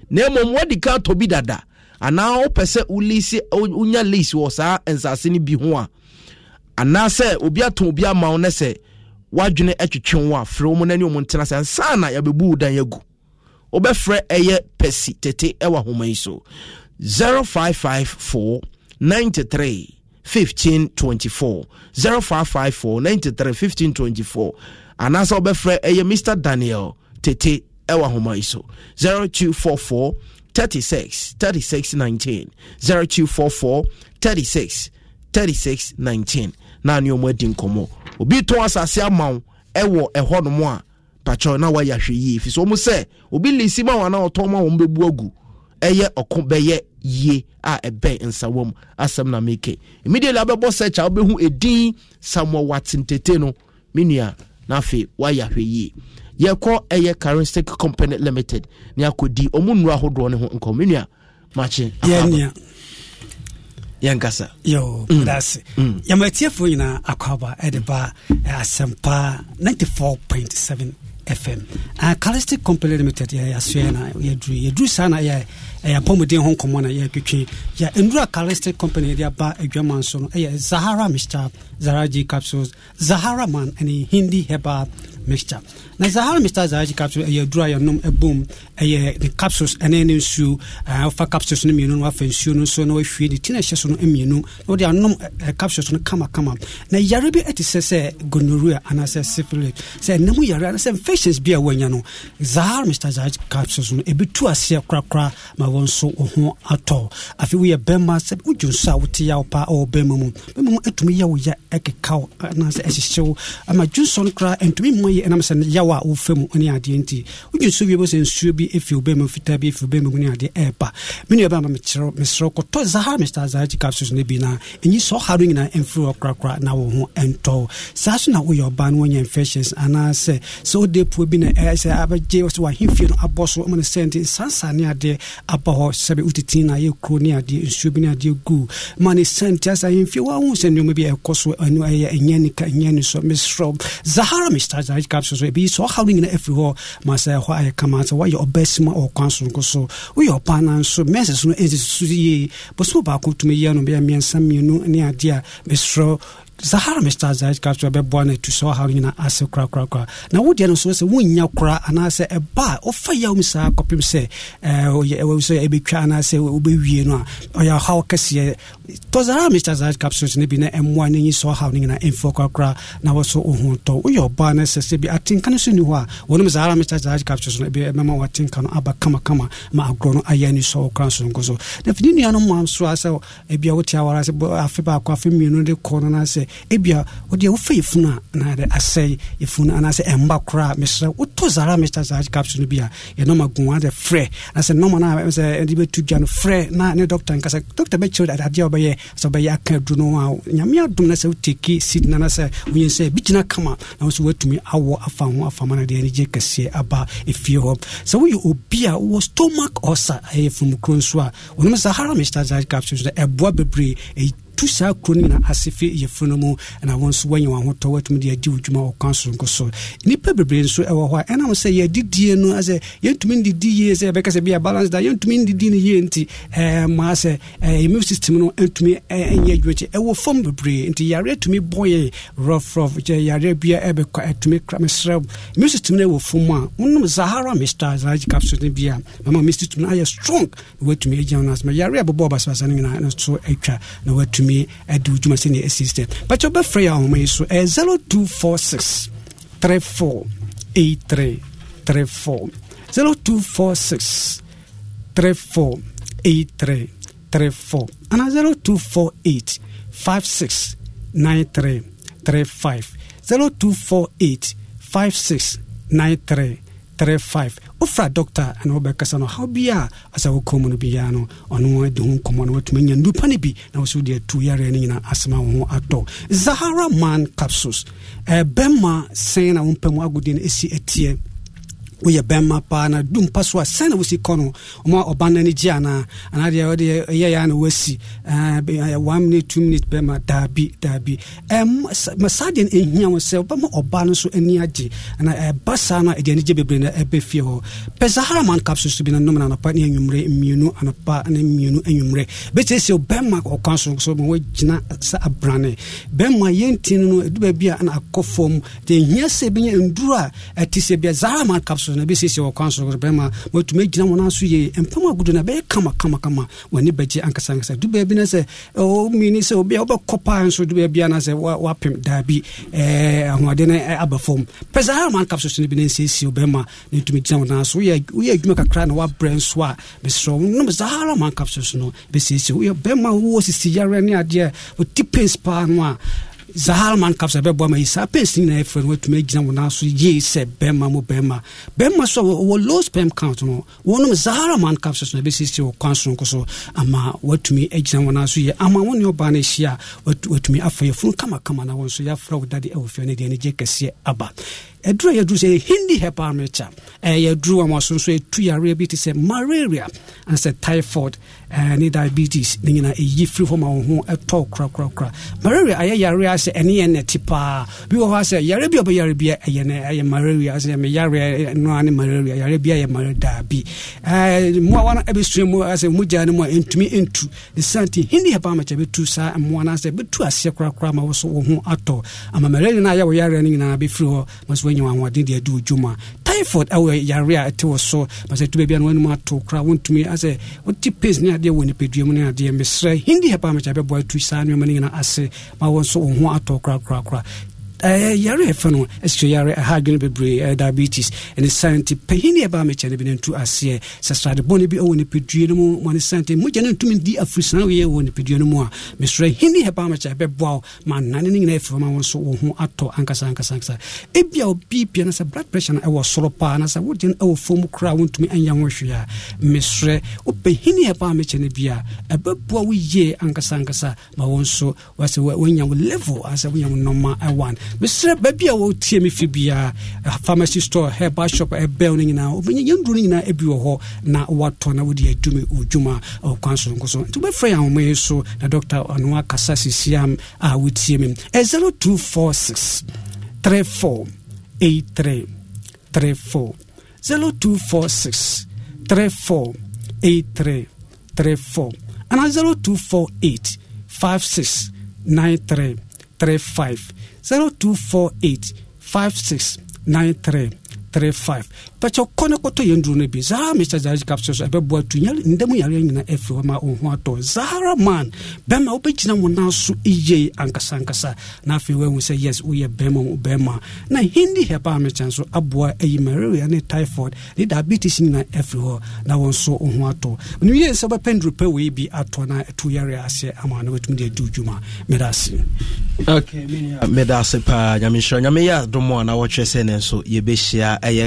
na mmom wɔde ka tɔ bi dada anaa wopɛ sɛ wonya lease wɔ saa nsase no bi ho a anaasɛ obi ato obi ama wo ne sɛ wadwene twetwe wo a frɛ mu n'ani ɔmu ntena sɛ ansa na yɛbɛbu wo dan agu wobɛfrɛ ɛyɛ pɛsi tete ɛwɔ ahoma yi so 0554 93 1524 0554 93 1524 anaasɛ wobɛfrɛ ɛyɛ mr daniel tete ɛwɔ ahoma yi so 0244 36 36 19 0244 36 36 19 na ne ɔmo adi nkɔmmɔ obi tɔn asase ama wo ɛwɔ ɛhɔnom a pakyɛw na wayɛ ahwɛ yie fi so ɔmo sɛ obi lesi ma wɔn anaa ɔtɔn ma wɔn bɛbu agu ɛyɛ ɔko bɛyɛ yie a ɛbɛn nsawam asɛm na meke immediately abɛbɔ search a wobɛhu edin samuel watentete no me nua na afei yie yɛkɔ ɛyɛ charistic company limited ne akodi ɔmo nnuro ahodoɔ ne ho nkɔm me nua makye yɛnkasa yo dase mm. mm. yɛma atiefoɔ nyinaa akwaba ɛde ba eh, asempa ninety four point seven fm uh, eh, calistic company limited yɛyɛasoɛ na yɛduru yɛduru saa na yɛ ɛyɛ apɔmuden ho nkɔmmɔ na yɛatwitwe yɛ ndura calistic company de aba adwama nso no ɛyɛ zahara mixture zahara g capsules zahara man ɛne hindi heba mixture na zahara mixture zahara g capsules ɛyɛ adura yɛnom ɛbom ɛyɛ ne capsules ɛne ne nsuo wofa capsules no mmienu no wafa nsuo no nso na wahwie ne ti na ɛhyɛ so no mmienu na wode anom capsules no kamakama na yare bi ɛte sɛ sɛ gonorrhea anaasɛ syphilis sɛ ɛnam yare anaasɛ infections bi a wɔanya no zahara mixture zahara g capsules no ɛbɛtu aseɛ korakora ma wɔn nso ho atɔ afei woyɛ bɛrima sɛ wodwo nso a wote yaw paa ɛwɔ bɛrima mu bɛrima mu atumi yɛ wo yɛ ɛkeka wo anaasɛ ɛhyehyɛ wo ama dwonsɔ no koraa ɛntumi mma yɛ ɛnam sɛ yaw a wofa mu ne adeɛ nti wodwo nso wie bɛ sɛ nsuo bi ɛfi wo bɛrima fitaa bi ɛfi wo bɛrima mu ne adeɛ ɛɛba me nua bɛrima mekyerɛ mesrɛ kɔtɔ zahar mr zahar capsules no bi na ɛnyi sɛ ɔha no nyinaa ɛmfiri wɔ korakora na wo ho ɛntɔ saa so na woyɛ ɔbaa no wanya infections anaasɛ sɛ wode puo bi na ɛsɛ abɛgye sɛ wahemfie no abɔ so ma no sɛnti sansa ne adeɛ aba hɔ sɛbe wotiti na ayɛ kuro ne adeɛ nsuo bi ne adeɛ gu ma ne sɛnte asa yɛmfie woahu sɛ nneɔma bi ɛkɔ so ɛno ɛyɛ ka nika ɛnyɛ ne so mesrɛ zahara mr zahara cap so so ɛbi sɛ ɔhaw no nyina afiri hɔ ma sɛ ɛhɔ ayɛ kama sɛ woayɛ ɔba sima ɔkwan soronko so woyɛ ɔba no nso mɛsɛ so no ɛnsi susu yie bɔsɛ baako tumi yɛ no bɛyɛ mmiɛnsa mmienu ne adeɛ a mesrɛ sahara mestasa capsule bɛboa no atu sɛ ɔhaw nyina ase korakorakora na wodeɛ no nso sɛ wonya kora anaasɛ ɛba a ɔfa yaw mu saa kɔpem sɛ sɛ ɛbɛtwa anaasɛ wie no a o ɔyɛ ɔhaw kɛseɛ tɔ sahara mestasa capsules no bi na ɛmmoa no nyi sɛ ɔhaw no nyina ɛmfi korakora na wɔ so ɔhu tɔ woyɛ ɔbaa no sɛ sɛ bi atenka no so ni hɔ a wɔnom sahara mestasa capsules no ɛmɛma wɔatenka no aba kama kama ma agorɔ no ayɛ ni sɛ ɔkora nsonko so na fini nnuanom ma so a sɛ ebia ti awara sɛ afe baakɔ afe mmienu de kɔ no no sɛ ebia wɔde wofa yɛ funu a anaadɛ asɛe yɛ funu anaasɛ ɛmba koraa mesrɛ wotɔ zara mr zage capsule no bi a yɛ nɔma gu adɛ frɛ anasɛ nɔma no sɛ de bɛtu dwa no frɛ na ne dɔctor nka sɛ dɔctor bɛkyerɛ adeɛ a wobɛyɛ sɛ wobɛyɛ aka aduru no a nyame adom na sɛ woteki seed nana sɛ wonyɛ sɛ bi gyina kama na wo so woatumi awɔ afa ho afama no deɛ anigye kɛseɛ aba ɛfie hɔ sɛ woyɛ obi a wowɔ stomach ulcer ɛyɛ fumukuro nso a ɔnom sahara mr zage capsule ɛboa bebree tu saa kuro no nyina ase fi yɛfunu mu na wo nso woanya wahotɔ woatumi de agye wo dwuma wɔ kwan soronko so nnipa bebree nso ɛwɔ hɔ a ɛnam sɛ yɛadidie no sɛ yɛntumi ndidi yie sɛ yɛbɛka sɛ bia balance da yɛntumi ndidi no yie nti maa sɛ immune system no ntumi ɛnyɛ adwuma kyɛ ɛwɔ fam bebree nti yare atumi bɔ yɛ rɔfrɔf kyɛ yare bia ɛbɛkɔ atumi mesrɛ immune system no ɛwɔ fam a wonom zahara mista zahara capsule no bia mama immune system no ayɛ strong na woatumi agya wo no yare a bɛbɔ basabasa no nyinaa ɛno so atwa na woatumi atumi adi dwuma sɛnea ɛsi sɛ bɛkyɛ wobɛfrɛ yɛ ahoma yi so ɛyɛ 0246 34 83 34 0246 three 83 34 ana four eight five six nine three three five wofra doctor ana wobɛkasa no haw bia a asɛ wokɔ mu no biaa no ɔno adi ho nkɔmmɔ no woatumi anya nnupa no bi na wo so wode atu yareɛ no nyina asɛm wo ho atɔ zahara man capsules ɛbɛma eh, sɛn na wompɛ mu agodie no ɛsi atiɛ woyɛ bɛma paa na dum mpa so a sɛna wosi kɔ no ɔma ɔba no no gye anaa anaadeɛ wode ɛyɛyɛ na woasi one minute two minute bɛma daabi daabi saa deɛ no ɛhia wo sɛ wobɛma ɔba no so ani agye na ɛba saa no a ɛde anigye bebree no ɛbɛ hɔ pɛ sahara man capsule so bi no nom no anapa ne anwummerɛ mmienu anapa ne mmienu anwummerɛ bɛkyerɛ sɛ bɛma ɔkwan so so ma woagyina sɛ abrane bɛma yɛnti no no ɛdu baabi a na akɔ fam deɛ ɛhia sɛ ɛbɛnya nduru a ɛte sɛ bia sahara man capsule so na bɛsiesie wɔ kwan sorokoro bɛrima matumi agyina wɔn aso yie mpam agudu na ɛbɛyɛ kama kama kama wɔne bɛgye ankasa ankasa du baabi na sɛ ɔmini sɛ obia wobɛkɔ paa nso du baabi na sɛ wapem daabi ahoɔden no aba fam pɛ sɛ ama nkap soso bi no nsiesie bɛrima na ɛtumi gyina wɔn aso woyɛ adwuma kakra na wabrɛ nso a bɛsrɛ nom saa ara ma nkap soso no bɛsiesie woyɛ bɛrima wowɔ sisi yareɛ ne adeɛ ɔti pens paa no a zahalman kap sɛ bɛboa ma yi saa pensin na ɛfrɛ no watumi agyina wo naso yie sɛ bɛma mu bɛrima bɛma so a wɔ low spam count no wɔnom zahalman kap sɛ so bɛsiesie wɔ kwan soronko so ama watumi agyina wo naso yie ama wo ne ɔbaa no ahyia a watumi afa yɛfunu kamakama na wo nso yɛafrɛ wo dade ɛwɔ fie no deɛ no gye kɛseɛ aba ɛduru a yɛduru sɛ hindi herbal mixture eh, ɛyɛ duru a wɔaso nso ɛtu yareɛ bi te sɛ malaria and sɛ typhoid eh, ne diabetes ne nyinaa ɛyi e, firi hɔ ma wo ho ɛtɔ e, korakorakora malaria ayɛ yareɛ sɛ ɛne yɛ nɛte paa bi wɔ hɔ a sɛ e, yare bi a ɔbɛyare bia ɛyɛ no ɛyɛ malaria sɛ meyareɛ no a ne malaria yare bia yɛ malaria daa bi mmoawa no ɛbɛsua mu sɛ mogya no mu a ɛntumi ɛntu nsanti hindi herbal mixture bɛtu saa mmoa no sɛ bɛtu aseɛ korakora ma wo so wo ho atɔ ama malaria no ayɛ wo yareɛ no nyinaa bɛfiri hɔ maso so anya ahoɔden deɛ adi odwuma ɛwɔ yare a ɛte wɔ so masɛ ɛtu baabi a no wanom ato koraa wontumi asɛ wote pas ne adeɛ wɔ nipadua mu ne adeɛ mesrɛ hindi hɛpa a mekyɛ bɛboa tu saa nneɔma no nyina ase ma wɔ nso wo ho atɔ korakorakora Eh, yare ɛfɛ eh, eh, no ɛsikyɛ yare ɛha adwene bebree diabetes ɛne santi pahin ne ɛbaa mekyɛ no bi no ntu aseɛ sɛ srade bɔne bi ɛwɔ nipadua no mu ma ne santi mogya no ntumi di afirisana weyɛ wɔ nipadua no mu a mesrɛ hene ɛbaa mekyɛ ɛbɛboa wo ma nane no nyinaa e ɛfiri ma wo nso wo ho atɔ ankasa ankasa ankasa ebia wo bipia no sɛ blood pressure no e ɛwɔ soro paa na sɛ wogya no ɛwɔ fam koraa wontumi e ɛnyɛ ho hwee a mesrɛ wopɛhene ɛbaa mekyɛ no bi a ɛbɛboa wo yie ankasa ankasa ma wo nso wasɛ woanya wo level asɛ wonya wo nɔma ɛwan mesrɛ baabi a wɔtie me fi biaa pharmacy store herba shop ɛbɛl no nyinaa wobɛnya yɛnduro no nyinaa bi wɔ hɔ na woatɔ na wode adumi ɔdwuma ɔkwan soronko so nti wobɛfrɛ yɛ ahomayɛ so na dr anoa akasa sisiam uh, a wotie me ɛ 0246 34 83 34 0246 34 83 34 ana 0248 56 93 35 0248 5693. 35 pɛkyɛ kɔ ne kɔtɔ yɛ nduro no bi saa mr zage capsule so ɛbɛboa tu ndɛ mu yareɛ nyina afiri hɔ ma ɔho atɔ zara man bɛma wobɛgyina wo na so yie ankasankasa na afei woahu sɛ yes woyɛ bɛma bɛma na hindi hɛpa a mekyɛn so aboa ayi malaria ne typhoid ne diabetes nyina afiri hɔ na wɔn so wo ho atɔ nimyie sɛ wobɛpɛ nduro pɛ wei bi atɔ na ɛto yareɛ aseɛ ama na watumi de adu dwuma meda ase meda ase paa nyamehyira nyame yɛ adom a na wɔtwerɛ sɛ ne nso yɛbɛhyia a ɛyɛ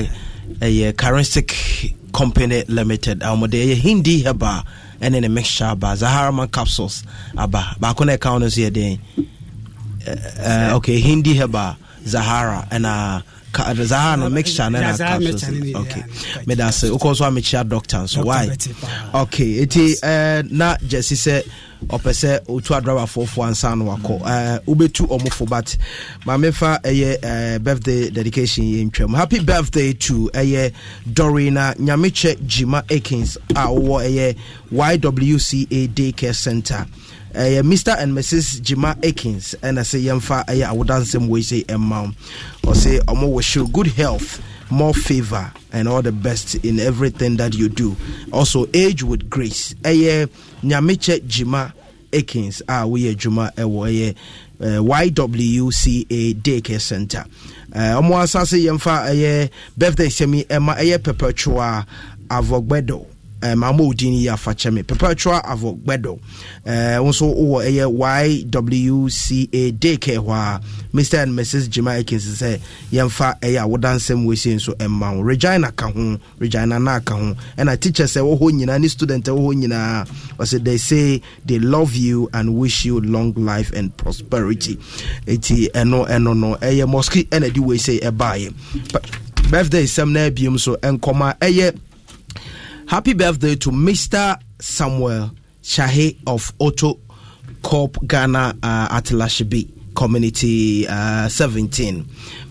ɛyɛ company limited a wɔde ɛyɛ hindi heba ɛne ne mixture aba zaharaman capsules aba baako na ɛka no nso yɛ den okay hindi heba zahara ɛna zaha no mixture na na capsules okay me da say ukọ so amechia doctor So why okay eti eh, na jesi sɛ ɔpɛ sɛ otu adrabafoɔfoɔ ansa no wakɔ wobɛtu mm. eh, ɔmofo but mamefa ɛyɛ eh, birthday dedication yɛ ntwam happy birthday to ɛyɛ dorina nyamekyɛ Jima akins a wowɔ ɛyɛ ywca daycare center Eh, mr and mrs jima akins ɛna sɛ yɛmfa ɛyɛ awodansɛm wei say, eh, i ɔsɛ wish you good health more favor and all the best in everything that you do also age with grace ɛyɛ eh, nyamekyɛ jima akins ah, we adwuma ɛwɔ ywca daycare center ɔmo asase yɛmfa ɛyɛ birthday sɛmi ɛma ɛyɛ perpetua avogbedo maama eh, odin yi afakyɛ me perpetual avo gbɛdɔ eh, wo nso wowɔ ɛyɛ ywca day care hɔ a mr and mrs jima akinsi sɛ yɛmfa ɛyɛ a wodansɛm nso ɛma wo regina ka ho regina na ka ho ɛna teacher sɛ wɔhɔ nyinaa ne student wɔhɔ nyinaa ɔsɛ they say they love you and wish you long life and prosperity ɛti ɛno ɛno no ɛyɛ mosque ɛna de wei sɛ birthday sɛm na abiem so ɛnkɔma ɛyɛ Happy birthday to Mr. Samuel Shahi of Auto Corp Ghana uh, at Lashibi Community uh, 17.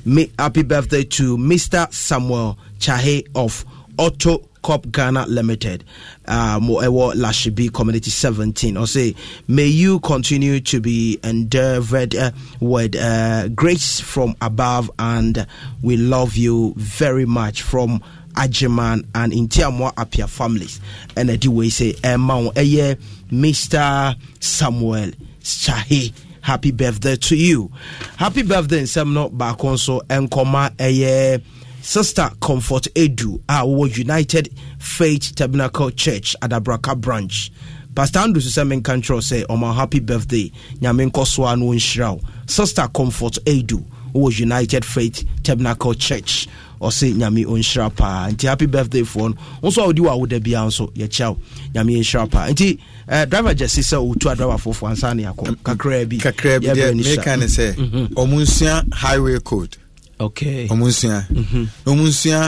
Me, happy birthday to Mr. Samuel Chahe of Auto Corp Ghana Limited, uh, Moewo Lashibi Community 17. I say, may you continue to be endeavored uh, with uh, grace from above, and we love you very much from Ajiman and Intiamwa Apia families. And I do say, Emma, eh, Mr. Eh, Samuel Shahi. Happy birthday to you. Happy birthday, Nsemno Bakonso, Nkoma, eh, Sister Comfort Edu, our United Faith Tabernacle Church, at Abraka branch. pastor andrew sɛ control say, sɛ oh, ɔma happy birthday nyame nkɔ soa no ɔnhyira sister comfort adu our united faith tabernacle church ɔse nyame ɔnhyira paa nti happy birthday foɔ no wo nso a wodi wɔ awoda biara nso yɛkyia wo nyame yɛnhyira paa nti uh, driver gyese sɛ ɔtu adraba fofoɔ ansa ne yɛakɔ kakraa bi kakraa bi deɛ meka ne sɛ mhm. ɔmo nsua highway code okay ɔmo nsua mhm. ɔmo nsua